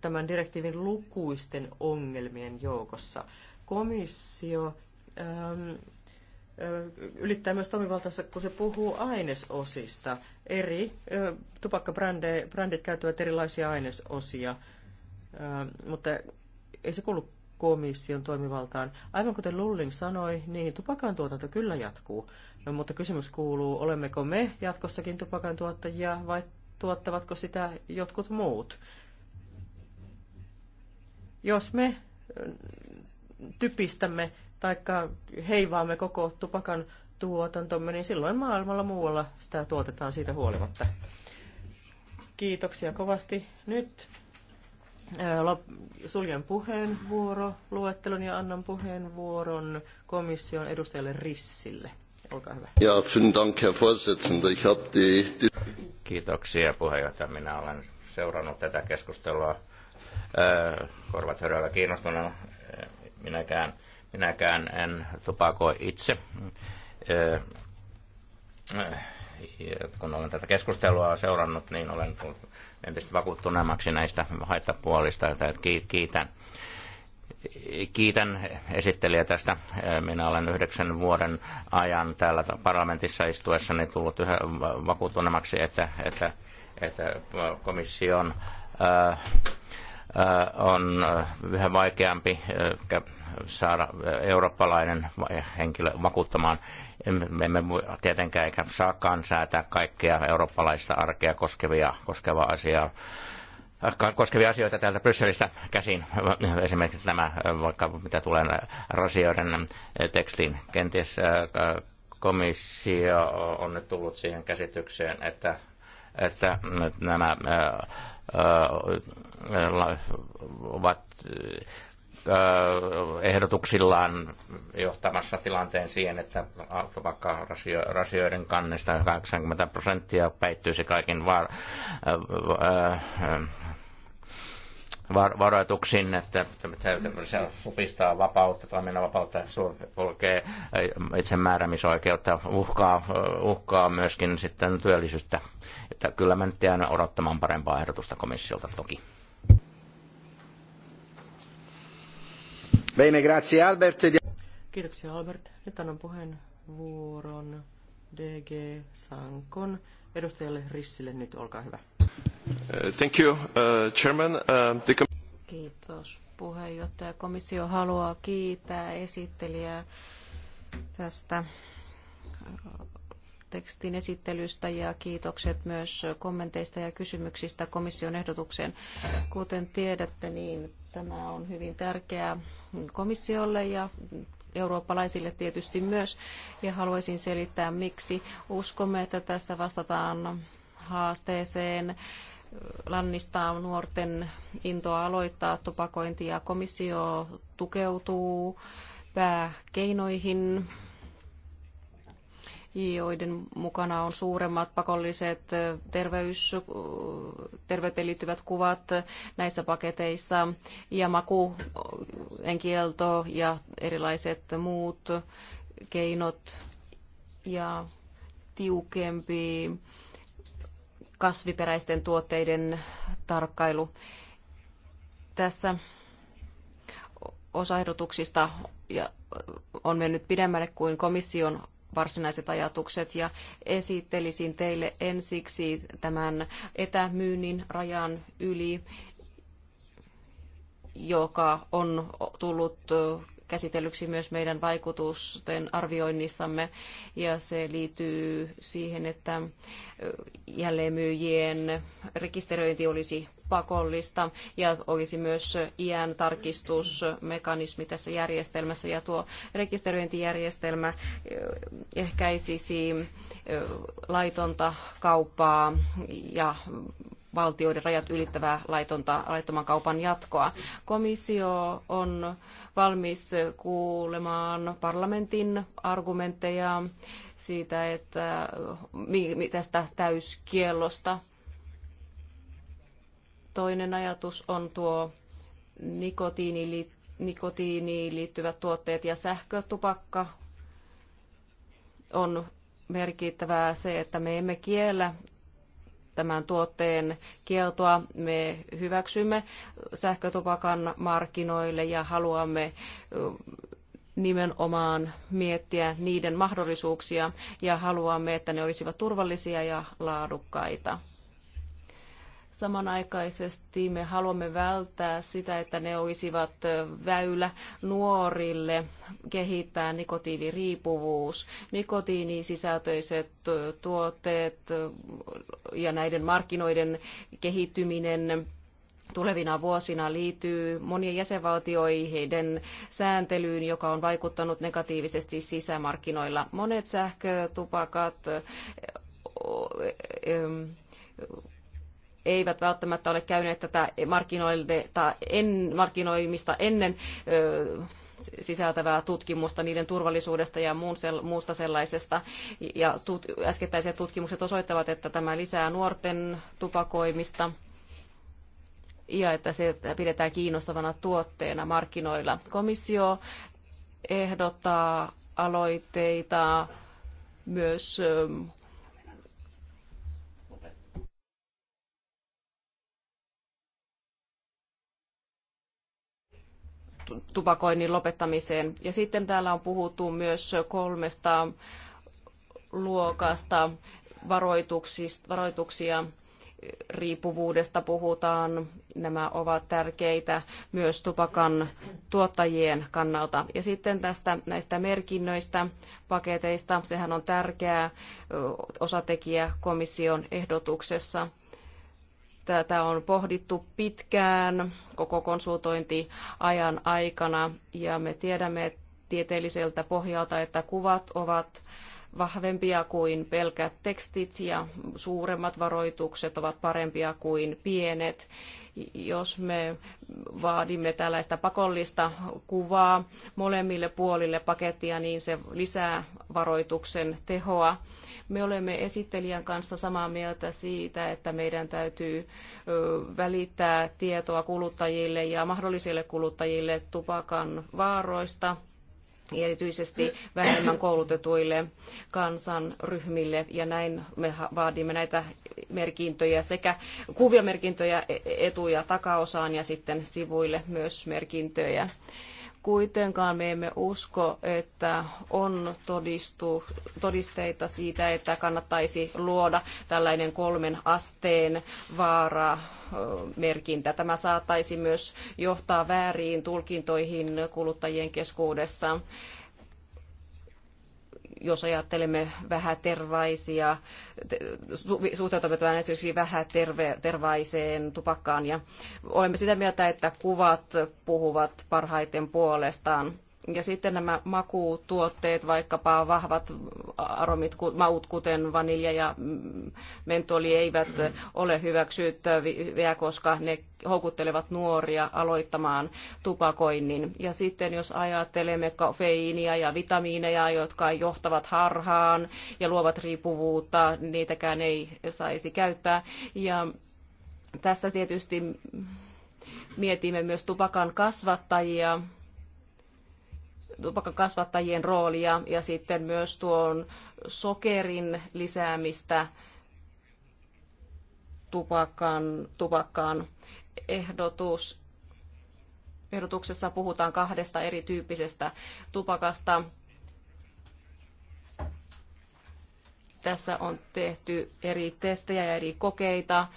tämän direktiivin lukuisten ongelmien joukossa. Komissio ylittää myös toimivaltansa, kun se puhuu ainesosista. Eri tupakkabrändit käyttävät erilaisia ainesosia, mutta ei se kuulu komission toimivaltaan. Aivan kuten Lulling sanoi, niin tupakan tuotanto kyllä jatkuu. No, mutta kysymys kuuluu, olemmeko me jatkossakin tupakan tuottajia vai tuottavatko sitä jotkut muut? Jos me typistämme tai heivaamme koko tupakan tuotantomme, niin silloin maailmalla muualla sitä tuotetaan siitä huolimatta. Kiitoksia kovasti. Nyt Suljen puheenvuoro, luettelun ja annan puheenvuoron komission edustajalle Rissille. Olkaa hyvä. Ja, vielen Dank, Herr Vorsitzender. Ich die, die... Kiitoksia puheenjohtaja. Minä olen seurannut tätä keskustelua korvat höröllä kiinnostuneena. Minäkään, minäkään en tupakoi itse. kun olen tätä keskustelua seurannut, niin olen entistä vakuuttuneemmaksi näistä haittapuolista, kiitän. Kiitän esittelijä tästä. Minä olen yhdeksän vuoden ajan täällä parlamentissa istuessani tullut yhä vakuuttuneemmaksi, että, että, että komission Äh, on äh, yhä vaikeampi äh, saada eurooppalainen henkilö vakuuttamaan. Me emme tietenkään eikä saakaan säätää kaikkea eurooppalaista arkea koskevia, koskevaa asiaa koskevia asioita täältä Brysselistä käsin, esimerkiksi nämä, vaikka mitä tulee rasioiden tekstiin, kenties komissio on nyt tullut siihen käsitykseen, että että nämä ovat ehdotuksillaan johtamassa tilanteen siihen, että rasioiden kannesta 80 prosenttia päittyisi kaiken var, var, varoituksiin, että se supistaa vapautta, vapautta, polkee itsemääräämisoikeutta, uhkaa, uhkaa myöskin sitten työllisyyttä että kyllä mä nyt jään odottamaan parempaa ehdotusta komissiolta toki. Bene, grazie Albert. Kiitoksia Albert. Nyt annan puheenvuoron DG Sankon edustajalle Rissille. Nyt olkaa hyvä. Eh, thank you, uh, Chairman. Uh, the... Kiitos puheenjohtaja. Komissio haluaa kiittää esittelijää tästä tekstin esittelystä ja kiitokset myös kommenteista ja kysymyksistä komission ehdotukseen. Kuten tiedätte, niin tämä on hyvin tärkeää komissiolle ja eurooppalaisille tietysti myös, ja haluaisin selittää miksi. Uskomme, että tässä vastataan haasteeseen lannistaa nuorten intoa aloittaa tupakointia. Komissio tukeutuu pääkeinoihin joiden mukana on suuremmat pakolliset terveys, terveyteen liittyvät kuvat näissä paketeissa ja maku, enkielto ja erilaiset muut keinot ja tiukempi kasviperäisten tuotteiden tarkkailu. Tässä osa ehdotuksista on mennyt pidemmälle kuin komission varsinaiset ajatukset ja esittelisin teille ensiksi tämän etämyynnin rajan yli, joka on tullut käsitellyksi myös meidän vaikutusten arvioinnissamme ja se liittyy siihen, että jälleenmyyjien rekisteröinti olisi pakollista ja olisi myös iän tarkistusmekanismi tässä järjestelmässä ja tuo rekisteröintijärjestelmä ehkäisisi laitonta kauppaa ja valtioiden rajat ylittävää laitonta, laittoman kaupan jatkoa. Komissio on valmis kuulemaan parlamentin argumentteja siitä, että tästä täyskielosta Toinen ajatus on tuo nikotiini, nikotiiniin liittyvät tuotteet ja sähkötupakka on merkittävää se, että me emme kiellä tämän tuotteen kieltoa. Me hyväksymme sähkötupakan markkinoille ja haluamme nimenomaan miettiä niiden mahdollisuuksia ja haluamme, että ne olisivat turvallisia ja laadukkaita. Samanaikaisesti me haluamme välttää sitä, että ne olisivat väylä nuorille kehittää nikotiiniriippuvuus. Nikotiinisisältöiset tuotteet ja näiden markkinoiden kehittyminen tulevina vuosina liittyy monien jäsenvaltioiden sääntelyyn, joka on vaikuttanut negatiivisesti sisämarkkinoilla. Monet sähkötupakat eivät välttämättä ole käyneet tätä en, markkinoimista ennen sisältävää tutkimusta niiden turvallisuudesta ja muun muusta sellaisesta. Ja tut, äskettäiset tutkimukset osoittavat, että tämä lisää nuorten tupakoimista ja että se pidetään kiinnostavana tuotteena markkinoilla. Komissio ehdottaa aloitteita myös tupakoinnin lopettamiseen. Ja sitten täällä on puhuttu myös kolmesta luokasta varoituksia riippuvuudesta puhutaan. Nämä ovat tärkeitä myös tupakan tuottajien kannalta. Ja sitten tästä näistä merkinnöistä, paketeista, sehän on tärkeä osatekijä komission ehdotuksessa. Tätä on pohdittu pitkään koko konsultointiajan aikana ja me tiedämme tieteelliseltä pohjalta, että kuvat ovat vahvempia kuin pelkät tekstit ja suuremmat varoitukset ovat parempia kuin pienet. Jos me vaadimme tällaista pakollista kuvaa molemmille puolille pakettia, niin se lisää varoituksen tehoa. Me olemme esittelijän kanssa samaa mieltä siitä, että meidän täytyy välittää tietoa kuluttajille ja mahdollisille kuluttajille tupakan vaaroista niin erityisesti vähemmän koulutetuille kansanryhmille. Ja näin me vaadimme näitä merkintöjä sekä kuviomerkintöjä e- etu- ja takaosaan ja sitten sivuille myös merkintöjä. Kuitenkaan me emme usko, että on todistu, todisteita siitä, että kannattaisi luoda tällainen kolmen asteen vaaramerkintä. Tämä saattaisi myös johtaa vääriin tulkintoihin kuluttajien keskuudessa jos ajattelemme vähätervaisia, suhteutamme tämän esimerkiksi vähätervaiseen tupakkaan ja olemme sitä mieltä, että kuvat puhuvat parhaiten puolestaan ja sitten nämä makutuotteet, vaikkapa vahvat aromit, maut, kuten vanilja ja mm, mentoli, eivät ole hyväksyttäviä, koska ne houkuttelevat nuoria aloittamaan tupakoinnin. Ja sitten jos ajattelemme kofeiinia ja vitamiineja, jotka johtavat harhaan ja luovat riippuvuutta, niitäkään ei saisi käyttää. Ja tässä tietysti mietimme myös tupakan kasvattajia kasvattajien roolia ja sitten myös tuon sokerin lisäämistä tupakan, tupakkaan. Ehdotus, ehdotuksessa puhutaan kahdesta erityyppisestä tupakasta. Tässä on tehty eri testejä ja eri kokeita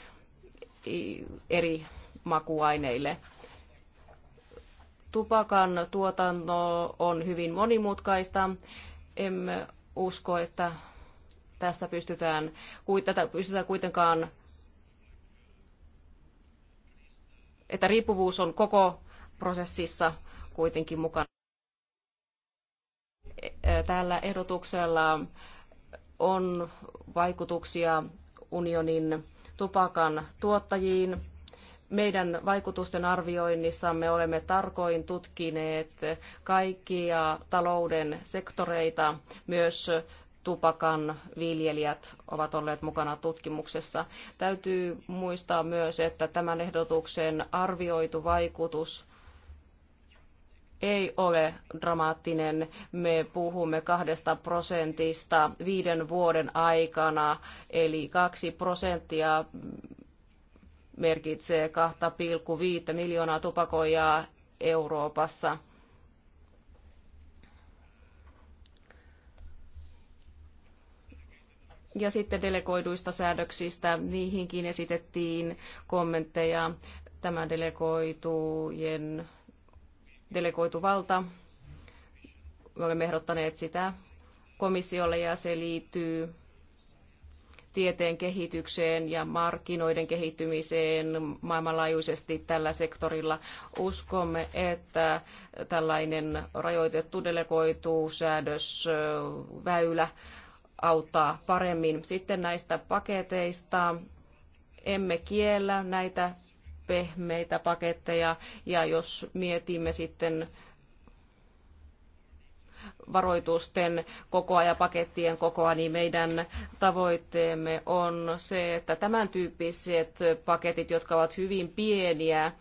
eri makuaineille tupakan tuotanto on hyvin monimutkaista. Emme usko, että tässä pystytään, tätä pystytään kuitenkaan, että riippuvuus on koko prosessissa kuitenkin mukana. E, e, tällä ehdotuksella on vaikutuksia unionin tupakan tuottajiin, meidän vaikutusten arvioinnissamme olemme tarkoin tutkineet kaikkia talouden sektoreita, myös tupakan viljelijät ovat olleet mukana tutkimuksessa. Täytyy muistaa myös, että tämän ehdotuksen arvioitu vaikutus ei ole dramaattinen. Me puhumme kahdesta prosentista viiden vuoden aikana, eli kaksi prosenttia merkitsee 2,5 miljoonaa tupakoijaa Euroopassa. Ja sitten delegoiduista säädöksistä, niihinkin esitettiin kommentteja. Tämä delegoitujen, delegoitu valta, me olemme ehdottaneet sitä komissiolle ja se liittyy tieteen kehitykseen ja markkinoiden kehittymiseen maailmanlaajuisesti tällä sektorilla. Uskomme, että tällainen rajoitettu delegoitu säädösväylä auttaa paremmin. Sitten näistä paketeista emme kiellä näitä pehmeitä paketteja ja jos mietimme sitten varoitusten kokoa ja pakettien kokoa, niin meidän tavoitteemme on se, että tämän tyyppiset paketit, jotka ovat hyvin pieniä,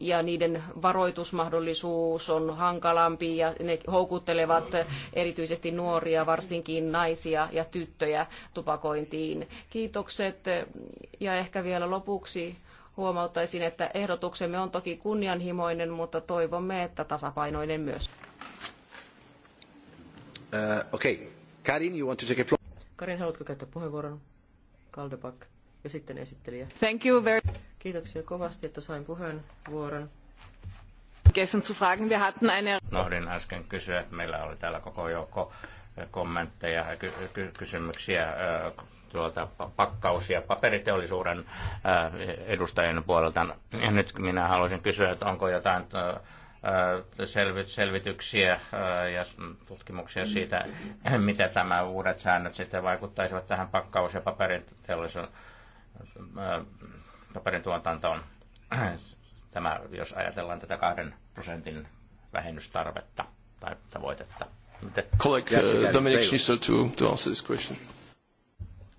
ja niiden varoitusmahdollisuus on hankalampi ja ne houkuttelevat erityisesti nuoria, varsinkin naisia ja tyttöjä tupakointiin. Kiitokset ja ehkä vielä lopuksi huomauttaisin, että ehdotuksemme on toki kunnianhimoinen, mutta toivomme, että tasapainoinen myös. Uh, okay. Karin, you want to take a floor? Karin, haluatko käyttää puheenvuoron? kaldepak ja sitten esittelijä. Thank you very... Kiitoksia kovasti, että sain puheenvuoron. Gestern zu fragen, wir hatten eine... Nohdin äsken kysyä, meillä oli täällä koko joukko eh, kommentteja ja ky- ky- kysymyksiä eh, tuolta pakkaus- ja paperiteollisuuden eh, edustajien puolelta. Ja nyt minä haluaisin kysyä, että onko jotain selvityksiä ja tutkimuksia siitä, mitä tämä uudet säännöt sitten vaikuttaisivat tähän pakkaus- ja paperin paperin tuotantoon. Tämä, jos ajatellaan tätä kahden prosentin vähennystarvetta tai tavoitetta. Uh,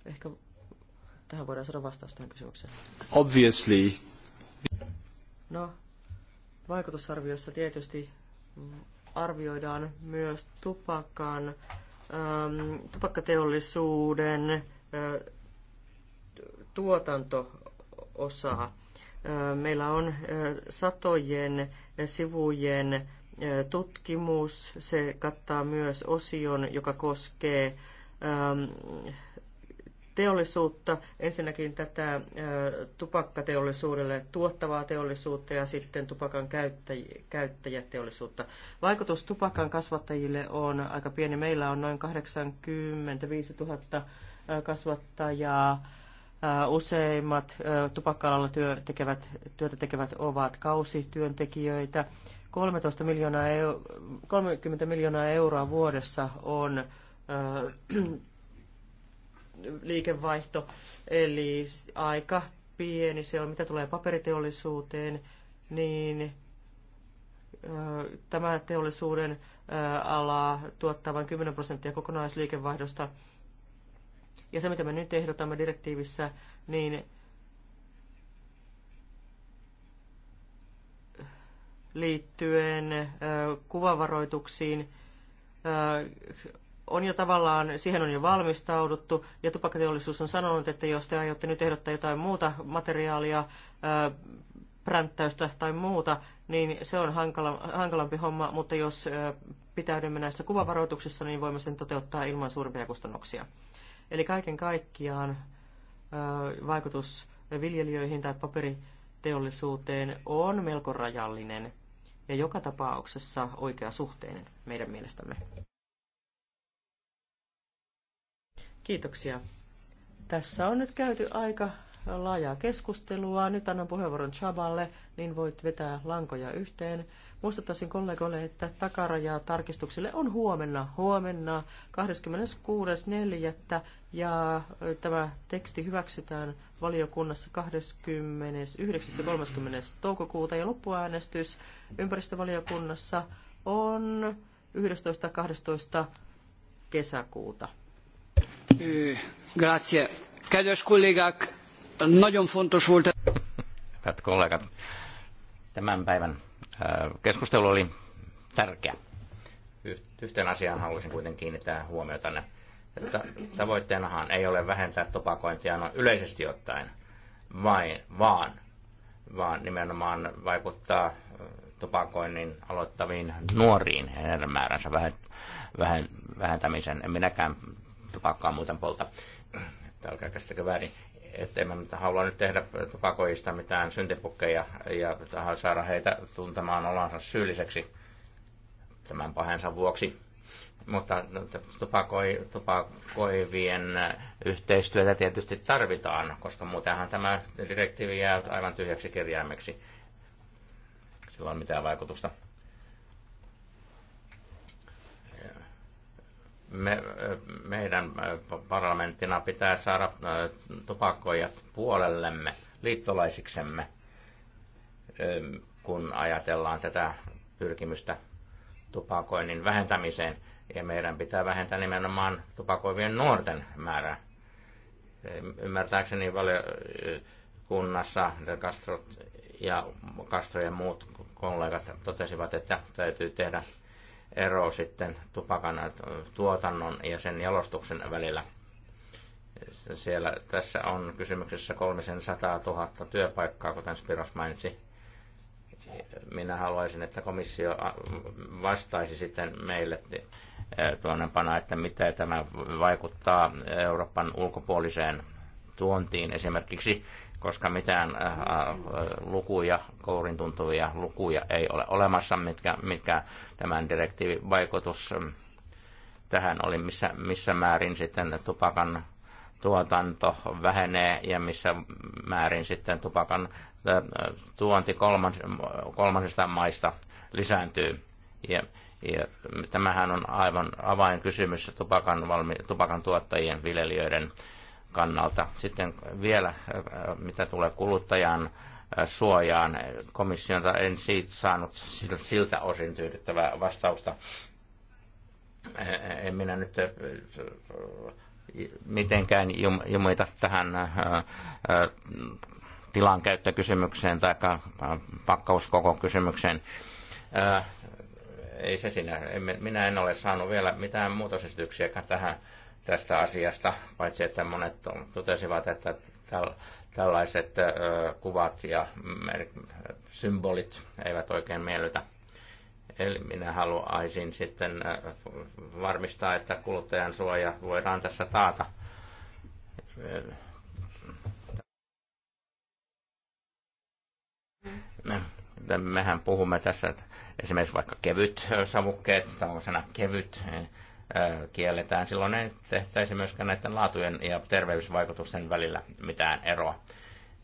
Ehkä tähän voidaan saada vastaus tähän kysymykseen. Obviously. No, vaikutusarviossa tietysti arvioidaan myös tupakan, ähm, tupakkateollisuuden äh, tuotantoosaa. Äh, meillä on äh, satojen äh, sivujen tutkimus. Se kattaa myös osion, joka koskee ähm, teollisuutta, ensinnäkin tätä tupakkateollisuudelle tuottavaa teollisuutta ja sitten tupakan käyttäjäteollisuutta. Vaikutus tupakan kasvattajille on aika pieni. Meillä on noin 85 000 kasvattajaa. Useimmat tupakka-alalla työ tekevät, työtä tekevät ovat kausityöntekijöitä. 13 miljoonaa, 30 miljoonaa euroa vuodessa on liikevaihto, eli aika pieni se on. Mitä tulee paperiteollisuuteen, niin tämä teollisuuden ala tuottaa vain 10 prosenttia kokonaisliikevaihdosta. Ja se, mitä me nyt ehdotamme direktiivissä, niin liittyen kuvavaroituksiin, on jo tavallaan, siihen on jo valmistauduttu, ja tupakkateollisuus on sanonut, että jos te aiotte nyt ehdottaa jotain muuta materiaalia, pränttäystä tai muuta, niin se on hankala, hankalampi homma, mutta jos pitäydymme näissä kuvavaroituksissa, niin voimme sen toteuttaa ilman suurempia kustannuksia. Eli kaiken kaikkiaan vaikutus viljelijöihin tai paperiteollisuuteen on melko rajallinen ja joka tapauksessa oikeasuhteinen meidän mielestämme. Kiitoksia. Tässä on nyt käyty aika laajaa keskustelua. Nyt annan puheenvuoron Chaballe, niin voit vetää lankoja yhteen. Muistuttaisin kollegoille, että takarajaa tarkistuksille on huomenna, huomenna 26.4. ja tämä teksti hyväksytään valiokunnassa 29.30. toukokuuta ja loppuäänestys ympäristövaliokunnassa on 11.12. kesäkuuta. Kedves kollégák, nagyon fontos volt... Hyvät kollegat, tämän päivän keskustelu oli tärkeä. Yhteen asiaan haluaisin kuitenkin kiinnittää huomiota, että tavoitteenahan ei ole vähentää tupakointia no yleisesti ottaen, vain, vaan, vaan nimenomaan vaikuttaa tupakoinnin aloittaviin nuoriin heidän määränsä vähentämisen. En minäkään tupakkaa muuten polta. Että älkää käsittäkö väärin. Että emme halua nyt tehdä tupakoista mitään syntipukkeja ja saada heitä tuntemaan olansa syylliseksi tämän pahensa vuoksi. Mutta tupakoi, tupakoivien yhteistyötä tietysti tarvitaan, koska muutenhan tämä direktiivi jää aivan tyhjäksi kirjaimeksi. Sillä on mitään vaikutusta me, meidän parlamenttina pitää saada tupakkoja puolellemme, liittolaisiksemme, kun ajatellaan tätä pyrkimystä tupakoinnin vähentämiseen. Ja meidän pitää vähentää nimenomaan tupakoivien nuorten määrää. Ymmärtääkseni valiokunnassa De Castro ja Castro ja muut kollegat totesivat, että täytyy tehdä ero sitten tupakan äh, tuotannon ja sen jalostuksen välillä. Siellä, tässä on kysymyksessä 300 sataa tuhatta työpaikkaa, kuten Spiros mainitsi. Minä haluaisin, että komissio äh, vastaisi sitten meille äh, tuonnepana, että mitä tämä vaikuttaa Euroopan ulkopuoliseen tuontiin esimerkiksi koska mitään äh, äh, lukuja, kourin tuntuvia lukuja ei ole olemassa, mitkä, mitkä tämän direktiivin vaikutus mm, tähän oli, missä, missä määrin sitten tupakan tuotanto vähenee ja missä määrin sitten tupakan äh, tuonti kolmas, kolmansista maista lisääntyy. Ja, ja tämähän on aivan avainkysymys tupakan, valmi, tupakan tuottajien, viljelijöiden kannalta. Sitten vielä, äh, mitä tulee kuluttajan äh, suojaan, komissiolta en siitä saanut siltä osin tyydyttävää vastausta. Äh, en minä nyt mitenkään jumita tähän tilankäyttökysymykseen tai pakkauskoko kysymykseen ei se sinä. Minä en ole saanut vielä mitään muutosesityksiä tähän tästä asiasta, paitsi että monet totesivat, että tällaiset kuvat ja symbolit eivät oikein miellytä. Eli minä haluaisin sitten varmistaa, että kuluttajan suoja voidaan tässä taata. Mehän puhumme tässä että esimerkiksi vaikka kevyt savukkeet, tämmöisenä kevyt kielletään. Silloin ei tehtäisi myöskään näiden laatujen ja terveysvaikutusten välillä mitään eroa.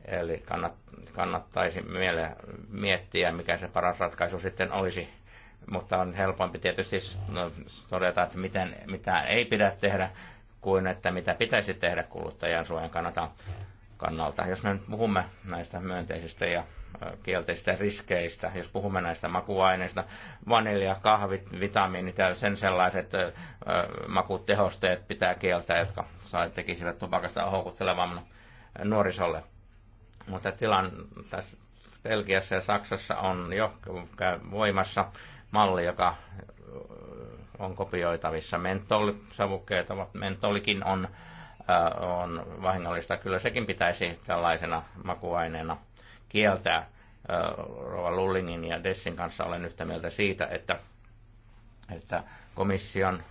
Eli kannat, kannattaisi miele, miettiä, mikä se paras ratkaisu sitten olisi. Mutta on helpompi tietysti no, todeta, että miten, mitä ei pidä tehdä, kuin että mitä pitäisi tehdä kuluttajan suojan kannalta. Jos me nyt puhumme näistä myönteisistä ja kielteisistä riskeistä, jos puhumme näistä makuaineista, vanilja, kahvit, vitamiinit ja sen sellaiset makutehosteet pitää kieltää, jotka tekisivät tupakasta houkuttelevamman nuorisolle. Mutta tilan tässä Belgiassa ja Saksassa on jo voimassa malli, joka on kopioitavissa. Mentolisavukkeet ovat, mentolikin on, on vahingollista. Kyllä sekin pitäisi tällaisena makuaineena – kieltää. Rova Lullingin ja Dessin kanssa olen yhtä mieltä siitä, että, että komission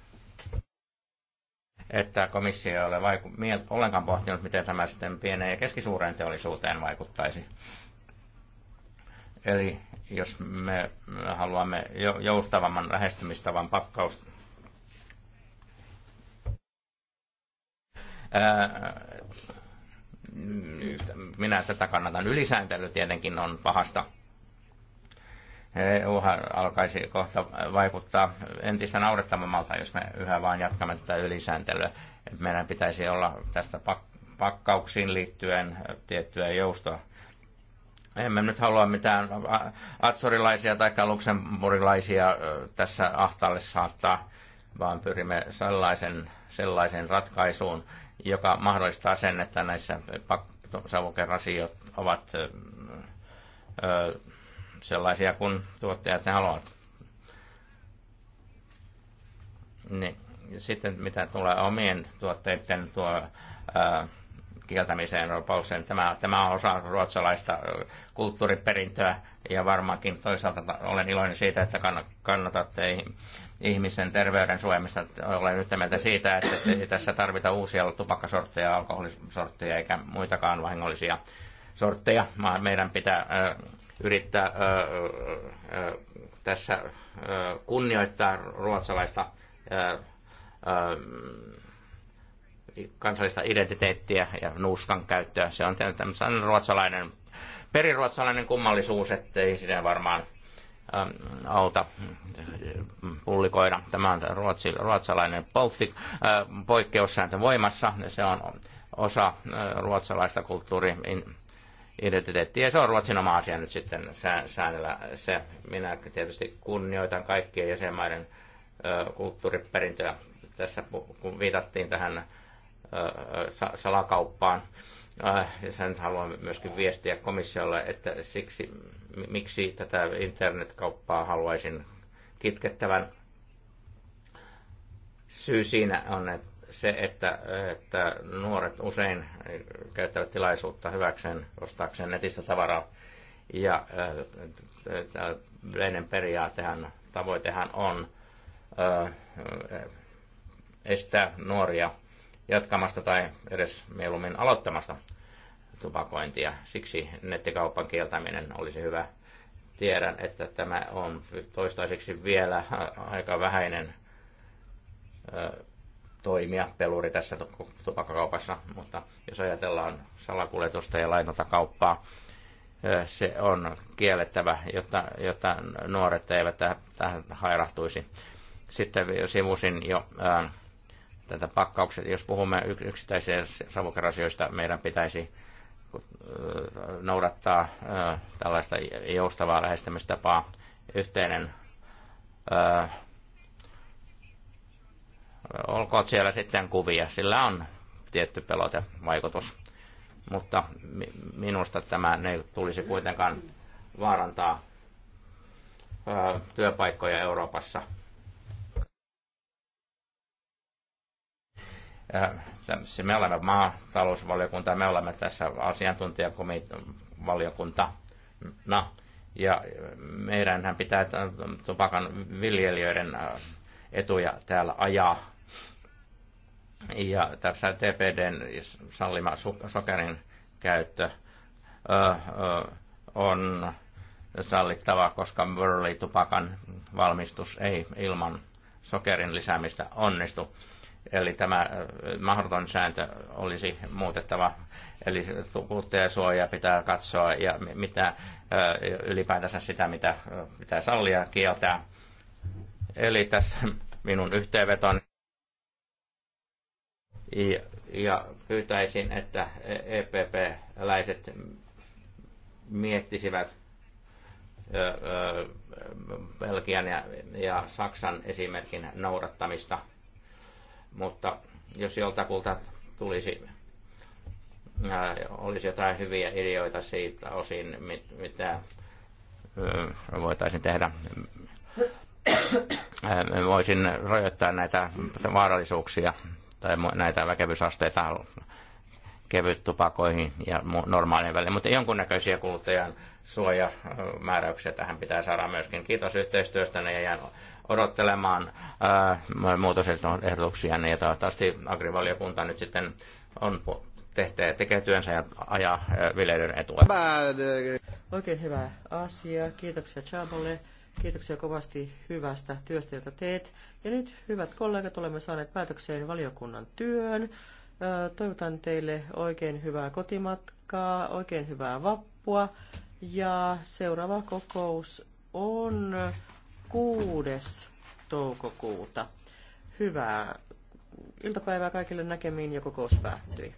että komissio ei ole vaiku- mielt- ollenkaan pohtinut, miten tämä sitten pieneen ja keskisuureen teollisuuteen vaikuttaisi. Eli jos me haluamme joustavamman lähestymistavan pakkaus, ää, minä tätä kannatan. Ylisääntely tietenkin on pahasta. EU alkaisi kohta vaikuttaa entistä naurettavammalta, jos me yhä vain jatkamme tätä ylisääntelyä. Meidän pitäisi olla tästä pakkauksiin liittyen tiettyä joustoa. Emme nyt halua mitään atsorilaisia tai luksemburilaisia tässä ahtaalle saattaa, vaan pyrimme sellaisen, sellaisen ratkaisuun, joka mahdollistaa sen, että näissä savukerasioit ovat sellaisia kuin tuottajat ne haluavat. Niin, sitten mitä tulee omien tuotteiden tuo, ää, kieltämiseen Ruotsissa, no, tämä, tämä on osa ruotsalaista kulttuuriperintöä ja varmaankin toisaalta olen iloinen siitä, että kannatatte Ihmisen terveyden suojelmista. Olen yhtä mieltä siitä, että ei tässä tarvita uusia tupakkasortteja, alkoholisortteja eikä muitakaan vahingollisia sortteja. Meidän pitää yrittää tässä kunnioittaa ruotsalaista kansallista identiteettiä ja nuuskan käyttöä. Se on tämmöinen ruotsalainen, periruotsalainen kummallisuus, ettei siinä varmaan – Ähm, alta äh, pullikoida. Tämä on ruotsi, ruotsalainen äh, poikkeussääntö voimassa. Se on osa äh, ruotsalaista kulttuurin identiteettiä. Se on Ruotsin oma asia nyt sitten säännellä se. Minä tietysti kunnioitan kaikkien jäsenmaiden äh, kulttuuriperintöä. Tässä kun viitattiin tähän salakauppaan, ja sen haluan myöskin viestiä komissiolle, että siksi miksi tätä internetkauppaa haluaisin kitkettävän. Syy siinä on se, että, että nuoret usein käyttävät tilaisuutta hyväkseen ostaakseen netistä tavaraa. Ja yleinen periaatehan, tavoitehan on estää nuoria jatkamasta tai edes mieluummin aloittamasta tupakointia. Siksi nettikaupan kieltäminen olisi hyvä. Tiedän, että tämä on toistaiseksi vielä aika vähäinen toimia peluri tässä tupakkakaupassa, mutta jos ajatellaan salakuljetusta ja laitonta kauppaa, se on kiellettävä, jotta, jotta nuoret eivät tähän hairahtuisi. Sitten sivusin jo ää, tätä pakkaukset. Jos puhumme yksittäisistä savukerasioista, meidän pitäisi noudattaa tällaista joustavaa lähestymistapaa. Yhteinen olkoon siellä sitten kuvia, sillä on tietty pelotevaikutus. Mutta minusta tämä ei tulisi kuitenkaan vaarantaa työpaikkoja Euroopassa – Äh, me olemme maatalousvaliokunta, me olemme tässä asiantuntijakomitevaliokunta. No, ja meidänhän pitää tupakan viljelijöiden äh, etuja täällä ajaa. Ja tässä TPDn sallima sokerin käyttö äh, on sallittava, koska Burley-tupakan valmistus ei ilman sokerin lisäämistä onnistu Eli tämä äh, mahdoton sääntö olisi muutettava. Eli kuluttajasuojaa pitää katsoa ja mitä, äh, ylipäätänsä sitä, mitä äh, pitää sallia kieltää. Eli tässä minun yhteenveton. Ja, ja pyytäisin, että EPP-läiset miettisivät Belgian ja, ja Saksan esimerkin noudattamista – mutta jos joltakulta tulisi, olisi jotain hyviä ideoita siitä osin, mitä voitaisiin tehdä voisin rajoittaa näitä vaarallisuuksia tai näitä väkevyysasteita kevyt tupakoihin ja normaaliin väliin, mutta jonkunnäköisiä kuluttajan suojamääräyksiä tähän pitää saada myöskin. Kiitos yhteistyöstä ja jään odottelemaan muutosehdotuksia, ja niin toivottavasti agrivaliokunta nyt sitten on tehtee, tekee työnsä ja ajaa viljelijöiden etua. Oikein hyvä asia. Kiitoksia Chabolle. Kiitoksia kovasti hyvästä työstä, jota teet. Ja nyt, hyvät kollegat, olemme saaneet päätökseen valiokunnan työn. Toivotan teille oikein hyvää kotimatkaa, oikein hyvää vappua. Ja seuraava kokous on 6. toukokuuta. Hyvää iltapäivää kaikille näkemiin ja kokous päättyi.